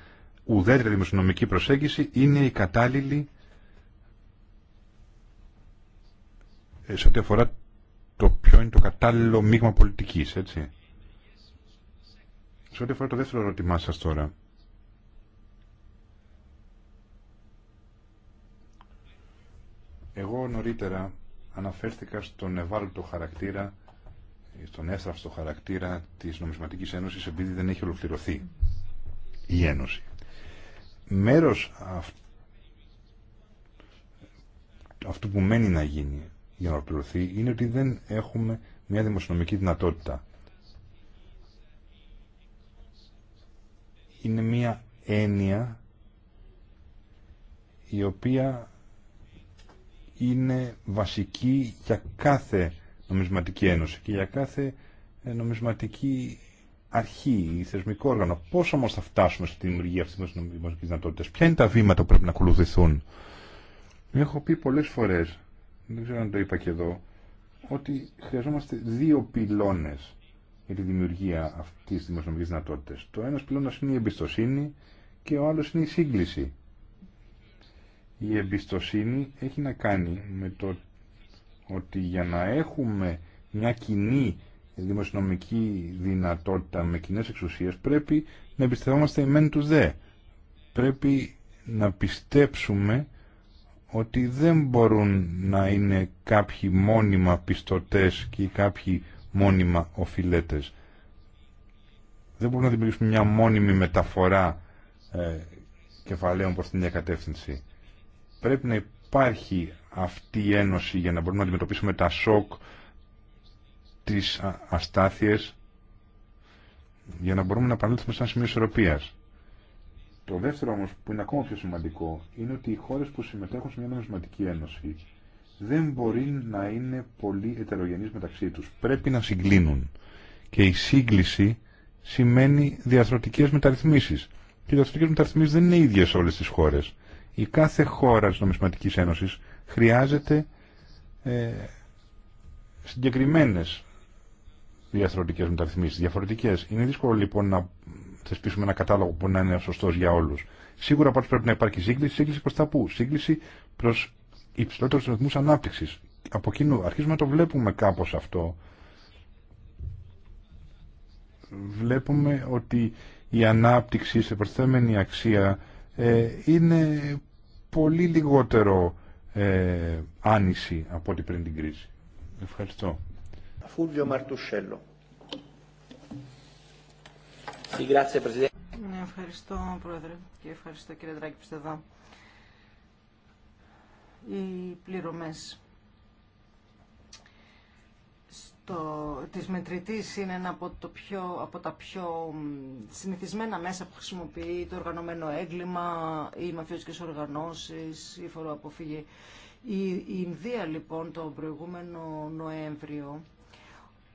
ουδέτερη δημοσιονομική προσέγγιση είναι η κατάλληλη ε, σε ό,τι αφορά το ποιο είναι το κατάλληλο μείγμα πολιτικής, έτσι. Σε ό,τι αφορά το δεύτερο ερώτημά σα τώρα. Εγώ νωρίτερα αναφέρθηκα στον ευάλωτο χαρακτήρα, στον έστραυστο χαρακτήρα της Νομισματικής Ένωσης επειδή δεν έχει ολοκληρωθεί η Ένωση. Μέρος αυτού που μένει να γίνει για να ολοκληρωθεί είναι ότι δεν έχουμε μια δημοσιονομική δυνατότητα. Είναι μια έννοια η οποία είναι βασική για κάθε νομισματική ένωση και για κάθε ε, νομισματική αρχή ή θεσμικό όργανο. Πώ όμω θα φτάσουμε στη δημιουργία αυτή τη νομισματική δυνατότητα, Ποια είναι τα βήματα που πρέπει να ακολουθηθούν. Έχω πει πολλές φορές δεν ξέρω αν το είπα και εδώ, ότι χρειαζόμαστε δύο πυλώνες για τη δημιουργία αυτής τη δημοσιονομική δυνατότητας. Το ένα πυλώνας είναι η εμπιστοσύνη και ο άλλο είναι η σύγκληση. Η εμπιστοσύνη έχει να κάνει με το ότι για να έχουμε μια κοινή δημοσιονομική δυνατότητα με κοινέ εξουσίε πρέπει να εμπιστευόμαστε εμέν του δε. Πρέπει να πιστέψουμε ότι δεν μπορούν να είναι κάποιοι μόνιμα πιστωτές και κάποιοι μόνιμα οφειλέτες. Δεν μπορούμε να δημιουργήσουμε μια μόνιμη μεταφορά ε, κεφαλαίων προς την διακατεύθυνση. Πρέπει να υπάρχει αυτή η ένωση για να μπορούμε να αντιμετωπίσουμε τα σοκ, της αστάθειες, για να μπορούμε να παραλύθουμε σαν σημείο ισορροπίας. Το δεύτερο όμω που είναι ακόμα πιο σημαντικό είναι ότι οι χώρε που συμμετέχουν σε μια νομισματική ένωση δεν μπορεί να είναι πολύ ετερογενείς μεταξύ του. Πρέπει να συγκλίνουν. Και η σύγκληση σημαίνει διαθροτικές μεταρρυθμίσεις. Και οι διαθροτικές μεταρρυθμίσεις δεν είναι ίδιες σε όλες τι χώρες. Η κάθε χώρα τη νομισματικής Ένωση χρειάζεται ε, συγκεκριμένες διαθροτικές μεταρρυθμίσεις, διαφορετικές. Είναι δύσκολο λοιπόν να θεσπίσουμε ένα κατάλογο που να είναι σωστό για όλου. Σίγουρα πάντω πρέπει να υπάρχει σύγκληση. Σύγκληση προ τα πού. Σύγκληση προ υψηλότερου ρυθμού ανάπτυξη. Από κοινού. Αρχίζουμε να το βλέπουμε κάπω αυτό. Βλέπουμε ότι η ανάπτυξη σε προσθέμενη αξία ε, είναι πολύ λιγότερο ε, άνηση από ό,τι πριν την κρίση. Ευχαριστώ. Ναι, ευχαριστώ, Πρόεδρε, και ευχαριστώ, κύριε Δράκη, που εδώ. Οι πληρωμές στο, της μετρητής είναι ένα από, το πιο, από τα πιο συνηθισμένα μέσα που χρησιμοποιεί το οργανωμένο έγκλημα, οι μαφιόζικε οργανώσεις, η φοροαποφυγή. η Ινδία λοιπόν το προηγούμενο Νοέμβριο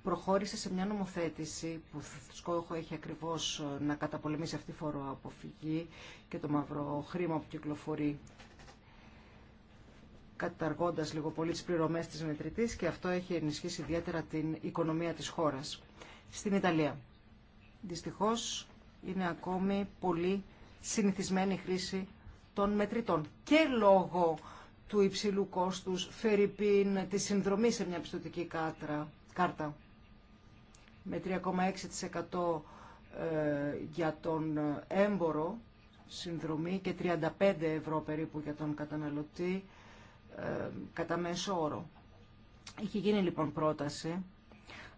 προχώρησε σε μια νομοθέτηση που σκόχο έχει ακριβώς ε, να καταπολεμήσει αυτή η φοροαποφυγή και το μαύρο χρήμα που κυκλοφορεί καταργώντας λίγο πολύ τις πληρωμές της μετρητής και αυτό έχει ενισχύσει ιδιαίτερα την οικονομία της χώρας. Στην Ιταλία, δυστυχώς, είναι ακόμη πολύ συνηθισμένη η χρήση των μετρητών και λόγω του υψηλού κόστους φερειπίν τη συνδρομή σε μια πιστοτική κάρτα με 3,6% ε, για τον έμπορο συνδρομή και 35 ευρώ περίπου για τον καταναλωτή ε, κατά μέσο όρο. Είχε γίνει λοιπόν πρόταση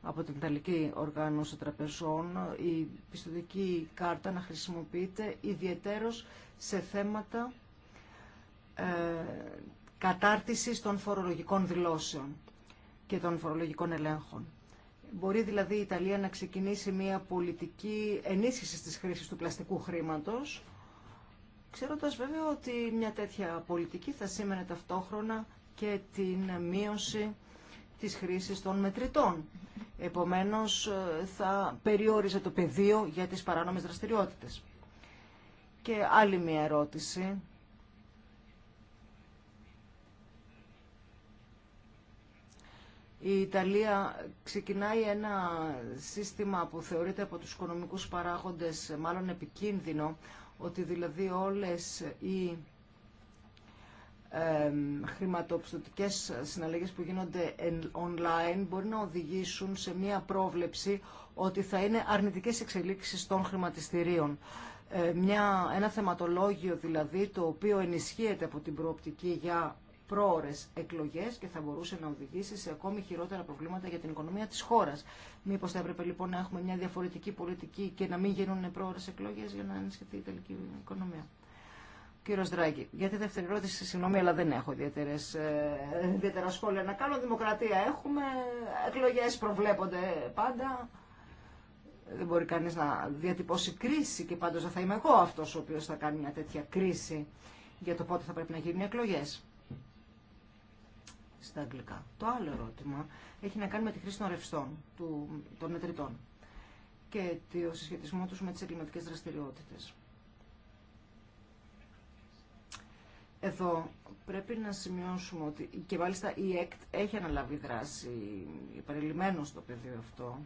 από την Ιταλική Οργάνωση Τραπεζών η πιστοτική κάρτα να χρησιμοποιείται ιδιαιτέρως σε θέματα ε, κατάρτισης των φορολογικών δηλώσεων και των φορολογικών ελέγχων. Μπορεί δηλαδή η Ιταλία να ξεκινήσει μια πολιτική ενίσχυση της χρήσης του πλαστικού χρήματος, ξέροντας βέβαια ότι μια τέτοια πολιτική θα σήμαινε ταυτόχρονα και την μείωση της χρήσης των μετρητών. Επομένως, ε, θα περιόριζε το πεδίο για τις παράνομες δραστηριότητες. Και άλλη μια ερώτηση Η Ιταλία ξεκινάει ένα σύστημα που θεωρείται από τους οικονομικούς παράγοντες μάλλον επικίνδυνο, ότι δηλαδή όλες οι ε, χρηματοπιστωτικές συναλλαγές που γίνονται online μπορεί να οδηγήσουν σε μία πρόβλεψη ότι θα είναι αρνητικές εξελίξεις των χρηματιστηρίων. Ε, μια, ένα θεματολόγιο δηλαδή το οποίο ενισχύεται από την προοπτική για πρόορε εκλογέ και θα μπορούσε να οδηγήσει σε ακόμη χειρότερα προβλήματα για την οικονομία τη χώρα. Μήπω θα έπρεπε λοιπόν να έχουμε μια διαφορετική πολιτική και να μην γίνουν πρόορε εκλογές για να ενισχυθεί η τελική οικονομία. Κύριο Δράγκη, για τη δεύτερη ερώτηση, συγγνώμη, αλλά δεν έχω ιδιαίτερες, ε, ιδιαίτερα σχόλια να κάνω. Δημοκρατία έχουμε, εκλογέ προβλέπονται πάντα. Δεν μπορεί κανεί να διατυπώσει κρίση και πάντως θα είμαι εγώ αυτό ο οποίο θα κάνει μια τέτοια κρίση για το πότε θα πρέπει να γίνουν οι εκλογέ στα αγγλικά. Το άλλο ερώτημα έχει να κάνει με τη χρήση των ρευστών, του, των μετρητών και το συσχετισμό τους με τις εγκληματικέ δραστηριότητες. Εδώ πρέπει να σημειώσουμε ότι και μάλιστα η ΕΚΤ έχει αναλάβει δράση παρελειμμένο στο πεδίο αυτό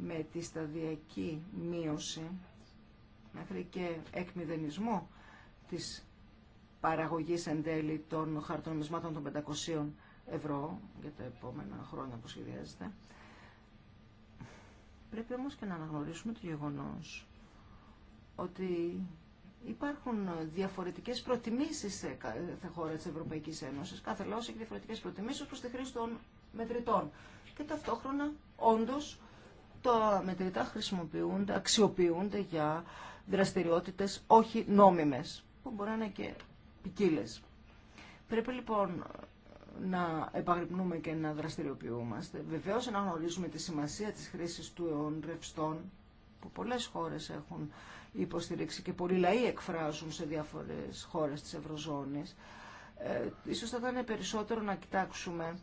με τη σταδιακή μείωση μέχρι και εκμηδενισμό της παραγωγής εν τέλει των χαρτονομισμάτων των 500 ευρώ για τα επόμενα χρόνια που σχεδιάζεται. Πρέπει όμως και να αναγνωρίσουμε το γεγονός ότι υπάρχουν διαφορετικές προτιμήσεις σε κάθε χώρα της Ευρωπαϊκής Ένωσης. Κάθε λαός έχει διαφορετικές προτιμήσεις προς τη χρήση των μετρητών. Και ταυτόχρονα, όντως, τα μετρητά χρησιμοποιούνται, αξιοποιούνται για δραστηριότητες όχι νόμιμες, που μπορεί να είναι και ποικίλε. Πρέπει λοιπόν να επαγρυπνούμε και να δραστηριοποιούμαστε. Βεβαίως να γνωρίζουμε τη σημασία της χρήσης του αιών ρευστών, που πολλές χώρες έχουν υποστηρίξει και πολλοί λαοί εκφράζουν σε διάφορες χώρες της Ευρωζώνης. Ε, ίσως θα ήταν περισσότερο να κοιτάξουμε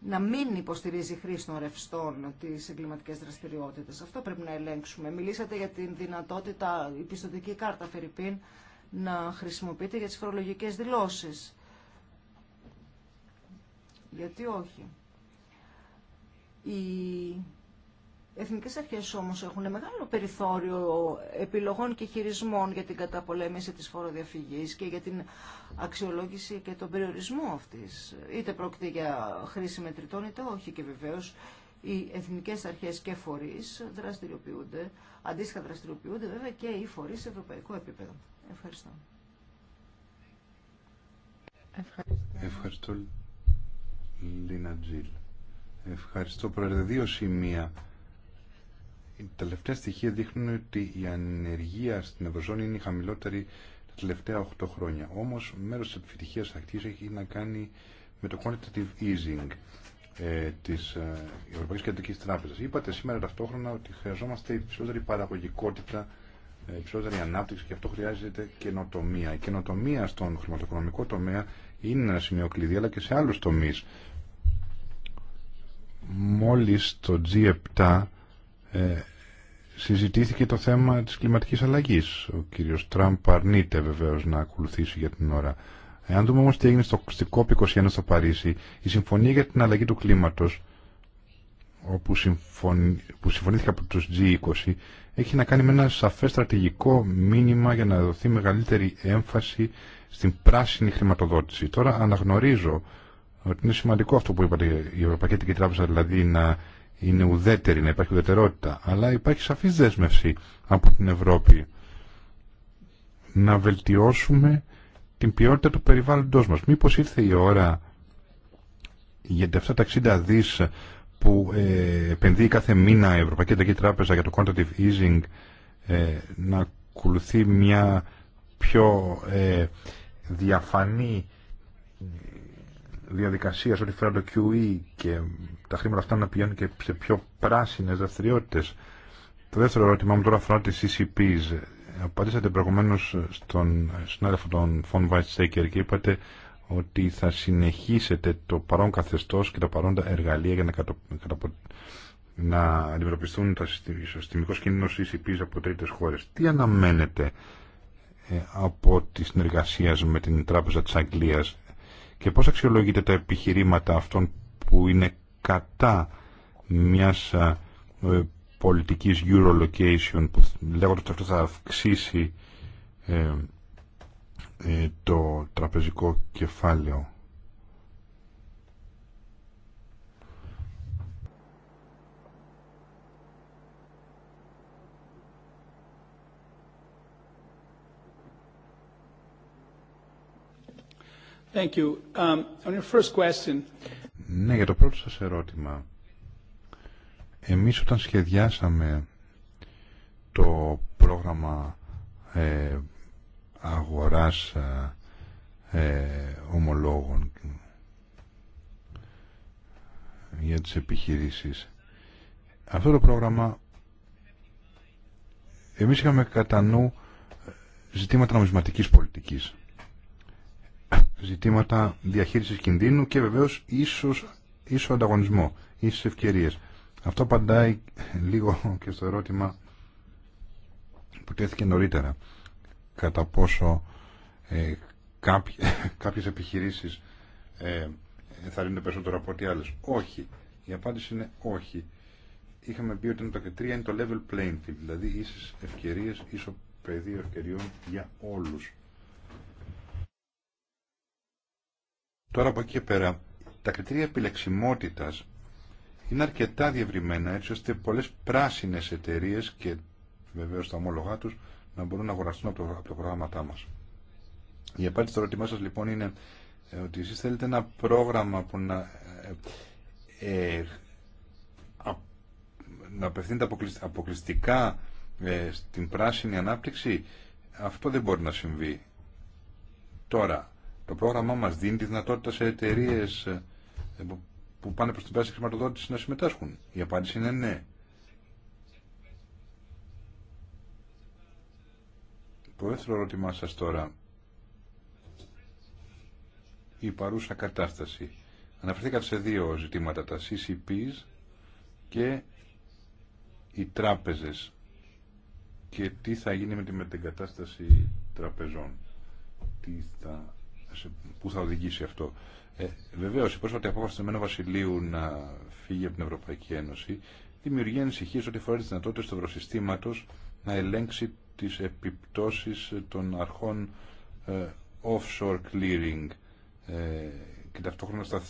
να μην υποστηρίζει χρήση των ρευστών τι εγκληματικέ δραστηριότητε. Αυτό πρέπει να ελέγξουμε. Μιλήσατε για την δυνατότητα, η πιστοτική κάρτα Φερρυπίν, να χρησιμοποιείται για τις φορολογικές δηλώσεις. Γιατί όχι. Οι εθνικές αρχές όμως έχουν μεγάλο περιθώριο επιλογών και χειρισμών για την καταπολέμηση της φοροδιαφυγής και για την αξιολόγηση και τον περιορισμό αυτής. Είτε πρόκειται για χρήση μετρητών είτε όχι και βεβαίως οι εθνικές αρχές και φορείς δραστηριοποιούνται, αντίστοιχα δραστηριοποιούνται βέβαια και οι φορείς σε ευρωπαϊκό επίπεδο. Ευχαριστώ. Ευχαριστώ. Ευχαριστώ, Λίνα Τζιλ. Ευχαριστώ, Πρόεδρε. Δύο σημεία. Τα τελευταία στοιχεία δείχνουν ότι η ανεργία στην Ευρωζώνη είναι η χαμηλότερη τα τελευταία 8 χρόνια. Όμω μέρος τη επιτυχία αυτή έχει να κάνει με το quantitative easing ε, τη ε, Ευρωπαϊκή Κεντρική Τράπεζα. Είπατε σήμερα ταυτόχρονα ότι χρειαζόμαστε υψηλότερη παραγωγικότητα υψηλότερη ανάπτυξη και αυτό χρειάζεται καινοτομία. Η καινοτομία στον χρηματοοικονομικό τομέα είναι ένα σημείο κλειδί, αλλά και σε άλλου τομεί. Μόλι το G7 ε, συζητήθηκε το θέμα τη κλιματική αλλαγή. Ο κύριος Τραμπ αρνείται βεβαίω να ακολουθήσει για την ώρα. Εάν δούμε όμω τι έγινε στο COP21 στο Παρίσι, η Συμφωνία για την Αλλαγή του κλίματο, όπου συμφωνή, που συμφωνήθηκε από τους G20, έχει να κάνει με ένα σαφέ στρατηγικό μήνυμα για να δοθεί μεγαλύτερη έμφαση στην πράσινη χρηματοδότηση. Τώρα αναγνωρίζω ότι είναι σημαντικό αυτό που είπατε η Ευρωπαϊκή Τράπεζα, δηλαδή να είναι ουδέτερη, να υπάρχει ουδετερότητα, αλλά υπάρχει σαφή δέσμευση από την Ευρώπη να βελτιώσουμε την ποιότητα του περιβάλλοντος μας. Μήπως ήρθε η ώρα για τα 60 δις που ε, επενδύει κάθε μήνα η Ευρωπαϊκή Ενταγή Τράπεζα για το quantitative easing ε, να ακολουθεί μια πιο ε, διαφανή διαδικασία σε ό,τι φέρα το QE και τα χρήματα αυτά να πηγαίνουν και σε πιο πράσινες δραστηριότητε. Το δεύτερο ερώτημά μου τώρα αφορά τις CCPs. Απαντήσατε προηγουμένω στον συνάδελφο των Von Βάιτ και είπατε ότι θα συνεχίσετε το παρόν καθεστώς και τα παρόντα εργαλεία για να, καταπο... να αντιμετωπιστούν τα συστημικό κίνδυνο CCPs από τρίτες χώρες. Τι αναμένετε ε, από τη συνεργασία με την Τράπεζα της Αγγλίας και πώς αξιολογείτε τα επιχειρήματα αυτών που είναι κατά μιας ε, ε, πολιτικής Eurolocation που λέγοντα ότι αυτό θα αυξήσει ε, το τραπεζικό κεφάλαιο. Thank you. Um, on your first question... Ναι, για το πρώτο σας ερώτημα. Εμείς όταν σχεδιάσαμε το πρόγραμμα ε, αγοράς ε, ομολόγων για τις επιχειρήσεις. Αυτό το πρόγραμμα εμείς είχαμε κατά νου ε, ζητήματα νομισματικής πολιτικής, ζητήματα διαχείρισης κινδύνου και βεβαίως ίσως, ίσο ανταγωνισμό, ίσες ευκαιρίες. Αυτό απαντάει λίγο και στο ερώτημα που τέθηκε νωρίτερα κατά πόσο ε, κάποιες, κάποιες επιχειρήσεις ε, θα λύνουν περισσότερο από ό,τι άλλες. Όχι. Η απάντηση είναι όχι. Είχαμε πει ότι το κριτήριο είναι το level playing field, δηλαδή ίσες ευκαιρίες, ίσο πεδίο ευκαιριών για όλους. Τώρα από εκεί και πέρα, τα κριτήρια επιλεξιμότητας είναι αρκετά διευρυμένα, έτσι ώστε πολλές πράσινες εταιρείες και βεβαίως τα ομόλογά τους να μπορούν να αγοραστούν από, το, πρόγραμμα τα προγράμματά μας. Η απάντηση στο ερώτημά σας λοιπόν είναι ε, ότι εσείς θέλετε ένα πρόγραμμα που να, ε, ε να απευθύνεται αποκλειστικά ε, στην πράσινη ανάπτυξη. Αυτό δεν μπορεί να συμβεί. Τώρα, το πρόγραμμά μας δίνει τη δυνατότητα σε εταιρείε που πάνε προς την πράσινη χρηματοδότηση να συμμετάσχουν. Η απάντηση είναι ναι. Το δεύτερο ερώτημά σας τώρα. Η παρούσα κατάσταση. Αναφερθήκατε σε δύο ζητήματα, τα CCPs και οι τράπεζες και τι θα γίνει με την μετεγκατάσταση τραπεζών. Τι θα, πού θα οδηγήσει αυτό. Ε, βεβαίως, η πρόσφατη απόφαση του Εμένου Βασιλείου να φύγει από την Ευρωπαϊκή Ένωση δημιουργεί ανησυχίες ό,τι φοράει τι δυνατότητε του Ευρωσυστήματος να ελέγξει τις επιπτώσεις των αρχών ε, offshore clearing ε, και ταυτόχρονα στα,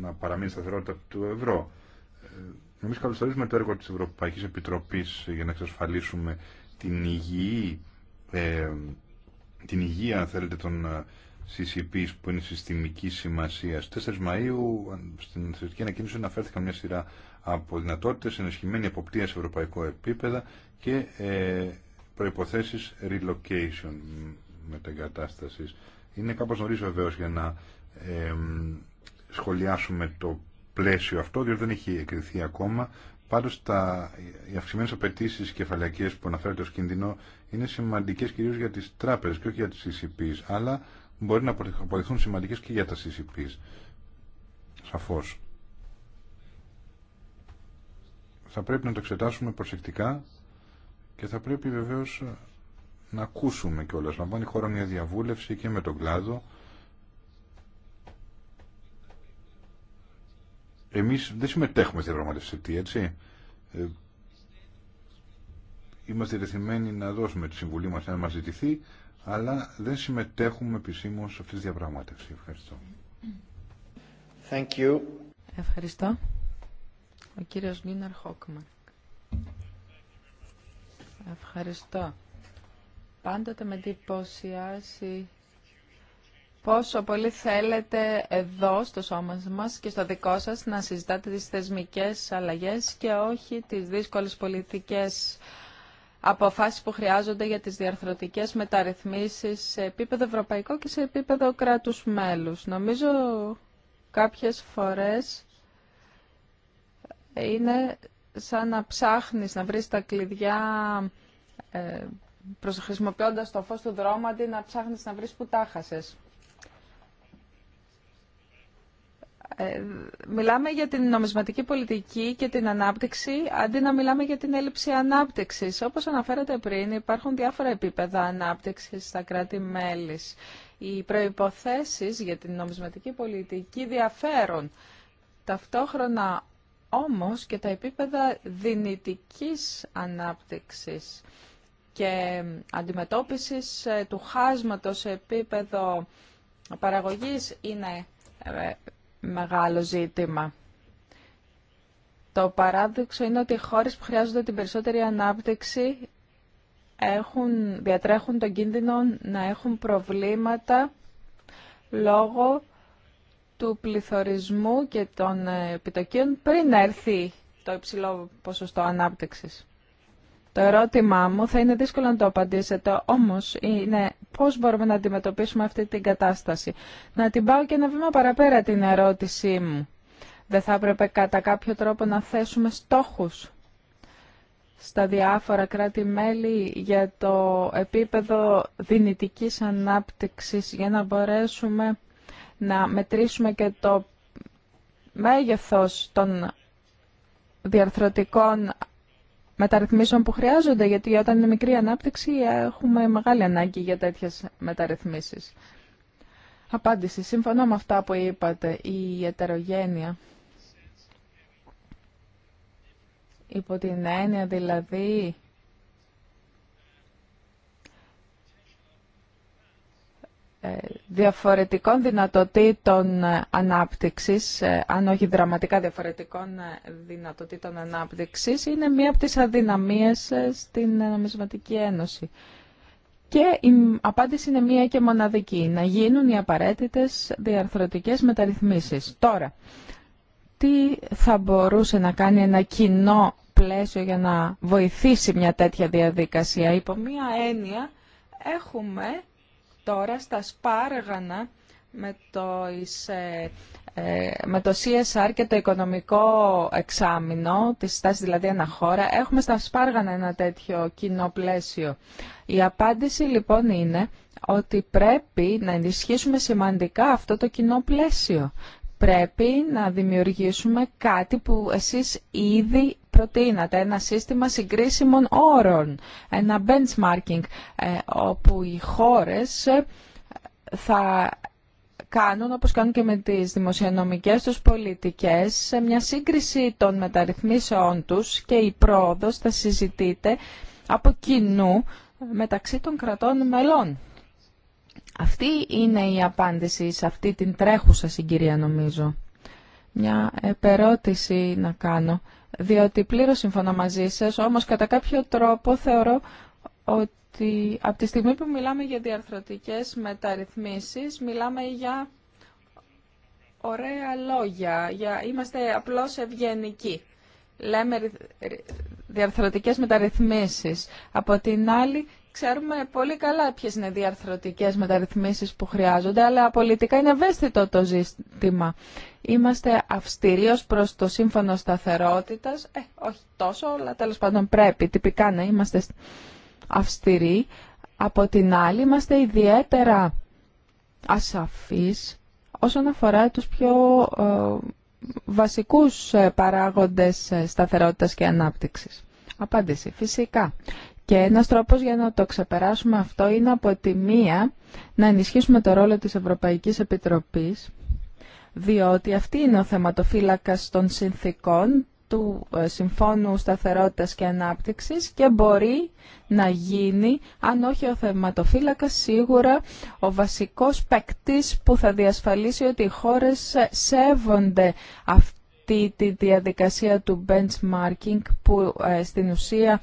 να παραμείνει σταθερότητα του ευρώ. Ε, εμείς καλωσορίζουμε το έργο της Ευρωπαϊκής Επιτροπής για να εξασφαλίσουμε την υγιή, ε, την υγεία, αν θέλετε, των ε, CCP που είναι συστημική σημασία. Στις 4 Μαΐου στην θετική ανακοίνωση αναφέρθηκαν μια σειρά από δυνατότητε ενισχυμένη εποπτεία σε ευρωπαϊκό επίπεδο και ε, προϋποθέσεις relocation μετεγκατάστασης. Είναι κάπως νωρίς βεβαίως για να σχολιάσουμε το πλαίσιο αυτό, διότι δεν έχει εκριθεί ακόμα. Πάντως τα, οι αυξημένες απαιτήσει κεφαλαϊκές που αναφέρεται ως κίνδυνο είναι σημαντικές κυρίως για τις τράπεζες και όχι για τις CCPs, αλλά μπορεί να αποδειχθούν σημαντικές και για τα CCPs. Σαφώς. Θα πρέπει να το εξετάσουμε προσεκτικά και θα πρέπει βεβαίως να ακούσουμε κιόλας, να πάνε η χώρα μια διαβούλευση και με τον κλάδο. Εμείς δεν συμμετέχουμε στη διαπραγματευτική, έτσι. Ε, είμαστε ρεθυμένοι να δώσουμε τη συμβουλή μας να μας ζητηθεί, αλλά δεν συμμετέχουμε επισήμως σε αυτή τη διαπραγμάτευση. Ευχαριστώ. Thank you. Ευχαριστώ. Ο κύριος Νίναρχοκμα. Χόκμαν. Ευχαριστώ. Πάντοτε με εντυπωσιάσει πόσο πολύ θέλετε εδώ στο σώμα μας και στο δικό σας να συζητάτε τις θεσμικές αλλαγές και όχι τις δύσκολες πολιτικές αποφάσεις που χρειάζονται για τις διαρθρωτικές μεταρρυθμίσεις σε επίπεδο ευρωπαϊκό και σε επίπεδο κράτους μέλους. Νομίζω κάποιες φορές είναι σαν να ψάχνεις να βρεις τα κλειδιά ε, το φως του δρόμου αντί να ψάχνεις να βρεις που τα ε, μιλάμε για την νομισματική πολιτική και την ανάπτυξη, αντί να μιλάμε για την έλλειψη ανάπτυξης. Όπως αναφέρατε πριν, υπάρχουν διάφορα επίπεδα ανάπτυξης στα κράτη-μέλη. Οι προϋποθέσεις για την νομισματική πολιτική διαφέρουν. Ταυτόχρονα όμως και τα επίπεδα δυνητικής ανάπτυξης και αντιμετώπισης ε, του χάσματος σε επίπεδο παραγωγής είναι ε, μεγάλο ζήτημα. Το παράδειξο είναι ότι οι χώρες που χρειάζονται την περισσότερη ανάπτυξη έχουν, διατρέχουν τον κίνδυνο να έχουν προβλήματα λόγω του πληθωρισμού και των ε, επιτοκίων πριν έρθει το υψηλό ποσοστό ανάπτυξης. Το ερώτημά μου θα είναι δύσκολο να το απαντήσετε, όμως είναι πώς μπορούμε να αντιμετωπίσουμε αυτή την κατάσταση. Να την πάω και ένα βήμα παραπέρα την ερώτησή μου. Δεν θα έπρεπε κατά κάποιο τρόπο να θέσουμε στόχους στα διάφορα κράτη-μέλη για το επίπεδο δυνητικής ανάπτυξης για να μπορέσουμε να μετρήσουμε και το μέγεθος των διαρθρωτικών μεταρρυθμίσεων που χρειάζονται, γιατί όταν είναι μικρή ανάπτυξη έχουμε μεγάλη ανάγκη για τέτοιες μεταρρυθμίσεις. Απάντηση. Συμφωνώ με αυτά που είπατε. Η ετερογένεια. Υπό την έννοια δηλαδή Ε, διαφορετικών δυνατοτήτων ανάπτυξης, ε, αν όχι δραματικά διαφορετικών ε, δυνατοτήτων ανάπτυξης, είναι μία από τις αδυναμίες στην Νομισματική Ένωση. Και η απάντηση είναι μία και μοναδική, να γίνουν οι απαραίτητες διαρθρωτικές μεταρρυθμίσεις. Τώρα, τι θα μπορούσε να κάνει ένα κοινό πλαίσιο για να βοηθήσει μια τέτοια διαδικασία. Υπό μία έννοια έχουμε Τώρα στα σπάργανα με το, ε, ε, με το CSR και το οικονομικό εξάμεινο, της στάση δηλαδή ένα χώρα έχουμε στα σπάργανα ένα τέτοιο κοινό πλαίσιο. Η απάντηση λοιπόν είναι ότι πρέπει να ενισχύσουμε σημαντικά αυτό το κοινό πλαίσιο. Πρέπει να δημιουργήσουμε κάτι που εσείς ήδη προτείνατε, ένα σύστημα συγκρίσιμων όρων, ένα benchmarking, ε, όπου οι χώρες ε, θα κάνουν, όπως κάνουν και με τις δημοσιονομικές τους πολιτικές, μια σύγκριση των μεταρρυθμίσεών τους και η πρόοδος θα συζητείται από κοινού μεταξύ των κρατών μελών. Αυτή είναι η απάντηση σε αυτή την τρέχουσα συγκυρία νομίζω. Μια επερώτηση να κάνω διότι πλήρως συμφωνώ μαζί σας, όμως κατά κάποιο τρόπο θεωρώ ότι από τη στιγμή που μιλάμε για διαρθρωτικές μεταρρυθμίσεις, μιλάμε για ωραία λόγια, για... είμαστε απλώς ευγενικοί. Λέμε διαρθρωτικές μεταρρυθμίσεις. Από την άλλη, ξέρουμε πολύ καλά ποιες είναι διαρθρωτικές μεταρρυθμίσεις που χρειάζονται, αλλά πολιτικά είναι ευαίσθητο το ζήτημα είμαστε αυστηροί ως προς το σύμφωνο σταθερότητας. Ε, όχι τόσο, αλλά τέλος πάντων πρέπει τυπικά να είμαστε αυστηροί. Από την άλλη είμαστε ιδιαίτερα ασαφείς όσον αφορά τους πιο ε, βασικούς ε, παράγοντες ε, σταθερότητας και ανάπτυξης. Απάντηση. Φυσικά. Και ένας τρόπος για να το ξεπεράσουμε αυτό είναι από τη μία να ενισχύσουμε το ρόλο της Ευρωπαϊκής Επιτροπής διότι αυτή είναι ο θεματοφύλακας των συνθήκων του ε, Συμφώνου Σταθερότητας και Ανάπτυξης και μπορεί να γίνει, αν όχι ο θεματοφύλακας, σίγουρα ο βασικός παίκτη που θα διασφαλίσει ότι οι χώρες σέβονται αυτή τη διαδικασία του benchmarking που ε, στην ουσία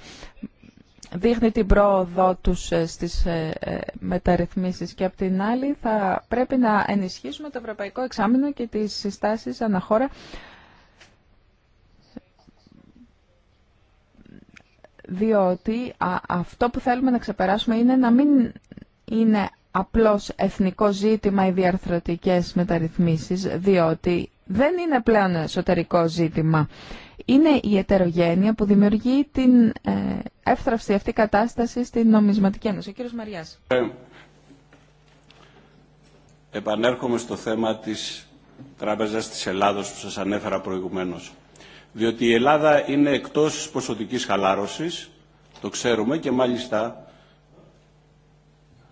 δείχνει την πρόοδό τους ε, στις ε, ε, μεταρρυθμίσεις και απ' την άλλη θα πρέπει να ενισχύσουμε το Ευρωπαϊκό Εξάμεινο και τις συστάσεις αναχώρα διότι αυτό που θέλουμε να ξεπεράσουμε είναι να μην είναι απλώς εθνικό ζήτημα οι διαρθρωτικές μεταρρυθμίσεις, διότι δεν είναι πλέον εσωτερικό ζήτημα είναι η ετερογένεια που δημιουργεί την ε, αυτή κατάσταση στην νομισματική ένωση. Ο κύριος Μαριάς. Ε, επανέρχομαι στο θέμα της Τράπεζας της Ελλάδος που σας ανέφερα προηγουμένως. Διότι η Ελλάδα είναι εκτός ποσοτικής χαλάρωσης, το ξέρουμε και μάλιστα...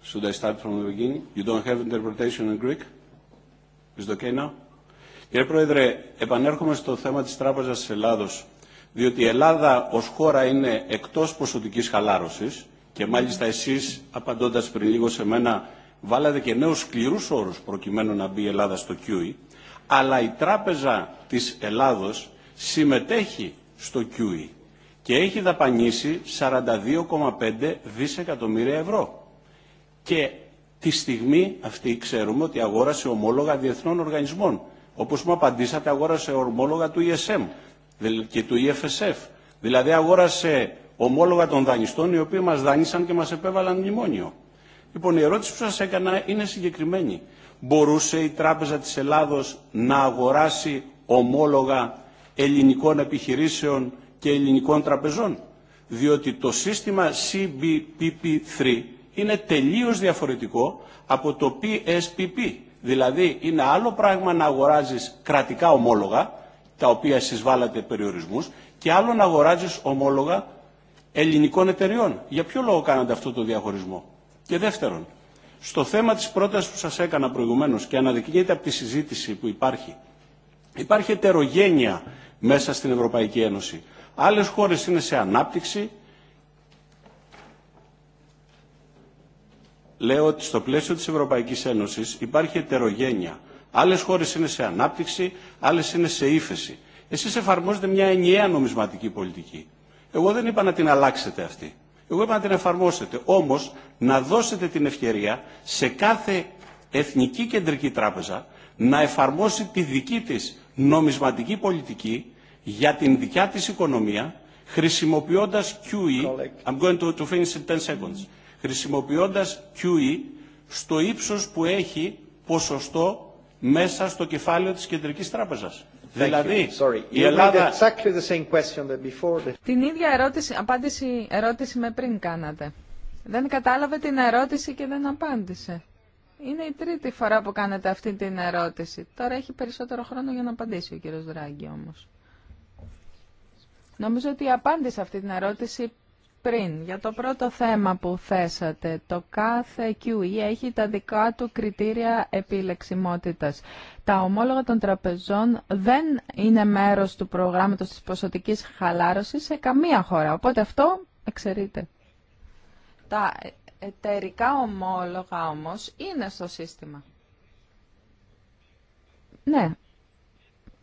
Should I start from the beginning? You don't have interpretation in Greek? Is it Κύριε Πρόεδρε, επανέρχομαι στο θέμα της Τράπεζας της Ελλάδος, διότι η Ελλάδα ως χώρα είναι εκτός ποσοτικής χαλάρωσης και μάλιστα εσείς, απαντώντας πριν λίγο σε μένα, βάλατε και νέους σκληρούς όρους προκειμένου να μπει η Ελλάδα στο QE, αλλά η Τράπεζα της Ελλάδος συμμετέχει στο QE και έχει δαπανίσει 42,5 δισεκατομμύρια ευρώ. Και τη στιγμή αυτή ξέρουμε ότι αγόρασε ομόλογα διεθνών οργανισμών όπως μου απαντήσατε, αγόρασε ορμόλογα του ESM και του EFSF. Δηλαδή αγόρασε ομόλογα των δανειστών οι οποίοι μας δανείσαν και μας επέβαλαν μνημόνιο. Λοιπόν, η ερώτηση που σας έκανα είναι συγκεκριμένη. Μπορούσε η Τράπεζα της Ελλάδος να αγοράσει ομόλογα ελληνικών επιχειρήσεων και ελληνικών τραπεζών. Διότι το σύστημα CBPP3 είναι τελείως διαφορετικό από το PSPP Δηλαδή είναι άλλο πράγμα να αγοράζεις κρατικά ομόλογα, τα οποία βάλατε περιορισμούς, και άλλο να αγοράζεις ομόλογα ελληνικών εταιριών. Για ποιο λόγο κάνατε αυτό το διαχωρισμό. Και δεύτερον, στο θέμα της πρότασης που σας έκανα προηγουμένως και αναδεικνύεται από τη συζήτηση που υπάρχει, υπάρχει ετερογένεια μέσα στην Ευρωπαϊκή Ένωση. Άλλες χώρες είναι σε ανάπτυξη, λέω ότι στο πλαίσιο της Ευρωπαϊκής Ένωσης υπάρχει ετερογένεια. Άλλες χώρες είναι σε ανάπτυξη, άλλες είναι σε ύφεση. Εσείς εφαρμόζετε μια ενιαία νομισματική πολιτική. Εγώ δεν είπα να την αλλάξετε αυτή. Εγώ είπα να την εφαρμόσετε. Όμως να δώσετε την ευκαιρία σε κάθε εθνική κεντρική τράπεζα να εφαρμόσει τη δική της νομισματική πολιτική για την δικιά της οικονομία χρησιμοποιώντας QE. I'm going to, to seconds χρησιμοποιώντας QE στο ύψος που έχει ποσοστό μέσα στο κεφάλαιο της Κεντρικής Τράπεζας. Δηλαδή, η Ελλάδα... Την ίδια ερώτηση, απάντηση, ερώτηση με πριν κάνατε. Δεν κατάλαβε την ερώτηση και δεν απάντησε. Είναι η τρίτη φορά που κάνετε αυτή την ερώτηση. Τώρα έχει περισσότερο χρόνο για να απαντήσει ο κύριος Δράγκη όμως. Νομίζω ότι απάντησε αυτή την ερώτηση πριν. Για το πρώτο θέμα που θέσατε, το κάθε QE έχει τα δικά του κριτήρια επιλεξιμότητας. Τα ομόλογα των τραπεζών δεν είναι μέρος του προγράμματος της ποσοτικής χαλάρωσης σε καμία χώρα. Οπότε αυτό εξαιρείται. Τα εταιρικά ομόλογα όμως είναι στο σύστημα. Ναι,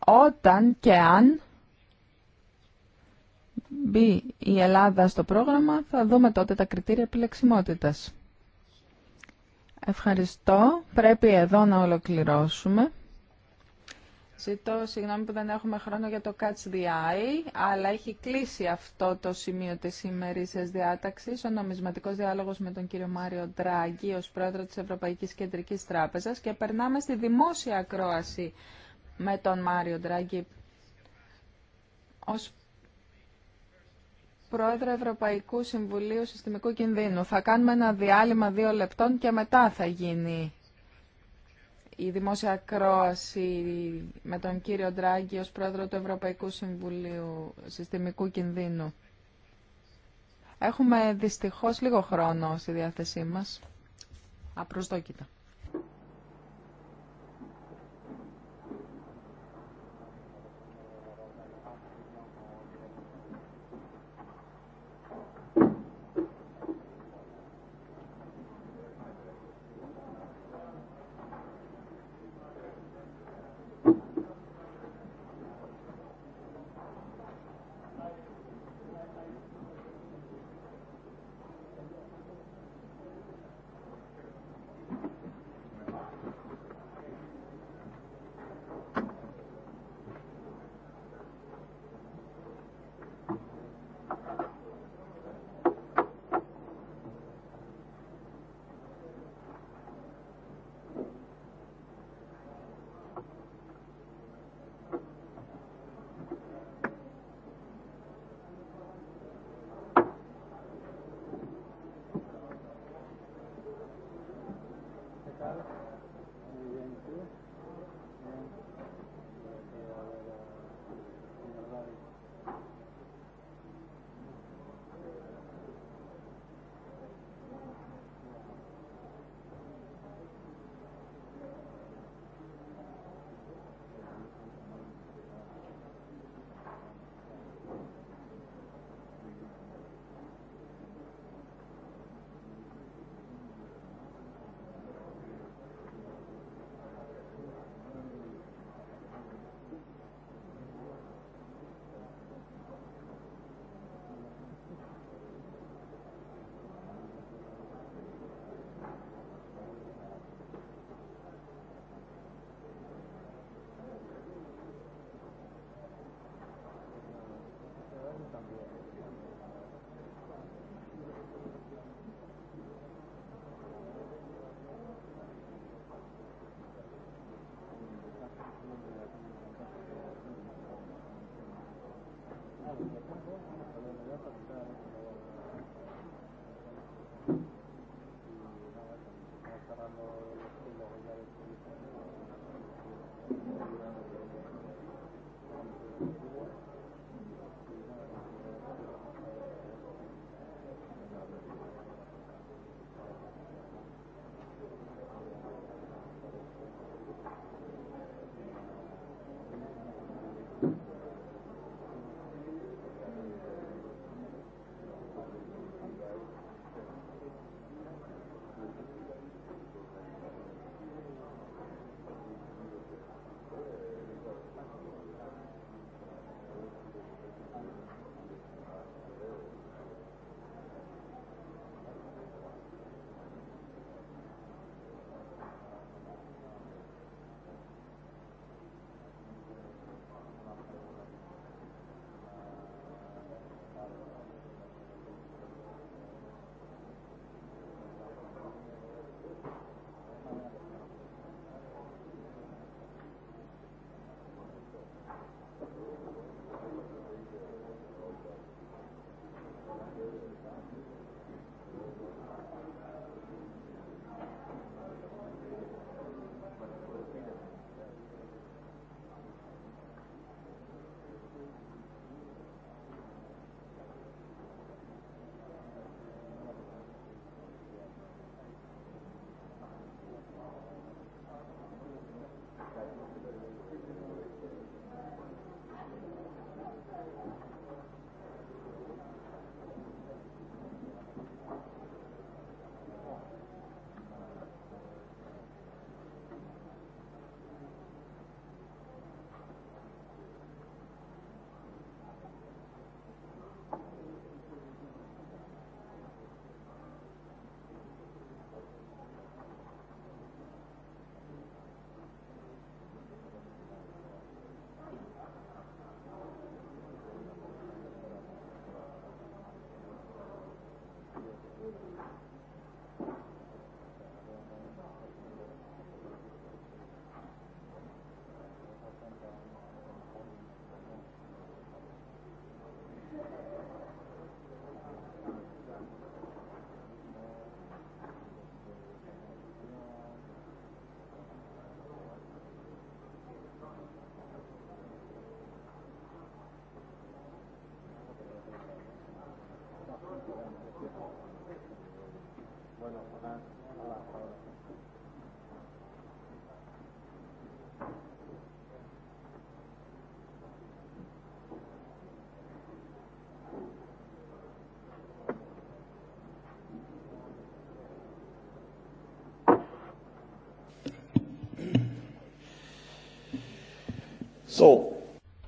όταν και αν μπει η Ελλάδα στο πρόγραμμα, θα δούμε τότε τα κριτήρια επιλεξιμότητας. Ευχαριστώ. Πρέπει εδώ να ολοκληρώσουμε. Ζητώ συγγνώμη που δεν έχουμε χρόνο για το Catch the Eye, αλλά έχει κλείσει αυτό το σημείο της ημερήσιας διάταξης, ο νομισματικός διάλογος με τον κύριο Μάριο Ντράγκη ως πρόεδρο της Ευρωπαϊκής Κεντρικής Τράπεζας και περνάμε στη δημόσια ακρόαση με τον Μάριο Ντράγκη ως Πρόεδρο Ευρωπαϊκού Συμβουλίου Συστημικού Κινδύνου. Θα κάνουμε ένα διάλειμμα δύο λεπτών και μετά θα γίνει η δημόσια ακρόαση με τον κύριο Ντράγκη ως πρόεδρο του Ευρωπαϊκού Συμβουλίου Συστημικού Κινδύνου. Έχουμε δυστυχώς λίγο χρόνο στη διάθεσή μας. Απροσδόκητα.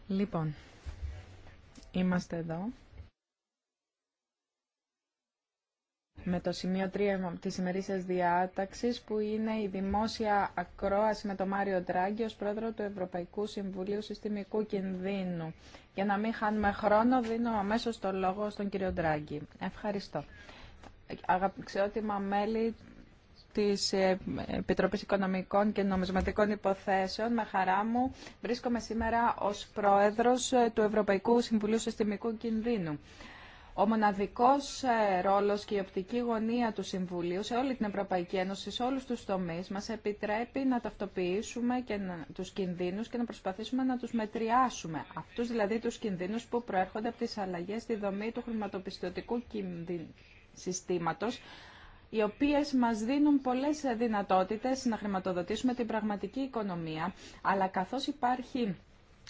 Λοιπόν, είμαστε εδώ το σημείο 3 της ημερήσιας διάταξης που είναι η δημόσια ακρόαση με τον Μάριο Τράγκη ως πρόεδρο του Ευρωπαϊκού Συμβουλίου Συστημικού Κινδύνου. Για να μην χάνουμε χρόνο δίνω αμέσως το λόγο στον κύριο Τράγκη. Ευχαριστώ. Αγαπηξιότιμα μέλη της ε, Επιτροπής Οικονομικών και Νομισματικών Υποθέσεων. Με χαρά μου βρίσκομαι σήμερα ως Πρόεδρος ε, του Ευρωπαϊκού Συμβουλίου Συστημικού Κινδύνου. Ο μοναδικός ε, ρόλος και η οπτική γωνία του Συμβουλίου σε όλη την Ευρωπαϊκή Ένωση, σε όλους τους τομείς, μας επιτρέπει να ταυτοποιήσουμε και να, τους κινδύνους και να προσπαθήσουμε να τους μετριάσουμε. Αυτούς δηλαδή τους κινδύνους που προέρχονται από τις αλλαγές στη δομή του χρηματοπιστωτικού συστήματος, οι οποίες μας δίνουν πολλές δυνατότητες να χρηματοδοτήσουμε την πραγματική οικονομία, αλλά καθώς υπάρχει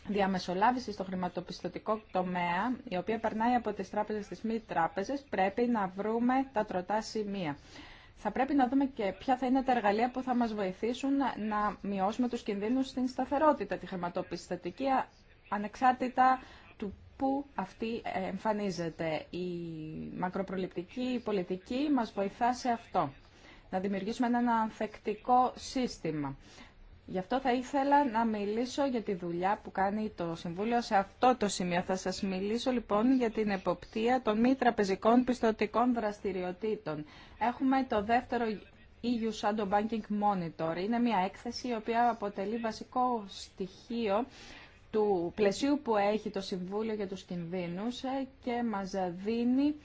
διαμεσολάβηση στο χρηματοπιστωτικό τομέα, η οποία περνάει από τις τράπεζες στις μη τράπεζες, πρέπει να βρούμε τα τροτά σημεία. Θα πρέπει να δούμε και ποια θα είναι τα εργαλεία που θα μας βοηθήσουν να μειώσουμε τους κινδύνους στην σταθερότητα, τη χρηματοπιστωτική, ανεξάρτητα του που αυτή εμφανίζεται. Η μακροπροληπτική πολιτική μας βοηθά σε αυτό, να δημιουργήσουμε ένα ανθεκτικό σύστημα. Γι' αυτό θα ήθελα να μιλήσω για τη δουλειά που κάνει το Συμβούλιο σε αυτό το σημείο. Θα σας μιλήσω λοιπόν για την εποπτεία των μη τραπεζικών πιστοτικών δραστηριοτήτων. Έχουμε το δεύτερο EU Shadow Banking Monitor. Είναι μια έκθεση η οποία αποτελεί βασικό στοιχείο του πλαισίου που έχει το Συμβούλιο για τους κινδύνους ε, και μας δίνει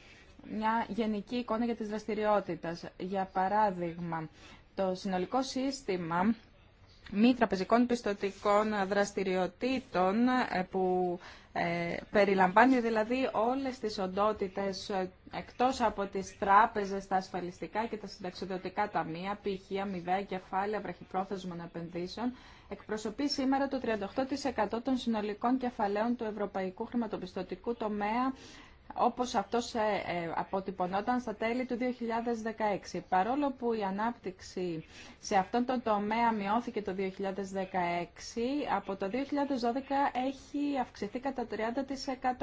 μια γενική εικόνα για τις δραστηριότητες. Για παράδειγμα, το συνολικό σύστημα μη τραπεζικών πιστοτικών δραστηριοτήτων ε, που ε, περιλαμβάνει δηλαδή όλες τις οντότητες ε, εκτός από τις τράπεζες, τα ασφαλιστικά και τα συνταξιδοτικά ταμεία, π.χ. αμοιβαία κεφάλαια βραχυπρόθεσμων επενδύσεων, εκπροσωπεί σήμερα το 38% των συνολικών κεφαλαίων του ευρωπαϊκού χρηματοπιστωτικού τομέα όπως αυτός ε, ε, αποτυπωνόταν στα τέλη του 2016. Παρόλο που η ανάπτυξη σε αυτόν τον τομέα μειώθηκε το 2016, από το 2012 έχει αυξηθεί κατά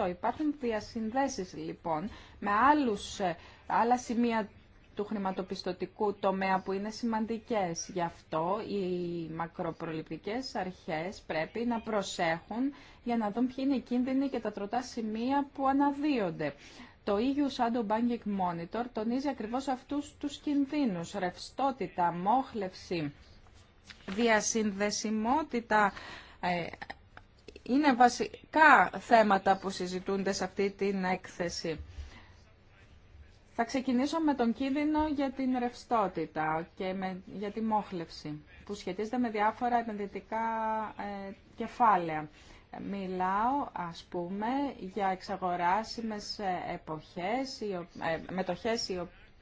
30%. Υπάρχουν διασυνδέσεις λοιπόν με άλλους, ε, άλλα σημεία του χρηματοπιστωτικού τομέα που είναι σημαντικές. Γι' αυτό οι μακροπροληπτικές αρχές πρέπει να προσέχουν για να δουν ποιοι είναι οι κίνδυνοι και τα τροτά σημεία που αναδύονται. Το EU Shadow Banking Monitor τονίζει ακριβώς αυτούς τους κινδύνους, ρευστότητα, μόχλευση, διασυνδεσιμότητα, ε, είναι βασικά θέματα που συζητούνται σε αυτή την έκθεση. Θα ξεκινήσω με τον κίνδυνο για την ρευστότητα και για τη μόχλευση που σχετίζεται με διάφορα επενδυτικά ε, κεφάλαια. Μιλάω, ας πούμε, για εξαγοράσιμες ε, εποχές, οι, ε, μετοχές η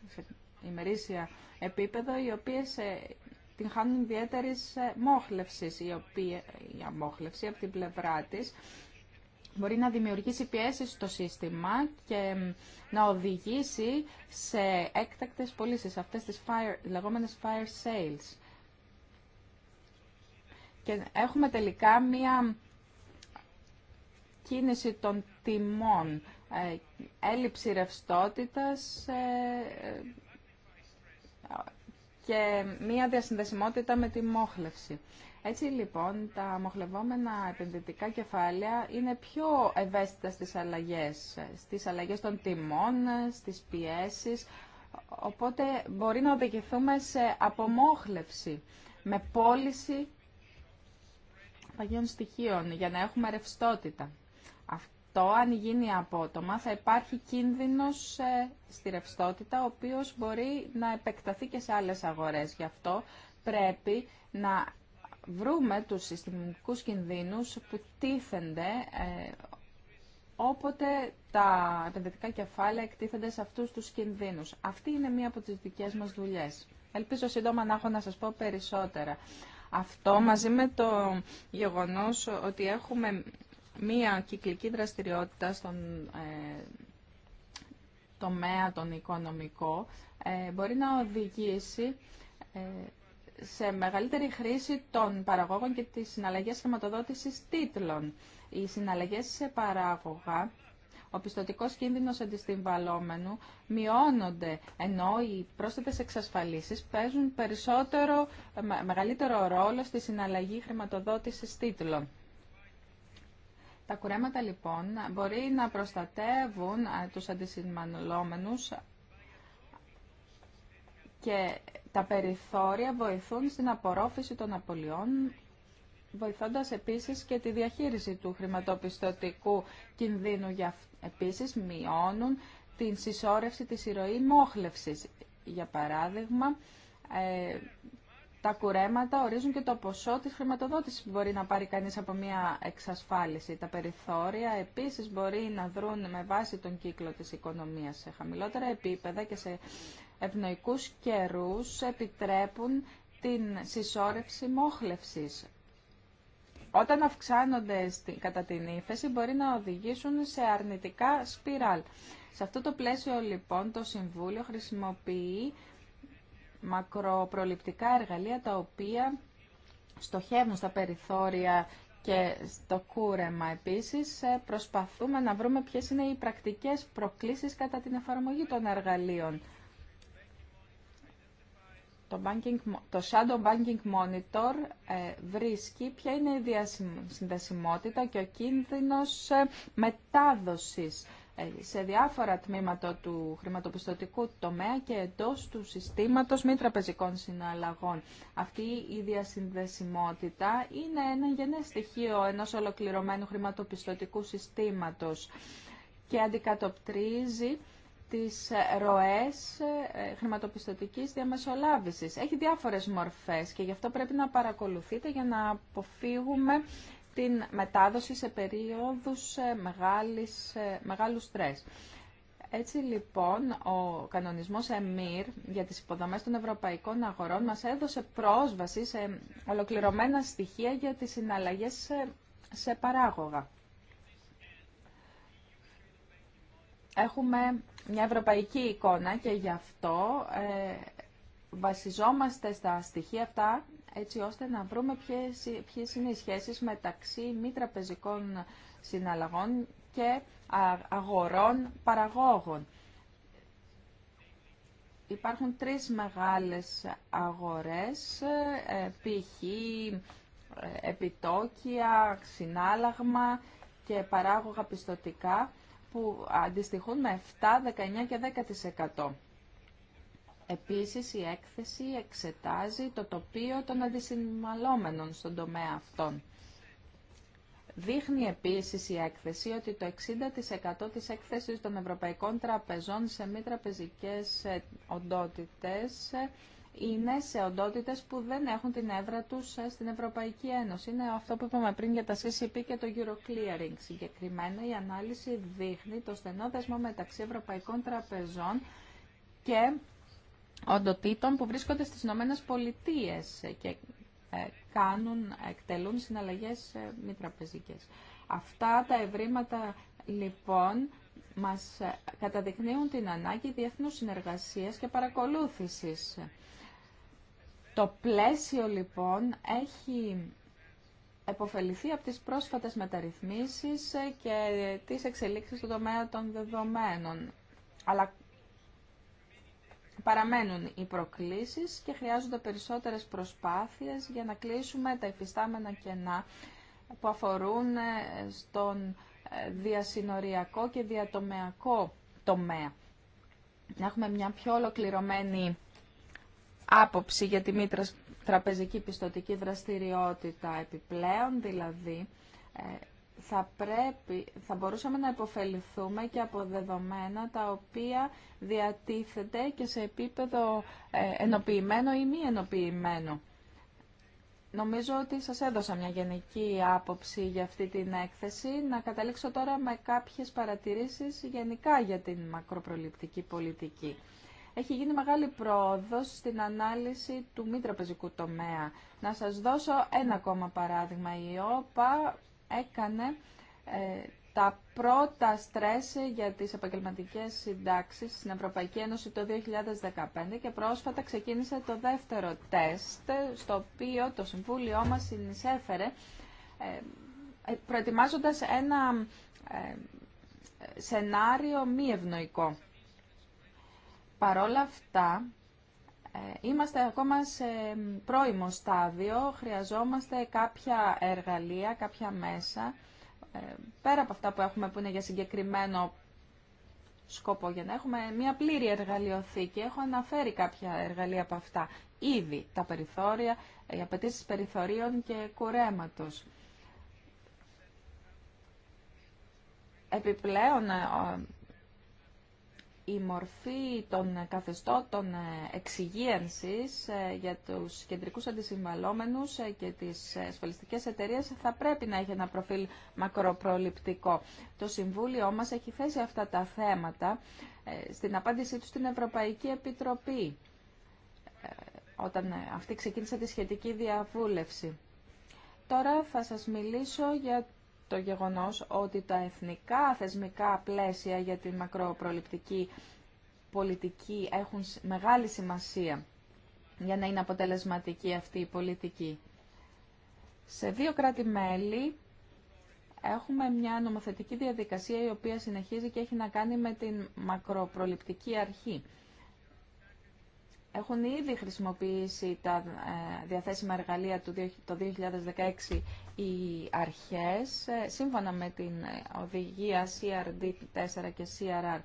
σε ημερήσια επίπεδο, οι οποίες ε, την χάνουν ιδιαίτερης ε, μόχλευσης, η οποία η από την πλευρά της μπορεί να δημιουργήσει πιέσεις στο σύστημα και να οδηγήσει σε έκτακτες πωλήσει, αυτές τις fire, λεγόμενες fire sales. Και έχουμε τελικά μία κίνηση των τιμών, ε, έλλειψη ρευστότητας ε, ε, και μία διασυνδεσιμότητα με τη μόχλευση. Έτσι λοιπόν τα μοχλευόμενα επενδυτικά κεφάλαια είναι πιο ευαίσθητα στις αλλαγές, στις αλλαγές των τιμών, στις πιέσεις, οπότε μπορεί να οδηγηθούμε σε απομόχλευση με πώληση παγιών στοιχείων για να έχουμε ρευστότητα. Αυτό αν γίνει απότομα θα υπάρχει κίνδυνος ε, στη ρευστότητα ο οποίος μπορεί να επεκταθεί και σε άλλες αγορές. Γι' αυτό πρέπει να βρούμε τους συστημικούς κινδύνους που τίθενται ε, όποτε τα επενδυτικά κεφάλαια εκτίθενται σε αυτούς τους κινδύνους. Αυτή είναι μία από τις δικές μας δουλειές. Ελπίζω σύντομα να έχω να σας πω περισσότερα. Αυτό μαζί με το γεγονός ότι έχουμε μία κυκλική δραστηριότητα στον ε, τομέα τον οικονομικό ε, μπορεί να οδηγήσει σε μεγαλύτερη χρήση των παραγόγων και τις συναλλαγές χρηματοδότησης τίτλων. Οι συναλλαγές σε παράγωγα, ο πιστοτικός κίνδυνος αντιστημβαλόμενου μειώνονται, ενώ οι πρόσθετες εξασφαλίσεις παίζουν περισσότερο, μεγαλύτερο ρόλο στη συναλλαγή χρηματοδότησης τίτλων. Τα κουρέματα λοιπόν μπορεί να προστατεύουν τους αντισυμβαλόμενους και τα περιθώρια βοηθούν στην απορρόφηση των απολειών, βοηθώντας επίσης και τη διαχείριση του χρηματοπιστωτικού κινδύνου. Για, επίσης μειώνουν την συσσόρευση της ηρωή μόχλευσης. Για παράδειγμα, ε, τα κουρέματα ορίζουν και το ποσό της χρηματοδότησης που μπορεί να πάρει κανείς από μια εξασφάλιση. Τα περιθώρια επίσης μπορεί να δρουν με βάση τον κύκλο της οικονομίας σε χαμηλότερα επίπεδα και σε ευνοϊκούς καιρούς επιτρέπουν την συσσόρευση μόχλευσης. Όταν αυξάνονται κατά την ύφεση μπορεί να οδηγήσουν σε αρνητικά σπιράλ. Σε αυτό το πλαίσιο λοιπόν το Συμβούλιο χρησιμοποιεί μακροπροληπτικά εργαλεία τα οποία στοχεύουν στα περιθώρια και στο κούρεμα επίσης ε, προσπαθούμε να βρούμε ποιες είναι οι πρακτικές προκλήσεις κατά την εφαρμογή των εργαλείων. Το, banking, το Shadow Banking Monitor ε, βρίσκει ποια είναι η διασυνδεσιμότητα και ο κίνδυνος ε, μετάδοσης ε, σε διάφορα τμήματα του χρηματοπιστωτικού τομέα και εντός του συστήματος μη τραπεζικών συναλλαγών. Αυτή η διασυνδεσιμότητα είναι ένα γενές στοιχείο ενός ολοκληρωμένου χρηματοπιστωτικού συστήματος και αντικατοπτρίζει τις ροές ε, χρηματοπιστωτικής διαμεσολάβησης. Έχει διάφορες μορφές και γι' αυτό πρέπει να παρακολουθείτε για να αποφύγουμε την μετάδοση σε περίοδους ε, μεγάλης, ε, μεγάλου στρες. Έτσι λοιπόν ο κανονισμός ΕΜΙΡ για τις υποδομές των ευρωπαϊκών αγορών μας έδωσε πρόσβαση σε ολοκληρωμένα στοιχεία για τις συναλλαγές σε παράγωγα. έχουμε μια ευρωπαϊκή εικόνα και γι' αυτό ε, βασιζόμαστε στα στοιχεία αυτά έτσι ώστε να βρούμε ποιες, ποιες είναι οι σχέσεις μεταξύ μη τραπεζικών συναλλαγών και αγορών παραγόγων. Υπάρχουν τρεις μεγάλες αγορές, ε, π.χ. Ε, επιτόκια, συνάλλαγμα και παράγωγα πιστοτικά που αντιστοιχούν με 7, 19 και 10%. Επίσης, η έκθεση εξετάζει το τοπίο των αντισυμμαλόμενων στον τομέα αυτών. Δείχνει επίσης η έκθεση ότι το 60% της έκθεσης των Ευρωπαϊκών Τραπεζών σε μη τραπεζικές ε, οντότητες ε, είναι σε οντότητες που δεν έχουν την έδρα τους ε, στην Ευρωπαϊκή Ένωση. Είναι αυτό που είπαμε πριν για τα CCP και το Euroclearing. Συγκεκριμένα η ανάλυση δείχνει το στενό δεσμό μεταξύ Ευρωπαϊκών Τραπεζών και οντοτήτων που βρίσκονται στις Ηνωμένες Πολιτείες και ε, κάνουν, εκτελούν συναλλαγές ε, μη τραπεζικές. Αυτά τα ευρήματα λοιπόν μας καταδεικνύουν την ανάγκη διεθνούς συνεργασίας και παρακολούθησης. Το πλαίσιο λοιπόν έχει εποφεληθεί από τις πρόσφατες μεταρρυθμίσεις ε, και τις εξελίξεις στον τομέα των δεδομένων. Αλλά παραμένουν οι προκλήσεις και χρειάζονται περισσότερες προσπάθειες για να κλείσουμε τα υφιστάμενα κενά που αφορούν ε, στον ε, διασυνοριακό και διατομεακό τομέα. Να έχουμε μια πιο ολοκληρωμένη άποψη για τη μη τραπεζική πιστοτική δραστηριότητα επιπλέον, δηλαδή ε, θα, πρέπει, θα μπορούσαμε να υποφεληθούμε και από δεδομένα τα οποία διατίθεται και σε επίπεδο ε, ενοποιημένο ή μη ενοποιημένο. Νομίζω ότι σας έδωσα μια γενική άποψη για αυτή την έκθεση. Να καταλήξω τώρα με κάποιες παρατηρήσεις γενικά για την μακροπροληπτική πολιτική έχει γίνει μεγάλη πρόοδος στην ανάλυση του μη τραπεζικού τομέα. Να σας δώσω ένα ακόμα παράδειγμα. Η ΟΠΑ έκανε ε, τα πρώτα στρες για τις επαγγελματικές συντάξεις στην Ευρωπαϊκή Ένωση το 2015 και πρόσφατα ξεκίνησε το δεύτερο τεστ, στο οποίο το Συμβούλιο μας συνεισέφερε ε, ε προετοιμάζοντας ένα ε, σενάριο μη ευνοϊκό. Παρόλα αυτά, ε, είμαστε ακόμα σε πρώιμο στάδιο, χρειαζόμαστε κάποια εργαλεία, κάποια μέσα, ε, πέρα από αυτά που έχουμε που είναι για συγκεκριμένο σκοπό, για να έχουμε μια πλήρη εργαλειοθήκη. Έχω αναφέρει κάποια εργαλεία από αυτά. Ήδη τα περιθώρια, οι απαιτήσει περιθωρίων και κουρέματος. Επιπλέον, ε, η μορφή των καθεστώτων εξυγίανσης ε, για τους κεντρικούς αντισυμβαλόμενους ε, και τις ασφαλιστικές εταιρείες θα πρέπει να έχει ένα προφίλ μακροπροληπτικό. Το Συμβούλιο μας έχει θέσει αυτά τα θέματα ε, στην απάντησή του στην Ευρωπαϊκή Επιτροπή όταν αυτή ξεκίνησε τη σχετική διαβούλευση. Τώρα θα σας μιλήσω για το γεγονός ότι τα εθνικά θεσμικά πλαίσια για τη μακροπροληπτική πολιτική έχουν μεγάλη σημασία για να είναι αποτελεσματική αυτή η πολιτική. Σε δύο κράτη-μέλη έχουμε μια νομοθετική διαδικασία η οποία συνεχίζει και έχει να κάνει με την μακροπροληπτική αρχή έχουν ήδη χρησιμοποιήσει τα ε, διαθέσιμα εργαλεία του το 2016 οι αρχές, ε, σύμφωνα με την ε, οδηγία CRD4 και CRR.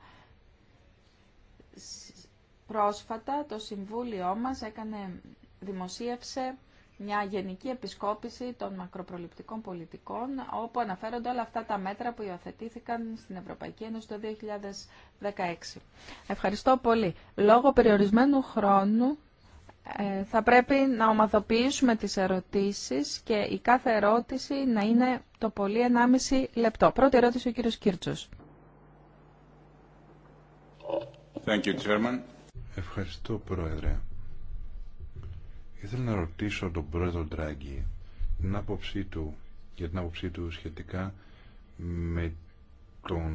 Πρόσφατα το Συμβούλιο μας έκανε, δημοσίευσε μια γενική επισκόπηση των μακροπροληπτικών πολιτικών, όπου αναφέρονται όλα αυτά τα μέτρα που υιοθετήθηκαν στην Ευρωπαϊκή Ένωση το 2016. Ευχαριστώ πολύ. Λόγω περιορισμένου χρόνου ε, θα πρέπει να ομαδοποιήσουμε τις ερωτήσεις και η κάθε ερώτηση να είναι το πολύ 1,5 λεπτό. Πρώτη ερώτηση ο κύριος Κίρτσος. Ευχαριστώ, Πρόεδρε. Ήθελα να ρωτήσω τον πρόεδρο Ντράγκη την άποψή του, για την άποψή του σχετικά με τον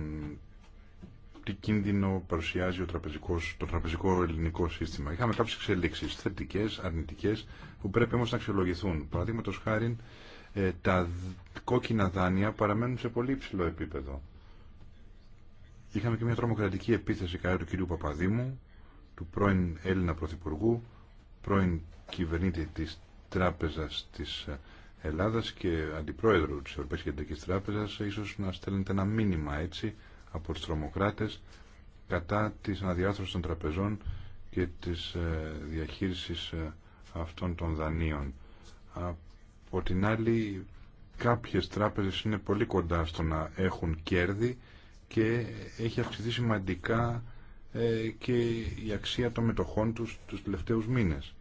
τι κίνδυνο παρουσιάζει ο τραπεζικός, το τραπεζικό ελληνικό σύστημα. Είχαμε κάποιε εξελίξει θετικέ, αρνητικέ, που πρέπει όμω να αξιολογηθούν. Παραδείγματο χάρη, ε, τα κόκκινα δάνεια παραμένουν σε πολύ υψηλό επίπεδο. Είχαμε και μια τρομοκρατική επίθεση κατά του κ. Παπαδήμου, του πρώην Έλληνα Πρωθυπουργού, πρώην κυβερνήτη της Τράπεζας της Ελλάδας και αντιπρόεδρο της Ευρωπαϊκής Κεντρικής Τράπεζας ίσως να στέλνετε ένα μήνυμα έτσι από τους τρομοκράτες κατά της αναδιάθρωσης των τραπεζών και της ε, διαχείρισης ε, αυτών των δανείων. Από την άλλη κάποιες τράπεζες είναι πολύ κοντά στο να έχουν κέρδη και έχει αυξηθεί σημαντικά ε, και η αξία των μετοχών τους τους τελευταίους μήνες.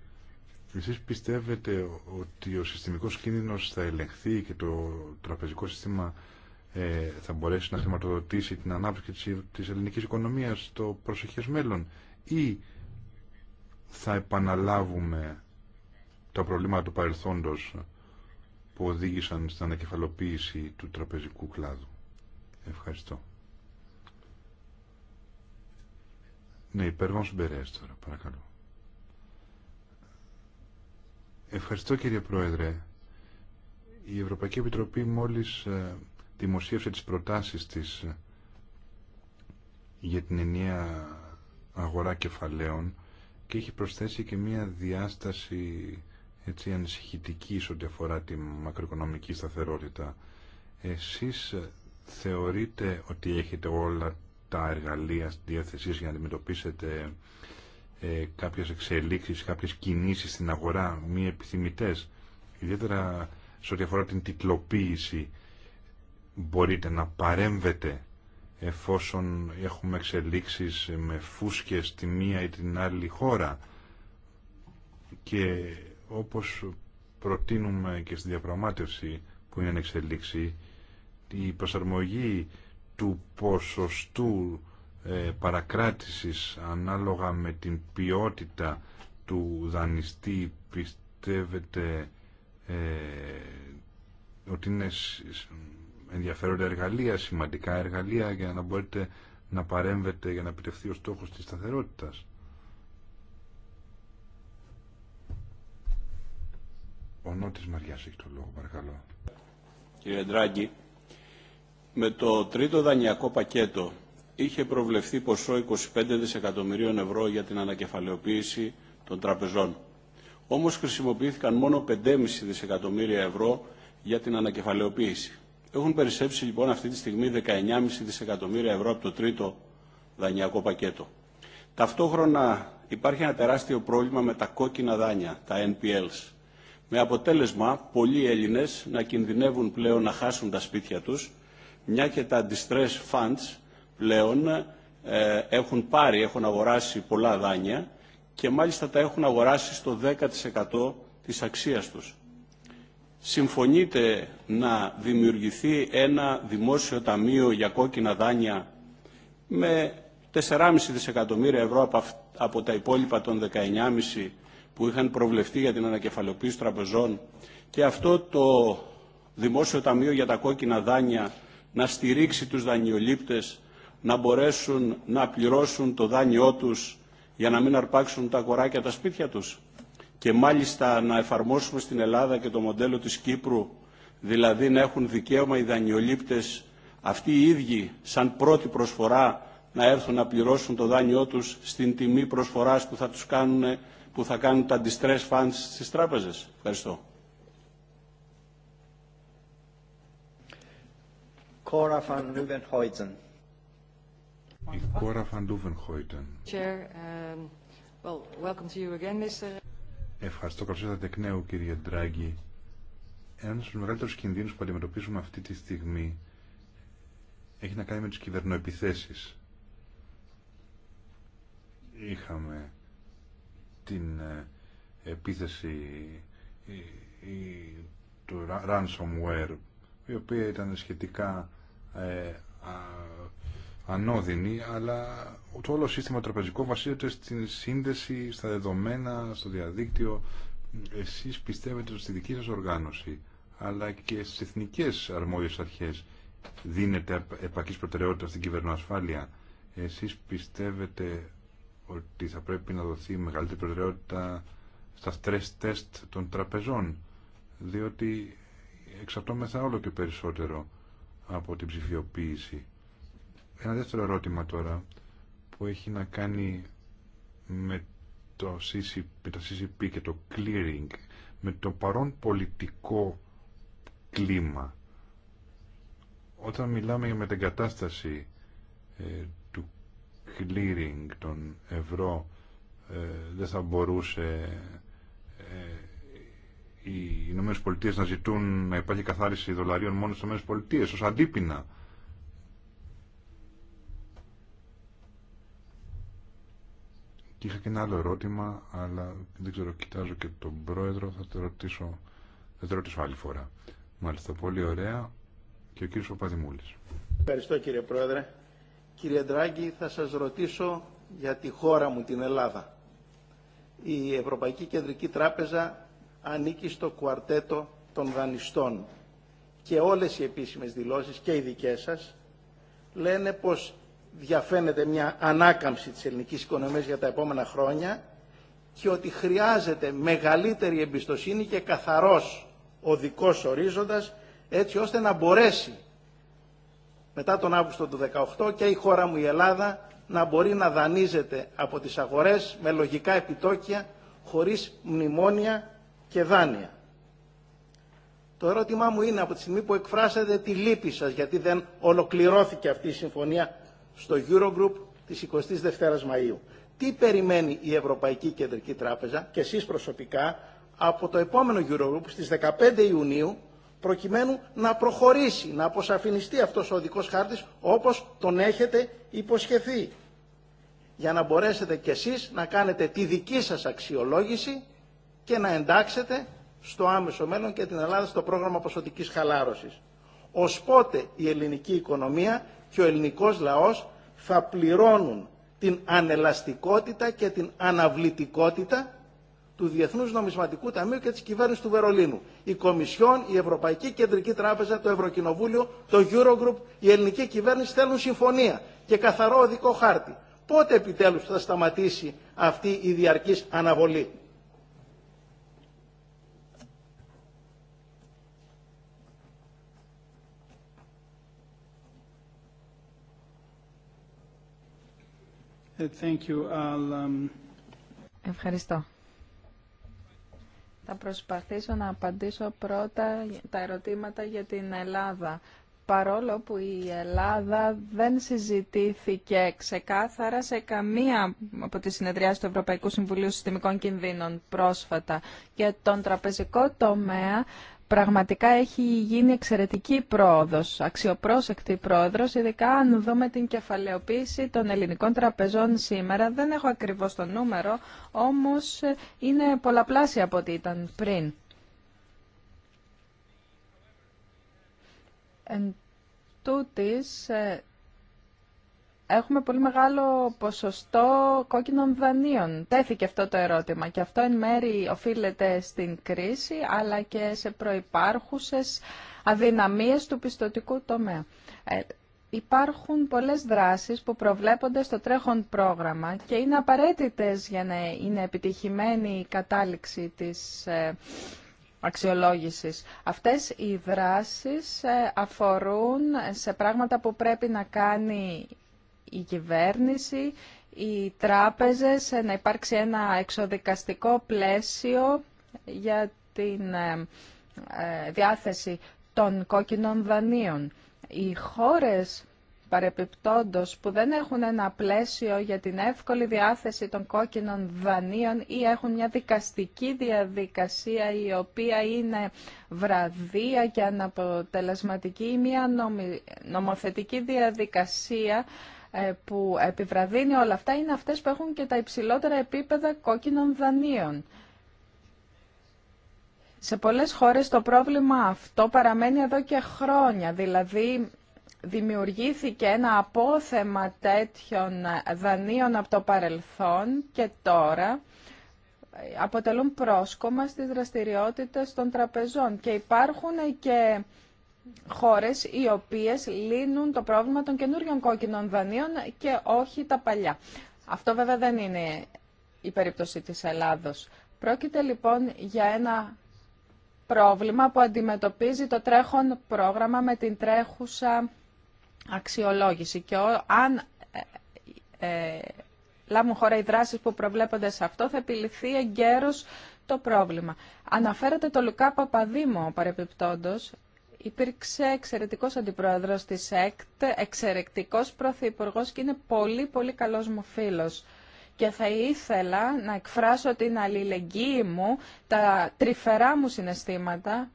Εσείς πιστεύετε ότι ο συστημικός κίνδυνος θα ελεγχθεί και το τραπεζικό σύστημα ε, θα μπορέσει να χρηματοδοτήσει την ανάπτυξη της ελληνικής οικονομίας στο προσεχές μέλλον ή θα επαναλάβουμε τα προβλήματα του παρελθόντος που οδήγησαν στην ανακεφαλοποίηση του τραπεζικού κλάδου. Ευχαριστώ. Ναι, σου μπερές τώρα, παρακαλώ. Ευχαριστώ κύριε Πρόεδρε. Η Ευρωπαϊκή Επιτροπή μόλις ε, δημοσίευσε τις προτάσεις της ε, για την ενιαία αγορά κεφαλαίων και έχει προσθέσει και μία διάσταση έτσι ανησυχητική ό,τι αφορά τη μακροοικονομική σταθερότητα. Εσείς ε, θεωρείτε ότι έχετε όλα τα εργαλεία στη διάθεσή για να αντιμετωπίσετε ε, κάποιες εξελίξεις, κάποιες κινήσεις στην αγορά μη επιθυμητές, ιδιαίτερα σε ό,τι αφορά την τιτλοποίηση, μπορείτε να παρέμβετε εφόσον έχουμε εξελίξεις με φούσκες τη μία ή την άλλη χώρα και όπως προτείνουμε και στη διαπραγμάτευση που είναι εξελίξη η προσαρμογή του ποσοστού ε, παρακράτησης ανάλογα με την ποιότητα του δανειστή πιστεύετε ε, ότι είναι ενδιαφέροντα εργαλεία, σημαντικά εργαλεία για να μπορείτε να παρέμβετε για να επιτευχθεί ο στόχος της σταθερότητας. Ο Νότης Μαριάς έχει το λόγο, παρακαλώ. Κύριε με το τρίτο δανειακό πακέτο είχε προβλεφθεί ποσό 25 δισεκατομμυρίων ευρώ για την ανακεφαλαιοποίηση των τραπεζών. Όμως χρησιμοποιήθηκαν μόνο 5,5 δισεκατομμύρια ευρώ για την ανακεφαλαιοποίηση. Έχουν περισσέψει λοιπόν αυτή τη στιγμή 19,5 δισεκατομμύρια ευρώ από το τρίτο δανειακό πακέτο. Ταυτόχρονα υπάρχει ένα τεράστιο πρόβλημα με τα κόκκινα δάνεια, τα NPLs. Με αποτέλεσμα πολλοί Έλληνες να κινδυνεύουν πλέον να χάσουν τα σπίτια τους μια και τα distress funds πλέον ε, έχουν πάρει, έχουν αγοράσει πολλά δάνεια και μάλιστα τα έχουν αγοράσει στο 10% της αξίας τους. Συμφωνείτε να δημιουργηθεί ένα δημόσιο ταμείο για κόκκινα δάνεια με 4,5 δισεκατομμύρια ευρώ από, τα υπόλοιπα των 19,5 που είχαν προβλεφτεί για την ανακεφαλαιοποίηση τραπεζών και αυτό το δημόσιο ταμείο για τα κόκκινα δάνεια να στηρίξει τους δανειολήπτες να μπορέσουν να πληρώσουν το δάνειό τους για να μην αρπάξουν τα κοράκια τα σπίτια τους και μάλιστα να εφαρμόσουμε στην Ελλάδα και το μοντέλο της Κύπρου δηλαδή να έχουν δικαίωμα οι δανειολήπτες αυτοί οι ίδιοι σαν πρώτη προσφορά να έρθουν να πληρώσουν το δάνειό τους στην τιμή προσφοράς που θα, τους κάνουν, που θα τα distress funds στις τράπεζες. Ευχαριστώ. Cora van Leeuwenhuizen. Cora van Leeuwenhuizen. Chair, um, well, welcome to you again, Mr. Ευχαριστώ. Καλώς ήρθατε εκ νέου, κύριε Ντράγκη. Ένας από του μεγαλύτερου κινδύνους που αντιμετωπίζουμε αυτή τη στιγμή έχει να κάνει με τις κυβερνοεπιθέσεις. Είχαμε την ε, επίθεση του ransomware η οποία ήταν σχετικά ε, ανώδυνη, αλλά το όλο σύστημα τραπεζικό βασίζεται στην σύνδεση, στα δεδομένα, στο διαδίκτυο. Εσείς πιστεύετε ότι στη δική σας οργάνωση, αλλά και στις εθνικές αρμόδιες αρχές δίνεται επακής προτεραιότητα στην κυβερνοασφάλεια. Εσείς πιστεύετε ότι θα πρέπει να δοθεί μεγαλύτερη προτεραιότητα στα stress test των τραπεζών, διότι εξαρτώμεθα όλο και περισσότερο από την ψηφιοποίηση. Ένα δεύτερο ερώτημα τώρα που έχει να κάνει με, το CCP, με CCP και το clearing, με το παρόν πολιτικό κλίμα. Όταν μιλάμε για μετεγκατάσταση ε, του clearing των ευρώ, ε, δεν θα μπορούσε ε, οι Ηνωμένε Πολιτείε να ζητούν να υπάρχει καθάριση δολαρίων μόνο στι Ηνωμένε Πολιτείε ω αντίπεινα. Και είχα και ένα άλλο ερώτημα, αλλά δεν ξέρω, κοιτάζω και τον πρόεδρο, θα το ρωτήσω, θα το ρωτήσω άλλη φορά. Μάλιστα, πολύ ωραία. Και ο κύριος Παπαδημούλης. Ευχαριστώ κύριε Πρόεδρε. Κύριε Ντράγκη, θα σας ρωτήσω για τη χώρα μου, την Ελλάδα. Η Ευρωπαϊκή Κεντρική Τράπεζα ανήκει στο κουαρτέτο των δανειστών. Και όλες οι επίσημες δηλώσεις και οι δικές σας λένε πως διαφαίνεται μια ανάκαμψη της ελληνικής οικονομίας για τα επόμενα χρόνια και ότι χρειάζεται μεγαλύτερη εμπιστοσύνη και καθαρός οδικός ορίζοντας έτσι ώστε να μπορέσει μετά τον Αύγουστο του 2018 και η χώρα μου η Ελλάδα να μπορεί να δανείζεται από τις αγορές με λογικά επιτόκια χωρίς μνημόνια και δάνεια. Το ερώτημά μου είναι από τη στιγμή που εκφράσατε τη λύπη σας γιατί δεν ολοκληρώθηκε αυτή η συμφωνία στο Eurogroup της 22ης Μαΐου. Τι περιμένει η Ευρωπαϊκή Κεντρική Τράπεζα και εσείς προσωπικά από το επόμενο Eurogroup στις 15 Ιουνίου προκειμένου να προχωρήσει, να αποσαφινιστεί αυτός ο οδικός χάρτης όπως τον έχετε υποσχεθεί για να μπορέσετε κι εσείς να κάνετε τη δική σας αξιολόγηση και να εντάξετε στο άμεσο μέλλον και την Ελλάδα στο πρόγραμμα ποσοτικής χαλάρωσης. Ως πότε η ελληνική οικονομία και ο ελληνικός λαός θα πληρώνουν την ανελαστικότητα και την αναβλητικότητα του Διεθνούς Νομισματικού Ταμείου και της κυβέρνησης του Βερολίνου. Η Κομισιόν, η Ευρωπαϊκή Κεντρική Τράπεζα, το Ευρωκοινοβούλιο, το Eurogroup, η ελληνική κυβέρνηση θέλουν συμφωνία και καθαρό οδικό χάρτη. Πότε επιτέλους θα σταματήσει αυτή η διαρκής αναβολή. Um, Ευχαριστώ. Θα προσπαθήσω να απαντήσω πρώτα τα ερωτήματα για την Ελλάδα. Παρόλο που η Ελλάδα δεν συζητήθηκε ξεκάθαρα σε καμία από τις συνεδριάσεις του Ευρωπαϊκού Συμβουλίου Συστημικών Κινδύνων πρόσφατα και τον τραπεζικό τομέα Πραγματικά έχει γίνει εξαιρετική πρόοδος, αξιοπρόσεκτη πρόοδος, ειδικά αν δούμε την κεφαλαιοποίηση των ελληνικών τραπεζών σήμερα. Δεν έχω ακριβώς το νούμερο, όμως είναι πολλαπλάσια από ό,τι ήταν πριν. Εν τούτης, ε, έχουμε πολύ μεγάλο ποσοστό κόκκινων δανείων. Τέθηκε αυτό το ερώτημα και αυτό εν μέρη οφείλεται στην κρίση αλλά και σε προϋπάρχουσες αδυναμίες του πιστοτικού τομέα. Ε, υπάρχουν πολλές δράσεις που προβλέπονται στο τρέχον πρόγραμμα και είναι απαραίτητες για να είναι επιτυχημένη η κατάληξη της ε, αξιολόγησης. Αυτές οι δράσεις ε, αφορούν σε πράγματα που πρέπει να κάνει η κυβέρνηση, οι τράπεζες, ε, να υπάρξει ένα εξοδικαστικό πλαίσιο για την ε, ε, διάθεση των κόκκινων δανείων. Οι χώρες παρεπιπτόντος που δεν έχουν ένα πλαίσιο για την εύκολη διάθεση των κόκκινων δανείων ή έχουν μια δικαστική διαδικασία η οποία είναι βραδία και αναποτελεσματική ή μια νομοθετική διαδικασία ε, που επιβραδύνει όλα αυτά είναι αυτές που έχουν και τα υψηλότερα επίπεδα κόκκινων δανείων. Σε πολλές χώρες το πρόβλημα αυτό παραμένει εδώ και χρόνια, δηλαδή δημιουργήθηκε ένα απόθεμα τέτοιων δανείων από το παρελθόν και τώρα αποτελούν πρόσκομα στις δραστηριότητες των τραπεζών και υπάρχουν και χώρες οι οποίες λύνουν το πρόβλημα των καινούριων κόκκινων δανείων και όχι τα παλιά. Αυτό βέβαια δεν είναι η περίπτωση της Ελλάδος. Πρόκειται λοιπόν για ένα πρόβλημα που αντιμετωπίζει το τρέχον πρόγραμμα με την τρέχουσα αξιολόγηση και αν ε, ε, λάβουν χώρα οι δράσεις που προβλέπονται σε αυτό θα επιληθεί εγκαίρως το πρόβλημα. Αναφέρεται το Λουκά Παπαδήμο παρεπιπτόντος υπήρξε εξαιρετικός αντιπρόεδρος της ΕΚΤ, εξαιρετικός πρωθυπουργός και είναι πολύ πολύ καλός μου φίλος. Και θα ήθελα να εκφράσω την αλληλεγγύη μου, τα τρυφερά μου συναισθήματα,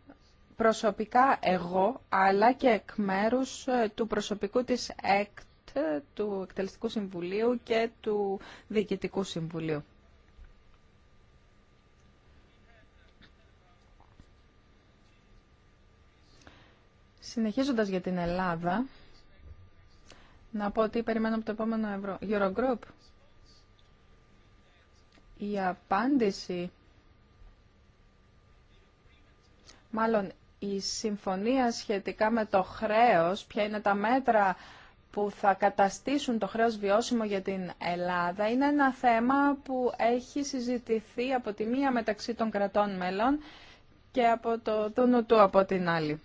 προσωπικά εγώ, αλλά και εκ μέρους ε, του προσωπικού της ΕΚΤ, ε, του Εκτελεστικού Συμβουλίου και του Διοικητικού Συμβουλίου. Συνεχίζοντας για την Ελλάδα, να πω ότι περιμένω από το επόμενο Ευρω... Eurogroup. Η απάντηση, μάλλον η συμφωνία σχετικά με το χρέος, ποια είναι τα μέτρα που θα καταστήσουν το χρέος βιώσιμο για την Ελλάδα, είναι ένα θέμα που έχει συζητηθεί από τη μία μεταξύ των κρατών μέλων και από το δούνου του από την άλλη.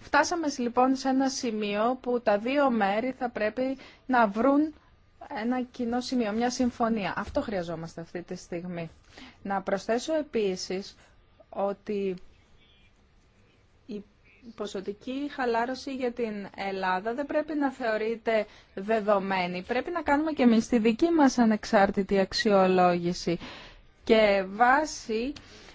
Φτάσαμε λοιπόν σε ένα σημείο που τα δύο μέρη θα πρέπει να βρουν ένα κοινό σημείο, μια συμφωνία. Αυτό χρειαζόμαστε αυτή τη στιγμή. Να προσθέσω επίσης ότι η ποσοτική χαλάρωση για την Ελλάδα δεν πρέπει να θεωρείται δεδομένη. Πρέπει να κάνουμε και εμείς τη δική μας ανεξάρτητη αξιολόγηση και βάση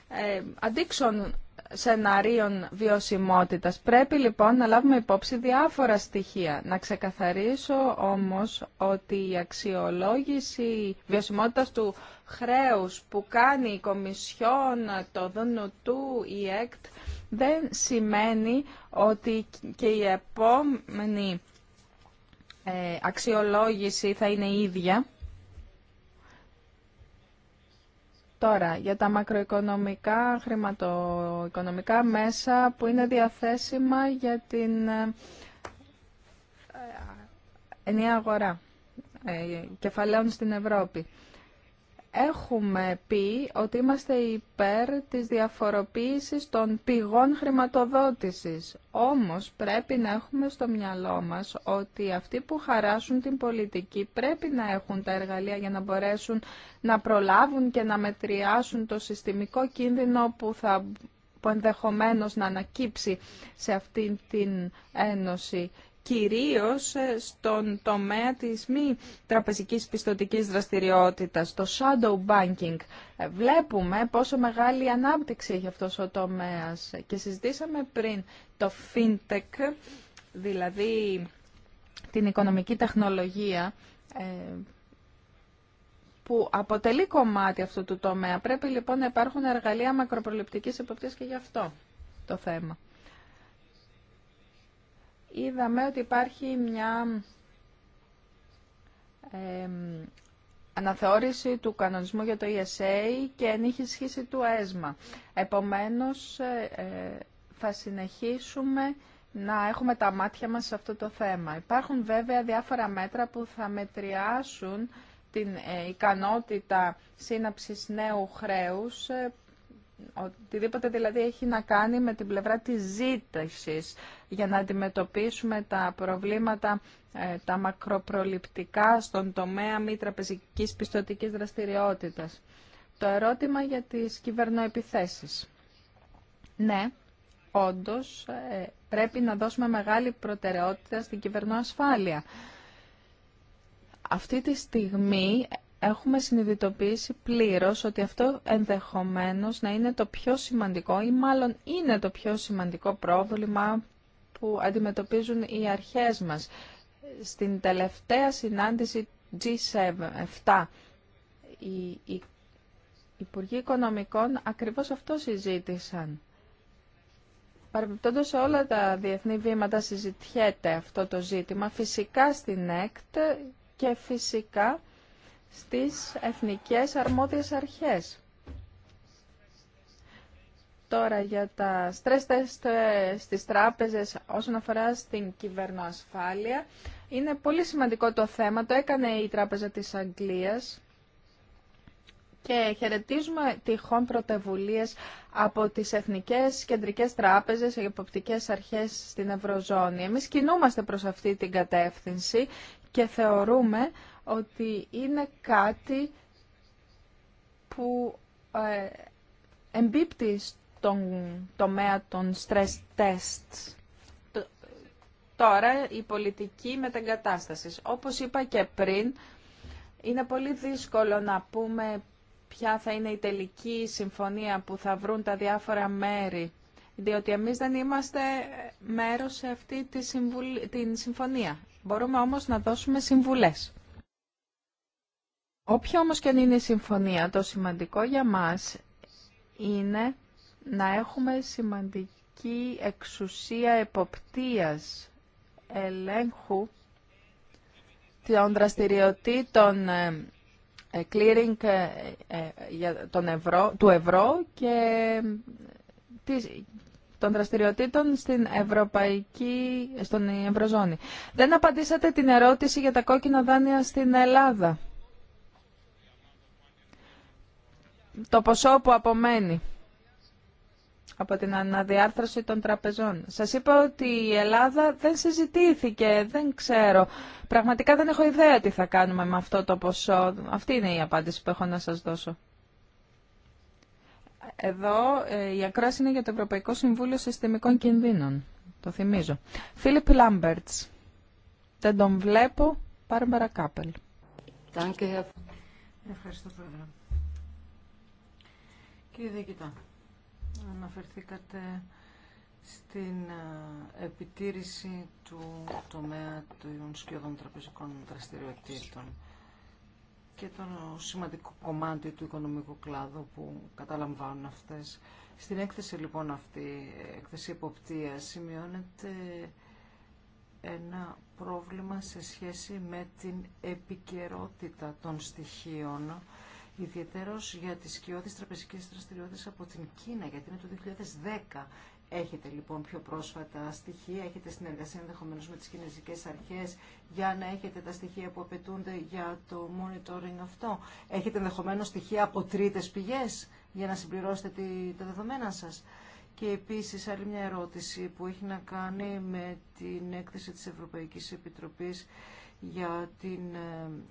ε, αντίξων σεναρίων βιωσιμότητας. Πρέπει λοιπόν να λάβουμε υπόψη διάφορα στοιχεία. Να ξεκαθαρίσω όμως ότι η αξιολόγηση βιωσιμότητας του χρέους που κάνει η Κομισιόν, το ΔΝΤ, η ΕΚΤ, δεν σημαίνει ότι και η επόμενη ε, αξιολόγηση θα είναι ίδια. Τώρα, για τα μακροοικονομικά, χρηματοοικονομικά μέσα που είναι διαθέσιμα για την ε, ε, ενιαία αγορά ε, κεφαλαίων στην Ευρώπη έχουμε πει ότι είμαστε υπέρ της διαφοροποίησης των πηγών χρηματοδότησης. Όμως πρέπει να έχουμε στο μυαλό μας ότι αυτοί που χαράσουν την πολιτική πρέπει να έχουν τα εργαλεία για να μπορέσουν να προλάβουν και να μετριάσουν το συστημικό κίνδυνο που θα που ενδεχομένως να ανακύψει σε αυτήν την ένωση κυρίως ε, στον τομέα της μη τραπεζικής πιστοτικής δραστηριότητας, το shadow banking. Ε, βλέπουμε πόσο μεγάλη ανάπτυξη έχει αυτός ο τομέας και συζητήσαμε πριν το fintech, δηλαδή την οικονομική τεχνολογία ε, που αποτελεί κομμάτι αυτού του τομέα. Πρέπει λοιπόν να υπάρχουν εργαλεία μακροπροληπτικής εποπτείας και γι' αυτό το θέμα είδαμε ότι υπάρχει μια ε, αναθεώρηση του κανονισμού για το ESA και ενίσχυση του ΕΣΜΑ. Επομένως, ε, ε, θα συνεχίσουμε να έχουμε τα μάτια μας σε αυτό το θέμα. Υπάρχουν βέβαια διάφορα μέτρα που θα μετριάσουν την ε, ικανότητα σύναψης νέου χρέους οτιδήποτε δηλαδή έχει να κάνει με την πλευρά της ζήτησης για να αντιμετωπίσουμε τα προβλήματα, ε, τα μακροπροληπτικά στον τομέα μη τραπεζικής πιστοτικής δραστηριότητας. Το ερώτημα για τις κυβερνοεπιθέσεις. Ναι, όντως ε, πρέπει να δώσουμε μεγάλη προτεραιότητα στην κυβερνοασφάλεια. Αυτή τη στιγμή έχουμε συνειδητοποιήσει πλήρως ότι αυτό ενδεχομένως να είναι το πιο σημαντικό ή μάλλον είναι το πιο σημαντικό πρόβλημα που αντιμετωπίζουν οι αρχές μας. Στην τελευταία συνάντηση G7 οι Υπουργοί Οικονομικών ακριβώς αυτό συζήτησαν. Παρεμπιπτόντως σε όλα τα διεθνή βήματα συζητιέται αυτό το ζήτημα, φυσικά στην ΕΚΤ και φυσικά στις εθνικές αρμόδιες αρχές. Τώρα για τα stress test ε, στις τράπεζες όσον αφορά στην κυβερνοασφάλεια. Είναι πολύ σημαντικό το θέμα, το έκανε η Τράπεζα της Αγγλίας και χαιρετίζουμε τυχόν πρωτευουλίες από τις Εθνικές Κεντρικές Τράπεζες και Εποπτικές Αρχές στην Ευρωζώνη. Εμείς κινούμαστε προς αυτή την κατεύθυνση και θεωρούμε ότι είναι κάτι που ε, εμπίπτει στον τομέα των stress tests. Τώρα η πολιτική μεταγκατάστασης. Όπως είπα και πριν, είναι πολύ δύσκολο να πούμε ποια θα είναι η τελική συμφωνία που θα βρουν τα διάφορα μέρη, διότι εμείς δεν είμαστε μέρος σε αυτή τη την συμφωνία. Μπορούμε όμως να δώσουμε συμβουλές. Όποια όμως και αν είναι η συμφωνία, το σημαντικό για μας είναι να έχουμε σημαντική εξουσία εποπτείας, ελέγχου των δραστηριοτήτων ε, ε, clearing ε, του ευρώ και των δραστηριοτήτων στην Ευρωπαϊκή, στον Ευρωζώνη. Δεν απαντήσατε την ερώτηση για τα κόκκινα δάνεια στην Ελλάδα. το ποσό που απομένει από την αναδιάρθρωση των τραπεζών. Σας είπα ότι η Ελλάδα δεν συζητήθηκε, δεν ξέρω. Πραγματικά δεν έχω ιδέα τι θα κάνουμε με αυτό το ποσό. Αυτή είναι η απάντηση που έχω να σας δώσω. Εδώ ε, η ακρόαση είναι για το Ευρωπαϊκό Συμβούλιο Συστημικών Κινδύνων. Το θυμίζω. Φίλιπ Λάμπερτς. Δεν τον βλέπω. Πάρε Κάπελ. Ευχαριστώ, Κύριε Διοικητά, αναφερθήκατε στην επιτήρηση του τομέα των σκιωδών τραπεζικών δραστηριοτήτων και το σημαντικό κομμάτι του οικονομικού κλάδου που καταλαμβάνουν αυτές. Στην έκθεση λοιπόν αυτή, έκθεση υποπτία σημειώνεται ένα πρόβλημα σε σχέση με την επικαιρότητα των στοιχείων Ιδιαίτερο για τις σκιώδεις τραπεζικές δραστηριότητες από την Κίνα, γιατί είναι το 2010. Έχετε λοιπόν πιο πρόσφατα στοιχεία, έχετε συνεργασία ενδεχομένω με τις κινέζικες αρχές για να έχετε τα στοιχεία που απαιτούνται για το monitoring αυτό. Έχετε ενδεχομένω στοιχεία από τρίτες πηγές για να συμπληρώσετε τη, τα δεδομένα σας. Και επίσης άλλη μια ερώτηση που έχει να κάνει με την έκθεση της Ευρωπαϊκής Επιτροπής για την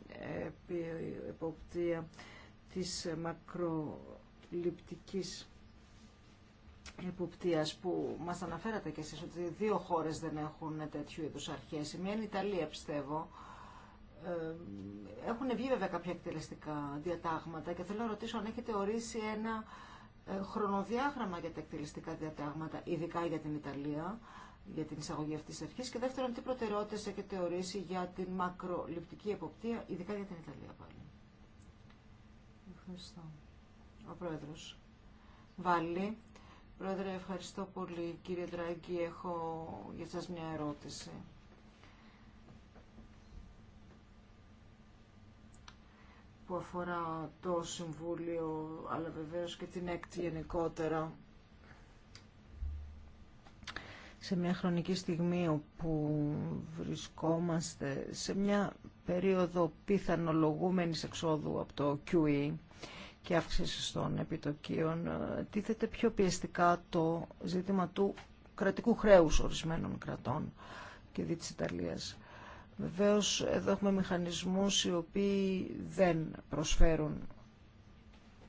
ε, εποπτεία της μακροληπτικής εποπτείας που μας αναφέρατε και εσείς ότι δύο χώρες δεν έχουν τέτοιου είδους αρχές. Η μία είναι η Ιταλία πιστεύω. Ε, έχουν βγει βέβαια κάποια εκτελεστικά διατάγματα και θέλω να ρωτήσω αν έχετε ορίσει ένα ε, χρονοδιάγραμμα για τα εκτελεστικά διατάγματα, ειδικά για την Ιταλία, για την εισαγωγή αυτής της αρχής και δεύτερον τι προτεραιότητες έχετε ορίσει για την μακροληπτική εποπτεία, ειδικά για την Ιταλία πάλι. Ευχαριστώ. Ο Πρόεδρος. Βάλλη. Πρόεδρε, ευχαριστώ πολύ. Κύριε Ντράγκη, έχω για σας μια ερώτηση. που αφορά το Συμβούλιο, αλλά βεβαίως και την έκτη γενικότερα. Σε μια χρονική στιγμή όπου βρισκόμαστε σε μια περίοδο πιθανολογούμενης εξόδου από το QE, και αύξηση των επιτοκίων, ε, τίθεται πιο πιεστικά το ζήτημα του κρατικού χρέους ορισμένων κρατών και δι της Ιταλίας. Βεβαίως εδώ έχουμε μηχανισμούς οι οποίοι δεν προσφέρουν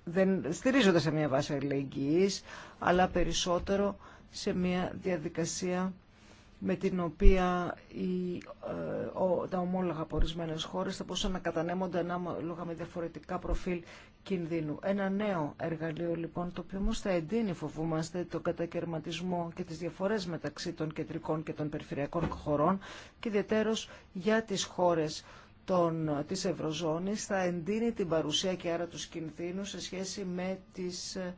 δεν στηρίζονται σε μια βάση αλληλεγγύης, αλλά περισσότερο σε μια διαδικασία με την οποία ε, ο, τα ομόλογα από ορισμένε χώρες θα μπορούσαν να κατανέμονται ανάλογα με διαφορετικά προφίλ κινδύνου. Ένα νέο εργαλείο λοιπόν το οποίο όμω θα εντείνει φοβούμαστε τον κατακαιρματισμό και τις διαφορές μεταξύ των κεντρικών και των περιφερειακών χωρών και ιδιαίτερω για τις χώρες τη της θα εντείνει την παρουσία και άρα του κινδύνου σε σχέση με τι ε, ε,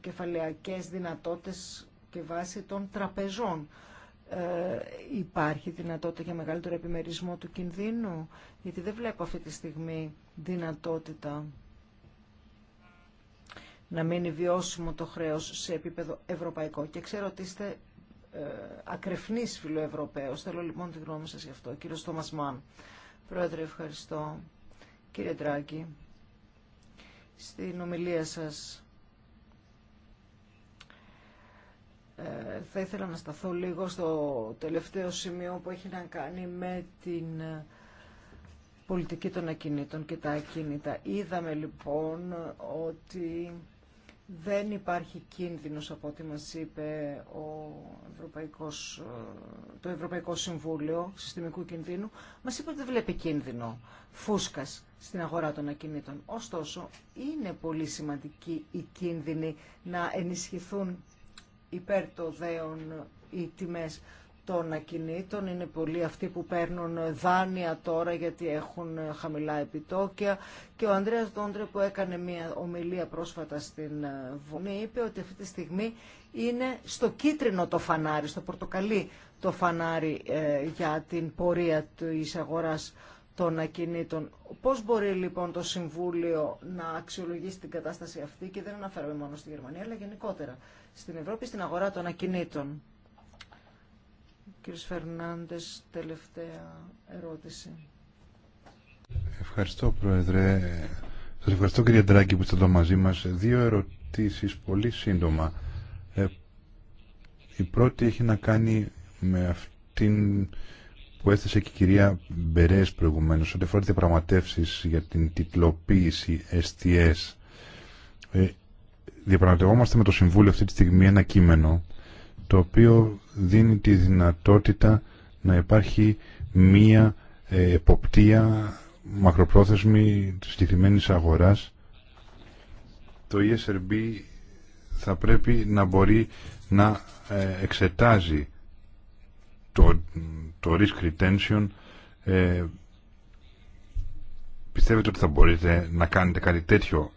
κεφαλαιακές δυνατότητες και βάσει των τραπεζών. Ε, υπάρχει δυνατότητα για μεγαλύτερο επιμερισμό του κινδύνου, γιατί δεν βλέπω αυτή τη στιγμή δυνατότητα να μείνει βιώσιμο το χρέος σε επίπεδο ευρωπαϊκό. Και ξέρω ότι είστε ε, ακρεφνής φιλοευρωπαίος. Θέλω λοιπόν τη γνώμη σας γι' αυτό. Κύριο Τόμας Μαν. Πρόεδρε, ευχαριστώ. Κύριε Ντράκη, στην ομιλία σας Ε, θα ήθελα να σταθώ λίγο στο τελευταίο σημείο που έχει να κάνει με την ε, πολιτική των ακινήτων και τα ακίνητα. Είδαμε λοιπόν ότι δεν υπάρχει κίνδυνος από ό,τι μας είπε ο ε, το Ευρωπαϊκό Συμβούλιο Συστημικού Κινδύνου. Μας είπε ότι δεν βλέπει κίνδυνο φούσκας στην αγορά των ακινήτων. Ωστόσο, είναι πολύ σημαντική η κίνδυνη να ενισχυθούν υπέρ το δέον οι τιμές των ακινήτων. Είναι πολλοί αυτοί που παίρνουν δάνεια τώρα γιατί έχουν χαμηλά επιτόκια. Και ο Ανδρέας Δόντρε που έκανε μια ομιλία πρόσφατα στην ε, Βουλή ναι, είπε ότι αυτή τη στιγμή είναι στο κίτρινο το φανάρι, στο πορτοκαλί το φανάρι ε, για την πορεία της αγοράς των ακινήτων. Πώς μπορεί λοιπόν το Συμβούλιο να αξιολογήσει την κατάσταση αυτή και δεν αναφέρομαι μόνο στη Γερμανία αλλά γενικότερα στην Ευρώπη στην αγορά των ακινήτων. Κύριε κύριος Φερνάντες, τελευταία ερώτηση. Ευχαριστώ Πρόεδρε. Σας ευχαριστώ κύριε Ντράγκη που είστε εδώ μαζί μας. Δύο ερωτήσεις πολύ σύντομα. Ε, η πρώτη έχει να κάνει με αυτήν που έθεσε και η κυρία Μπερές προηγουμένως ό,τι αφορά τις για την τυπλοποίηση STS ε, διαπραγματευόμαστε με το Συμβούλιο αυτή τη στιγμή ένα κείμενο το οποίο δίνει τη δυνατότητα να υπάρχει μία ε, εποπτεία μακροπρόθεσμη της συγκεκριμένη αγοράς το ESRB θα πρέπει να μπορεί να ε, εξετάζει το, το risk retention ε, πιστεύετε ότι θα μπορείτε να κάνετε κάτι τέτοιο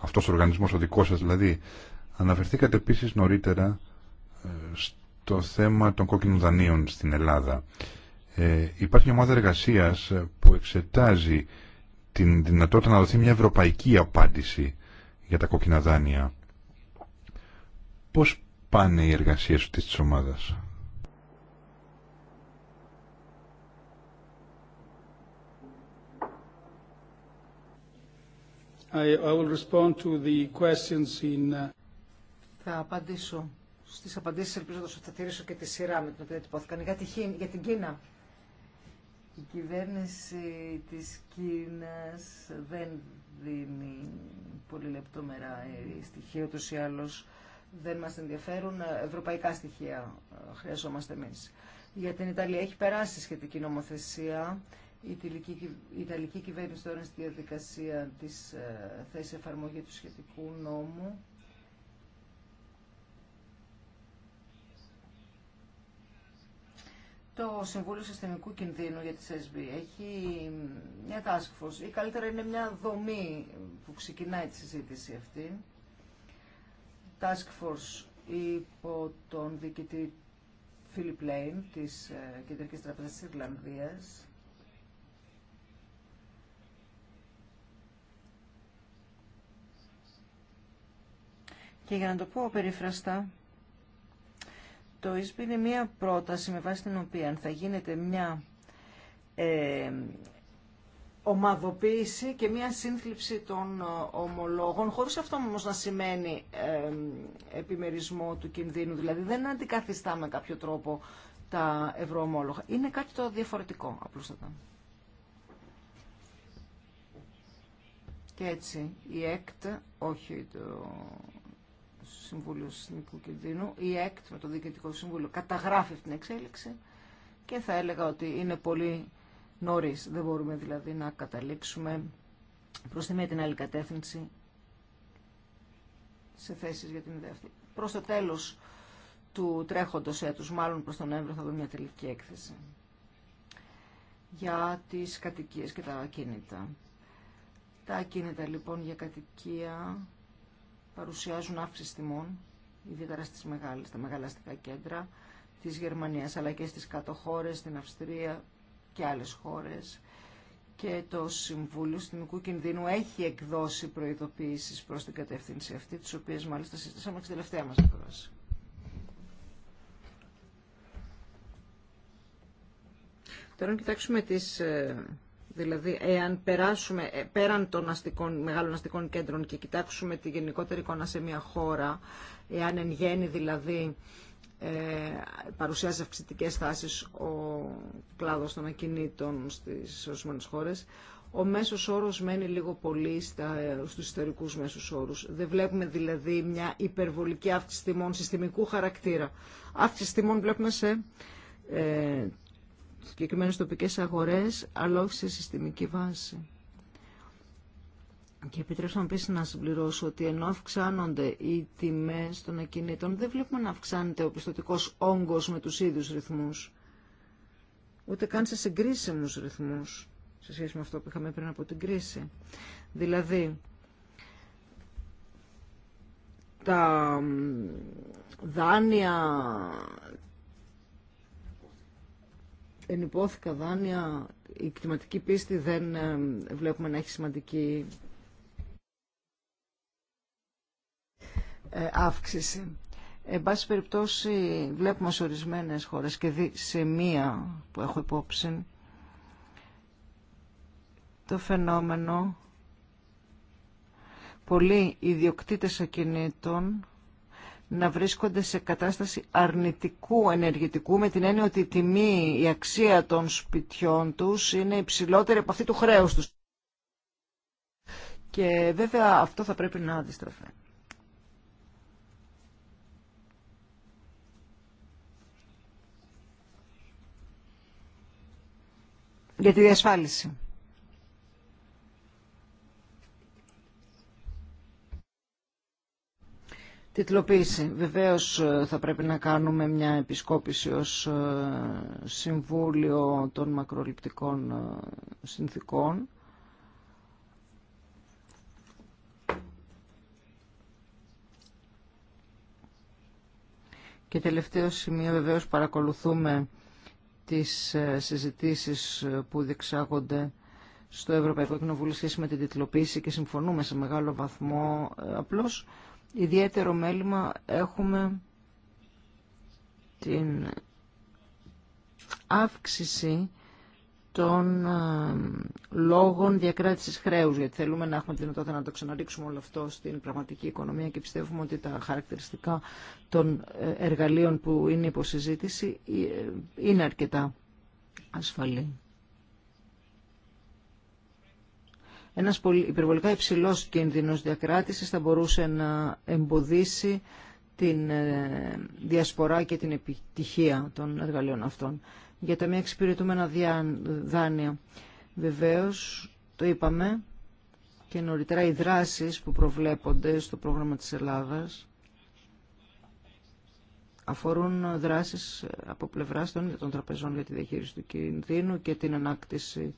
αυτός ο οργανισμός ο δικός σας δηλαδή αναφερθήκατε επίσης νωρίτερα ε, στο θέμα των κόκκινων δανείων στην Ελλάδα ε, υπάρχει μια ομάδα εργασίας που εξετάζει την δυνατότητα να δοθεί μια ευρωπαϊκή απάντηση για τα κόκκινα δάνεια πώς πάνε οι εργασίες της ομάδας Uh, θα απαντήσω στις απαντήσεις Ελπίζω να θα τηρήσω και τη σειρά με την οποία τυπώθηκαν. Για, για την Κίνα. Η κυβέρνηση της Κίνας δεν δίνει πολύ λεπτόμερα ε, στοιχεία, ούτω ή άλλως δεν μας ενδιαφέρουν. Ε, ευρωπαϊκά στοιχεία ε, χρειαζόμαστε εμείς. Για την Ιταλία έχει περάσει σχετική νομοθεσία η Ιταλική κυβέρνηση τώρα στη διαδικασία της ε, θέσης εφαρμογή του σχετικού νόμου. Το Συμβούλιο Συστημικού Κινδύνου για τη SB έχει μια task force ή καλύτερα είναι μια δομή που ξεκινάει τη συζήτηση αυτή. Task force υπό τον διοικητή Φίλιπ Λέιν της ε, Κεντρικής Τραπεζής της Ιρλανδίας Και για να το πω περιφραστά, το ΙΣΠ είναι μία πρόταση με βάση την οποία θα γίνεται μια ε, ομαδοποίηση και μια σύνθλιψη των ε, ομολόγων, χωρίς αυτό όμως να σημαίνει ε, επιμερισμό του κινδύνου. Δηλαδή δεν αντικαθιστά με κάποιο τρόπο τα ευρωομόλογα. Είναι κάτι το διαφορετικό, απλούστατα. Και έτσι η ΕΚΤ, όχι το Συμβούλιο Συστημικού Κινδύνου, η ΕΚΤ με το Διοικητικό Συμβούλιο καταγράφει αυτή την εξέλιξη και θα έλεγα ότι είναι πολύ νωρί. Δεν μπορούμε δηλαδή να καταλήξουμε προ τη μία την άλλη κατεύθυνση σε θέσει για την ιδέα αυτή. Προ το τέλος του τρέχοντο έτου, μάλλον προ τον Νοέμβριο θα δούμε μια τελική έκθεση για τις κατοικίε και τα ακίνητα. Τα ακίνητα λοιπόν για κατοικία παρουσιάζουν αύξηση τιμών, ιδιαίτερα στις μεγάλες, στα μεγάλα αστικά κέντρα της Γερμανίας, αλλά και στις κάτω χώρες, στην Αυστρία και άλλες χώρες. Και το Συμβούλιο Συστημικού Κινδύνου έχει εκδώσει προειδοποίησεις προς την κατεύθυνση αυτή, τις οποίες μάλιστα συζητήσαμε και στη τελευταία μας ακρόαση. Τώρα να κοιτάξουμε τις ε, Δηλαδή, εάν περάσουμε ε, πέραν των αστικών, μεγάλων αστικών κέντρων και κοιτάξουμε τη γενικότερη εικόνα σε μια χώρα, εάν εν γέννη δηλαδή ε, παρουσιάζει αυξητικέ τάσει ο κλάδος των ακινήτων στις ορισμένες χώρες, ο μέσος όρος μένει λίγο πολύ στου στους μέσου μέσους όρους. Δεν βλέπουμε δηλαδή μια υπερβολική αύξηση τιμών συστημικού χαρακτήρα. Αύξηση τιμών βλέπουμε σε ε, συγκεκριμένες τοπικές αγορές, αλλά όχι σε συστημική βάση. Και επιτρέψτε μου επίση να συμπληρώσω ότι ενώ αυξάνονται οι τιμέ των ακινήτων, δεν βλέπουμε να αυξάνεται ο πιστοτικό όγκο με του ίδιου ρυθμού. Ούτε καν σε συγκρίσιμου ρυθμού σε σχέση με αυτό που είχαμε πριν από την κρίση. Δηλαδή, τα δάνεια ενυπόθηκα δάνεια, η κτηματική πίστη δεν ε, βλέπουμε να έχει σημαντική ε, αύξηση. Εν πάση περιπτώσει βλέπουμε σε ορισμένες χώρες και σε μία που έχω υπόψη το φαινόμενο πολλοί ιδιοκτήτες ακινήτων να βρίσκονται σε κατάσταση αρνητικού ενεργητικού με την έννοια ότι η τιμή, η αξία των σπιτιών τους είναι υψηλότερη από αυτή του χρέους τους. Και βέβαια αυτό θα πρέπει να αντιστραφεί. Για τη διασφάλιση. Τιτλοποίηση. Βεβαίως ε, θα πρέπει να κάνουμε μια επισκόπηση ως ε, Συμβούλιο των Μακροληπτικών ε, Συνθήκων. Και τελευταίο σημείο βεβαίως παρακολουθούμε τις συζητήσεις που διεξάγονται στο Ευρωπαϊκό Κοινοβούλιο σχέση με την τιτλοποίηση και συμφωνούμε σε μεγάλο βαθμό απλώς ιδιαίτερο μέλημα έχουμε την αύξηση των ε, λόγων διακράτησης χρέους, γιατί θέλουμε να έχουμε τη δυνατότητα να το ξαναρίξουμε όλο αυτό στην πραγματική οικονομία και πιστεύουμε ότι τα χαρακτηριστικά των ε, εργαλείων που είναι υποσυζήτηση ε, είναι αρκετά ασφαλή. Ένας υπερβολικά υψηλός κίνδυνος διακράτησης θα μπορούσε να εμποδίσει την ε, διασπορά και την επιτυχία των εργαλείων αυτών. Για τα μη εξυπηρετούμενα δάνεια. Βεβαίως, το είπαμε, και νωρίτερα οι δράσεις που προβλέπονται στο πρόγραμμα της Ελλάδας αφορούν δράσεις από πλευράς των, των τραπεζών για τη διαχείριση του κινδύνου και την ανάκτηση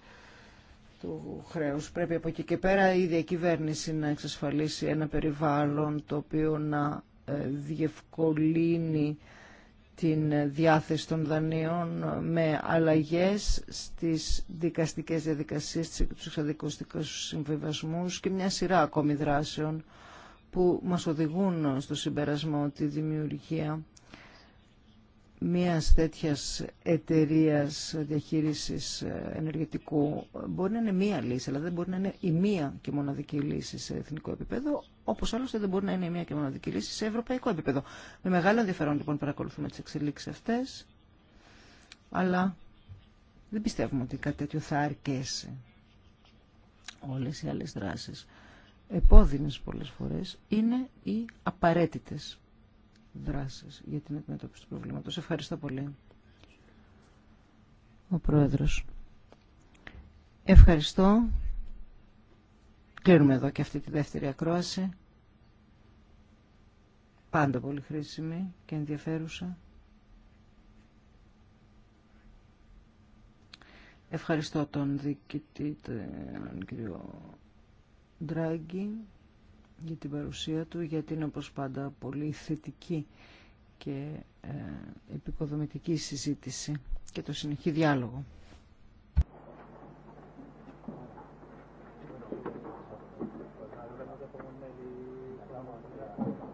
του χρέους. Πρέπει από εκεί και πέρα η διακυβέρνηση να εξασφαλίσει ένα περιβάλλον το οποίο να ε, διευκολύνει την διάθεση των δανείων με αλλαγές στις δικαστικές διαδικασίες, στους εξαδικοστικούς συμβιβασμούς και μια σειρά ακόμη δράσεων που μας οδηγούν στο συμπερασμό τη δημιουργία μία τέτοιας εταιρείας διαχείρισης ε, ενεργετικού μπορεί να είναι μία λύση, αλλά δεν μπορεί να είναι η μία και μοναδική λύση σε εθνικό επίπεδο, όπως άλλωστε δεν μπορεί να είναι η μία και μοναδική λύση σε ευρωπαϊκό επίπεδο. Με μεγάλο ενδιαφέρον λοιπόν παρακολουθούμε τις εξελίξεις αυτές, αλλά δεν πιστεύουμε ότι κάτι τέτοιο θα αρκέσει όλες οι άλλες δράσεις. Επόδυνες πολλές φορές είναι οι απαραίτητες δράσεις για την αντιμετώπιση του προβλήματος. Ευχαριστώ πολύ. Ο Πρόεδρος. Ευχαριστώ. Κλείνουμε εδώ και αυτή τη δεύτερη ακρόαση. Πάντα πολύ χρήσιμη και ενδιαφέρουσα. Ευχαριστώ τον διοικητή, τον κύριο Ντράγκη για την παρουσία του, γιατί είναι όπως πάντα πολύ θετική και ε, επικοδομητική συζήτηση και το συνεχή διάλογο.